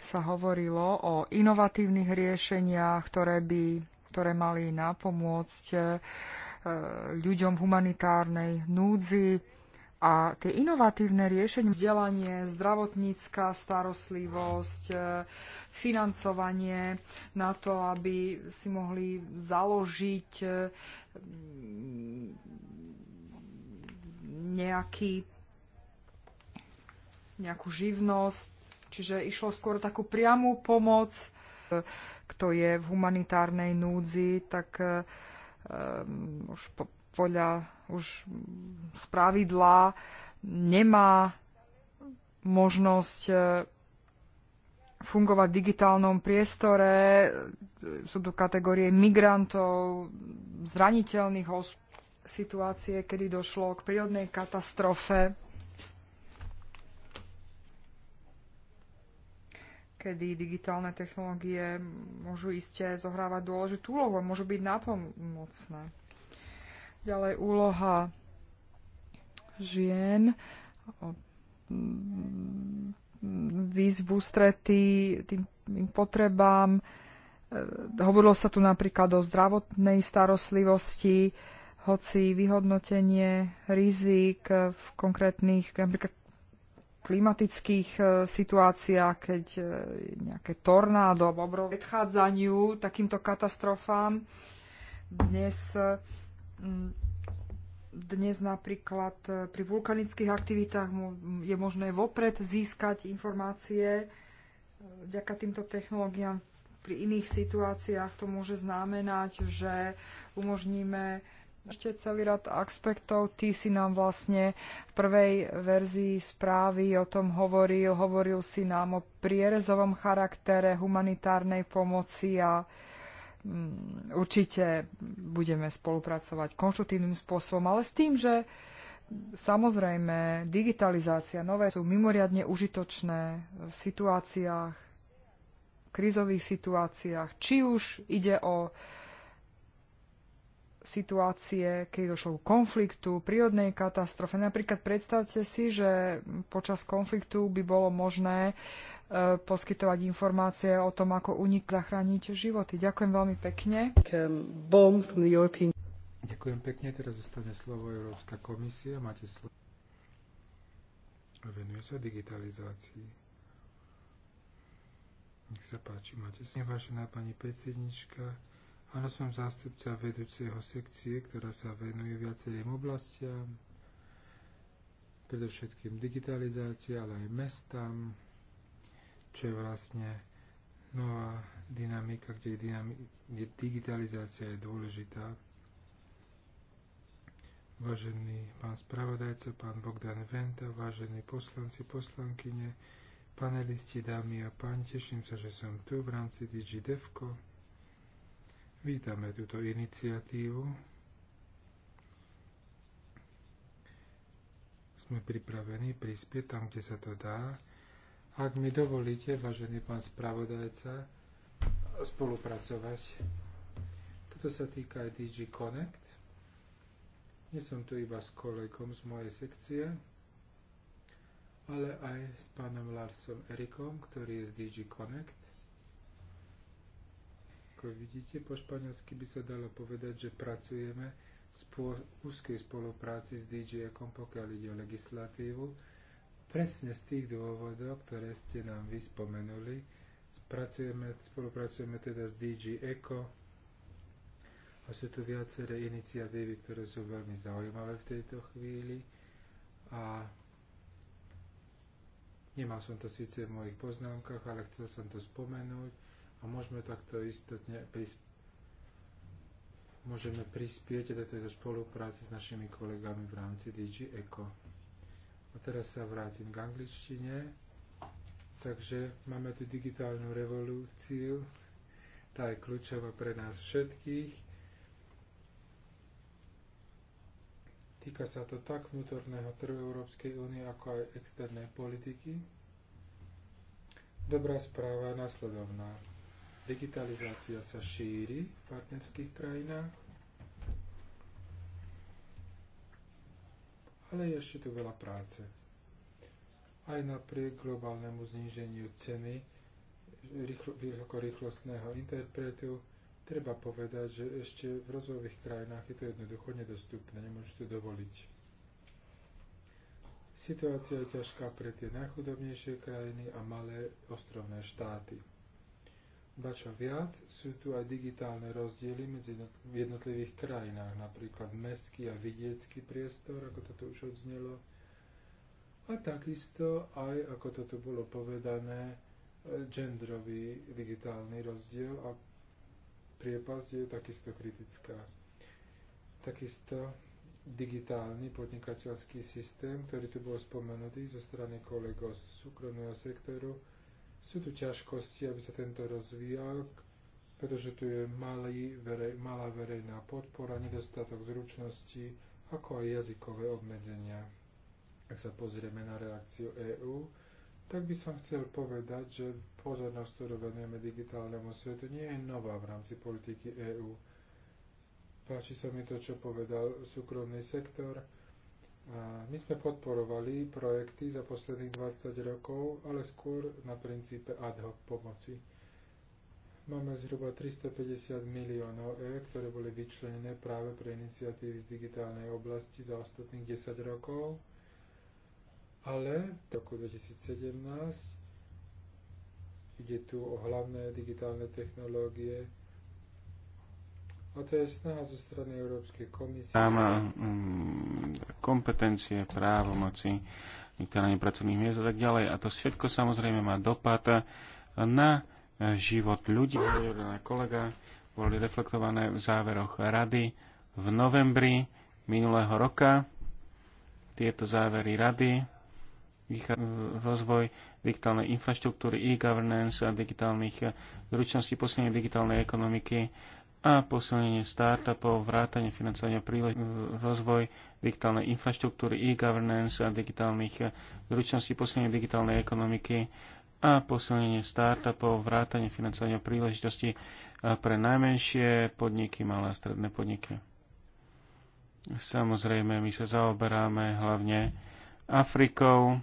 sa hovorilo o inovatívnych riešeniach, ktoré by ktoré mali napomôcť e, ľuďom v humanitárnej núdzi a tie inovatívne riešenia, vzdelanie, zdravotnícká starostlivosť, e, financovanie na to, aby si mohli založiť e, nejaký, nejakú živnosť. Čiže išlo skôr takú priamú pomoc, e, kto je v humanitárnej núdzi, tak um, už po, podľa už spravidla nemá možnosť e, fungovať v digitálnom priestore. Sú tu kategórie migrantov, zraniteľných osôb, situácie, kedy došlo k prírodnej katastrofe, kedy digitálne technológie môžu iste zohrávať dôležitú úlohu a môžu byť nápomocné. Ďalej úloha žien, mm, výzvu strety tým, tým potrebám. E, hovorilo sa tu napríklad o zdravotnej starostlivosti, hoci vyhodnotenie rizik v konkrétnych napríklad klimatických e, situáciách, keď e, nejaké tornádo alebo predchádzaniu takýmto katastrofám. Dnes dnes napríklad eh, pri vulkanických aktivitách je možné vopred získať informácie. Eh, Vďaka týmto technológiám pri iných situáciách to môže znamenať, že umožníme ešte celý rad aspektov. Ty si nám vlastne v prvej verzii správy o tom hovoril. Hovoril si nám o prierezovom charaktere humanitárnej pomoci a Mm, určite budeme spolupracovať konštruktívnym spôsobom, ale s tým, že samozrejme digitalizácia nové sú mimoriadne užitočné v situáciách, v krízových situáciách, či už ide o situácie, keď došlo k konfliktu, prírodnej katastrofe. Napríklad predstavte si, že počas konfliktu by bolo možné E, poskytovať informácie o tom, ako unik zachrániť životy. Ďakujem veľmi pekne. Ďakujem pekne. Teraz zostane slovo Európska komisia. Máte slovo. Venuje sa digitalizácii. Nech sa páči, máte slovo. Vážená pani predsednička, áno, som zástupca vedúceho sekcie, ktorá sa venuje viacerým oblastiam, predovšetkým digitalizácii, ale aj mestám, čo je vlastne nová dynamika, kde, dynami- kde digitalizácia je dôležitá. Vážený pán spravodajca, pán Bogdan Venta, vážení poslanci, poslankyne, panelisti, dámy a páni, teším sa, že som tu v rámci DigiDevko. Vítame túto iniciatívu. Sme pripravení prispieť tam, kde sa to dá ak mi dovolíte, vážený pán spravodajca, spolupracovať. Toto sa týka aj DG Connect. Nie som tu iba s kolegom z mojej sekcie, ale aj s pánom Larsom Erikom, ktorý je z DG Connect. Ako vidíte, po španielsky by sa dalo povedať, že pracujeme v úzkej spolupráci s DG Ecom, pokiaľ ide o legislatívu Presne z tých dôvodov, ktoré ste nám vyspomenuli, spracujeme, spolupracujeme teda s DG Eco a sú tu viaceré iniciatívy, ktoré sú veľmi zaujímavé v tejto chvíli a nemal som to síce v mojich poznámkach, ale chcel som to spomenúť a môžeme takto istotne prispieť môžeme prispieť do tejto spolupráce s našimi kolegami v rámci DG ECO. A teraz sa vrátim k angličtine. Takže máme tu digitálnu revolúciu. Tá je kľúčová pre nás všetkých. Týka sa to tak vnútorného trhu Európskej únie, ako aj externej politiky. Dobrá správa je nasledovná. Digitalizácia sa šíri v partnerských krajinách. ale je ešte tu veľa práce. Aj napriek globálnemu zníženiu ceny vysokorýchlostného interpretu treba povedať, že ešte v rozvojových krajinách je to jednoducho nedostupné, nemôžu to dovoliť. Situácia je ťažká pre tie najchudobnejšie krajiny a malé ostrovné štáty. Ba čo viac, sú tu aj digitálne rozdiely medzi v jednotlivých krajinách, napríklad mestský a vidiecký priestor, ako to tu už odznelo, a takisto aj, ako to tu bolo povedané, e, genderový digitálny rozdiel a priepasť je takisto kritická. Takisto digitálny podnikateľský systém, ktorý tu bol spomenutý zo strany kolegov z súkromného sektoru, sú tu ťažkosti, aby sa tento rozvíjal, pretože tu je malý, verej, malá verejná podpora, nedostatok zručnosti ako aj jazykové obmedzenia. Ak sa pozrieme na reakciu EÚ, tak by som chcel povedať, že pozornosť, ktorú venujeme digitálnemu svetu, nie je nová v rámci politiky EÚ. Páči sa mi to, čo povedal súkromný sektor, my sme podporovali projekty za posledných 20 rokov, ale skôr na princípe ad hoc pomoci. Máme zhruba 350 miliónov eur, ktoré boli vyčlenené práve pre iniciatívy z digitálnej oblasti za ostatných 10 rokov, ale v roku 2017 ide tu o hlavné digitálne technológie, a to je snaha zo strany Európskej komisie. Mám um, mm, kompetencie, právomoci, vytváranie pracovných miest a tak ďalej. A to všetko samozrejme má dopad na život ľudí. Na kolega boli reflektované v záveroch rady v novembri minulého roka. Tieto závery rady rozvoj digitálnej infraštruktúry, e-governance a digitálnych zručností posilnenie digitálnej ekonomiky a posilnenie startupov, vrátanie financovania príle- rozvoj digitálnej infraštruktúry, e-governance a digitálnych zručností, posilnenie digitálnej ekonomiky a posilnenie startupov, vrátanie financovania príležitosti eh, pre najmenšie podniky, malé a stredné podniky. Samozrejme, my sa zaoberáme hlavne Afrikou,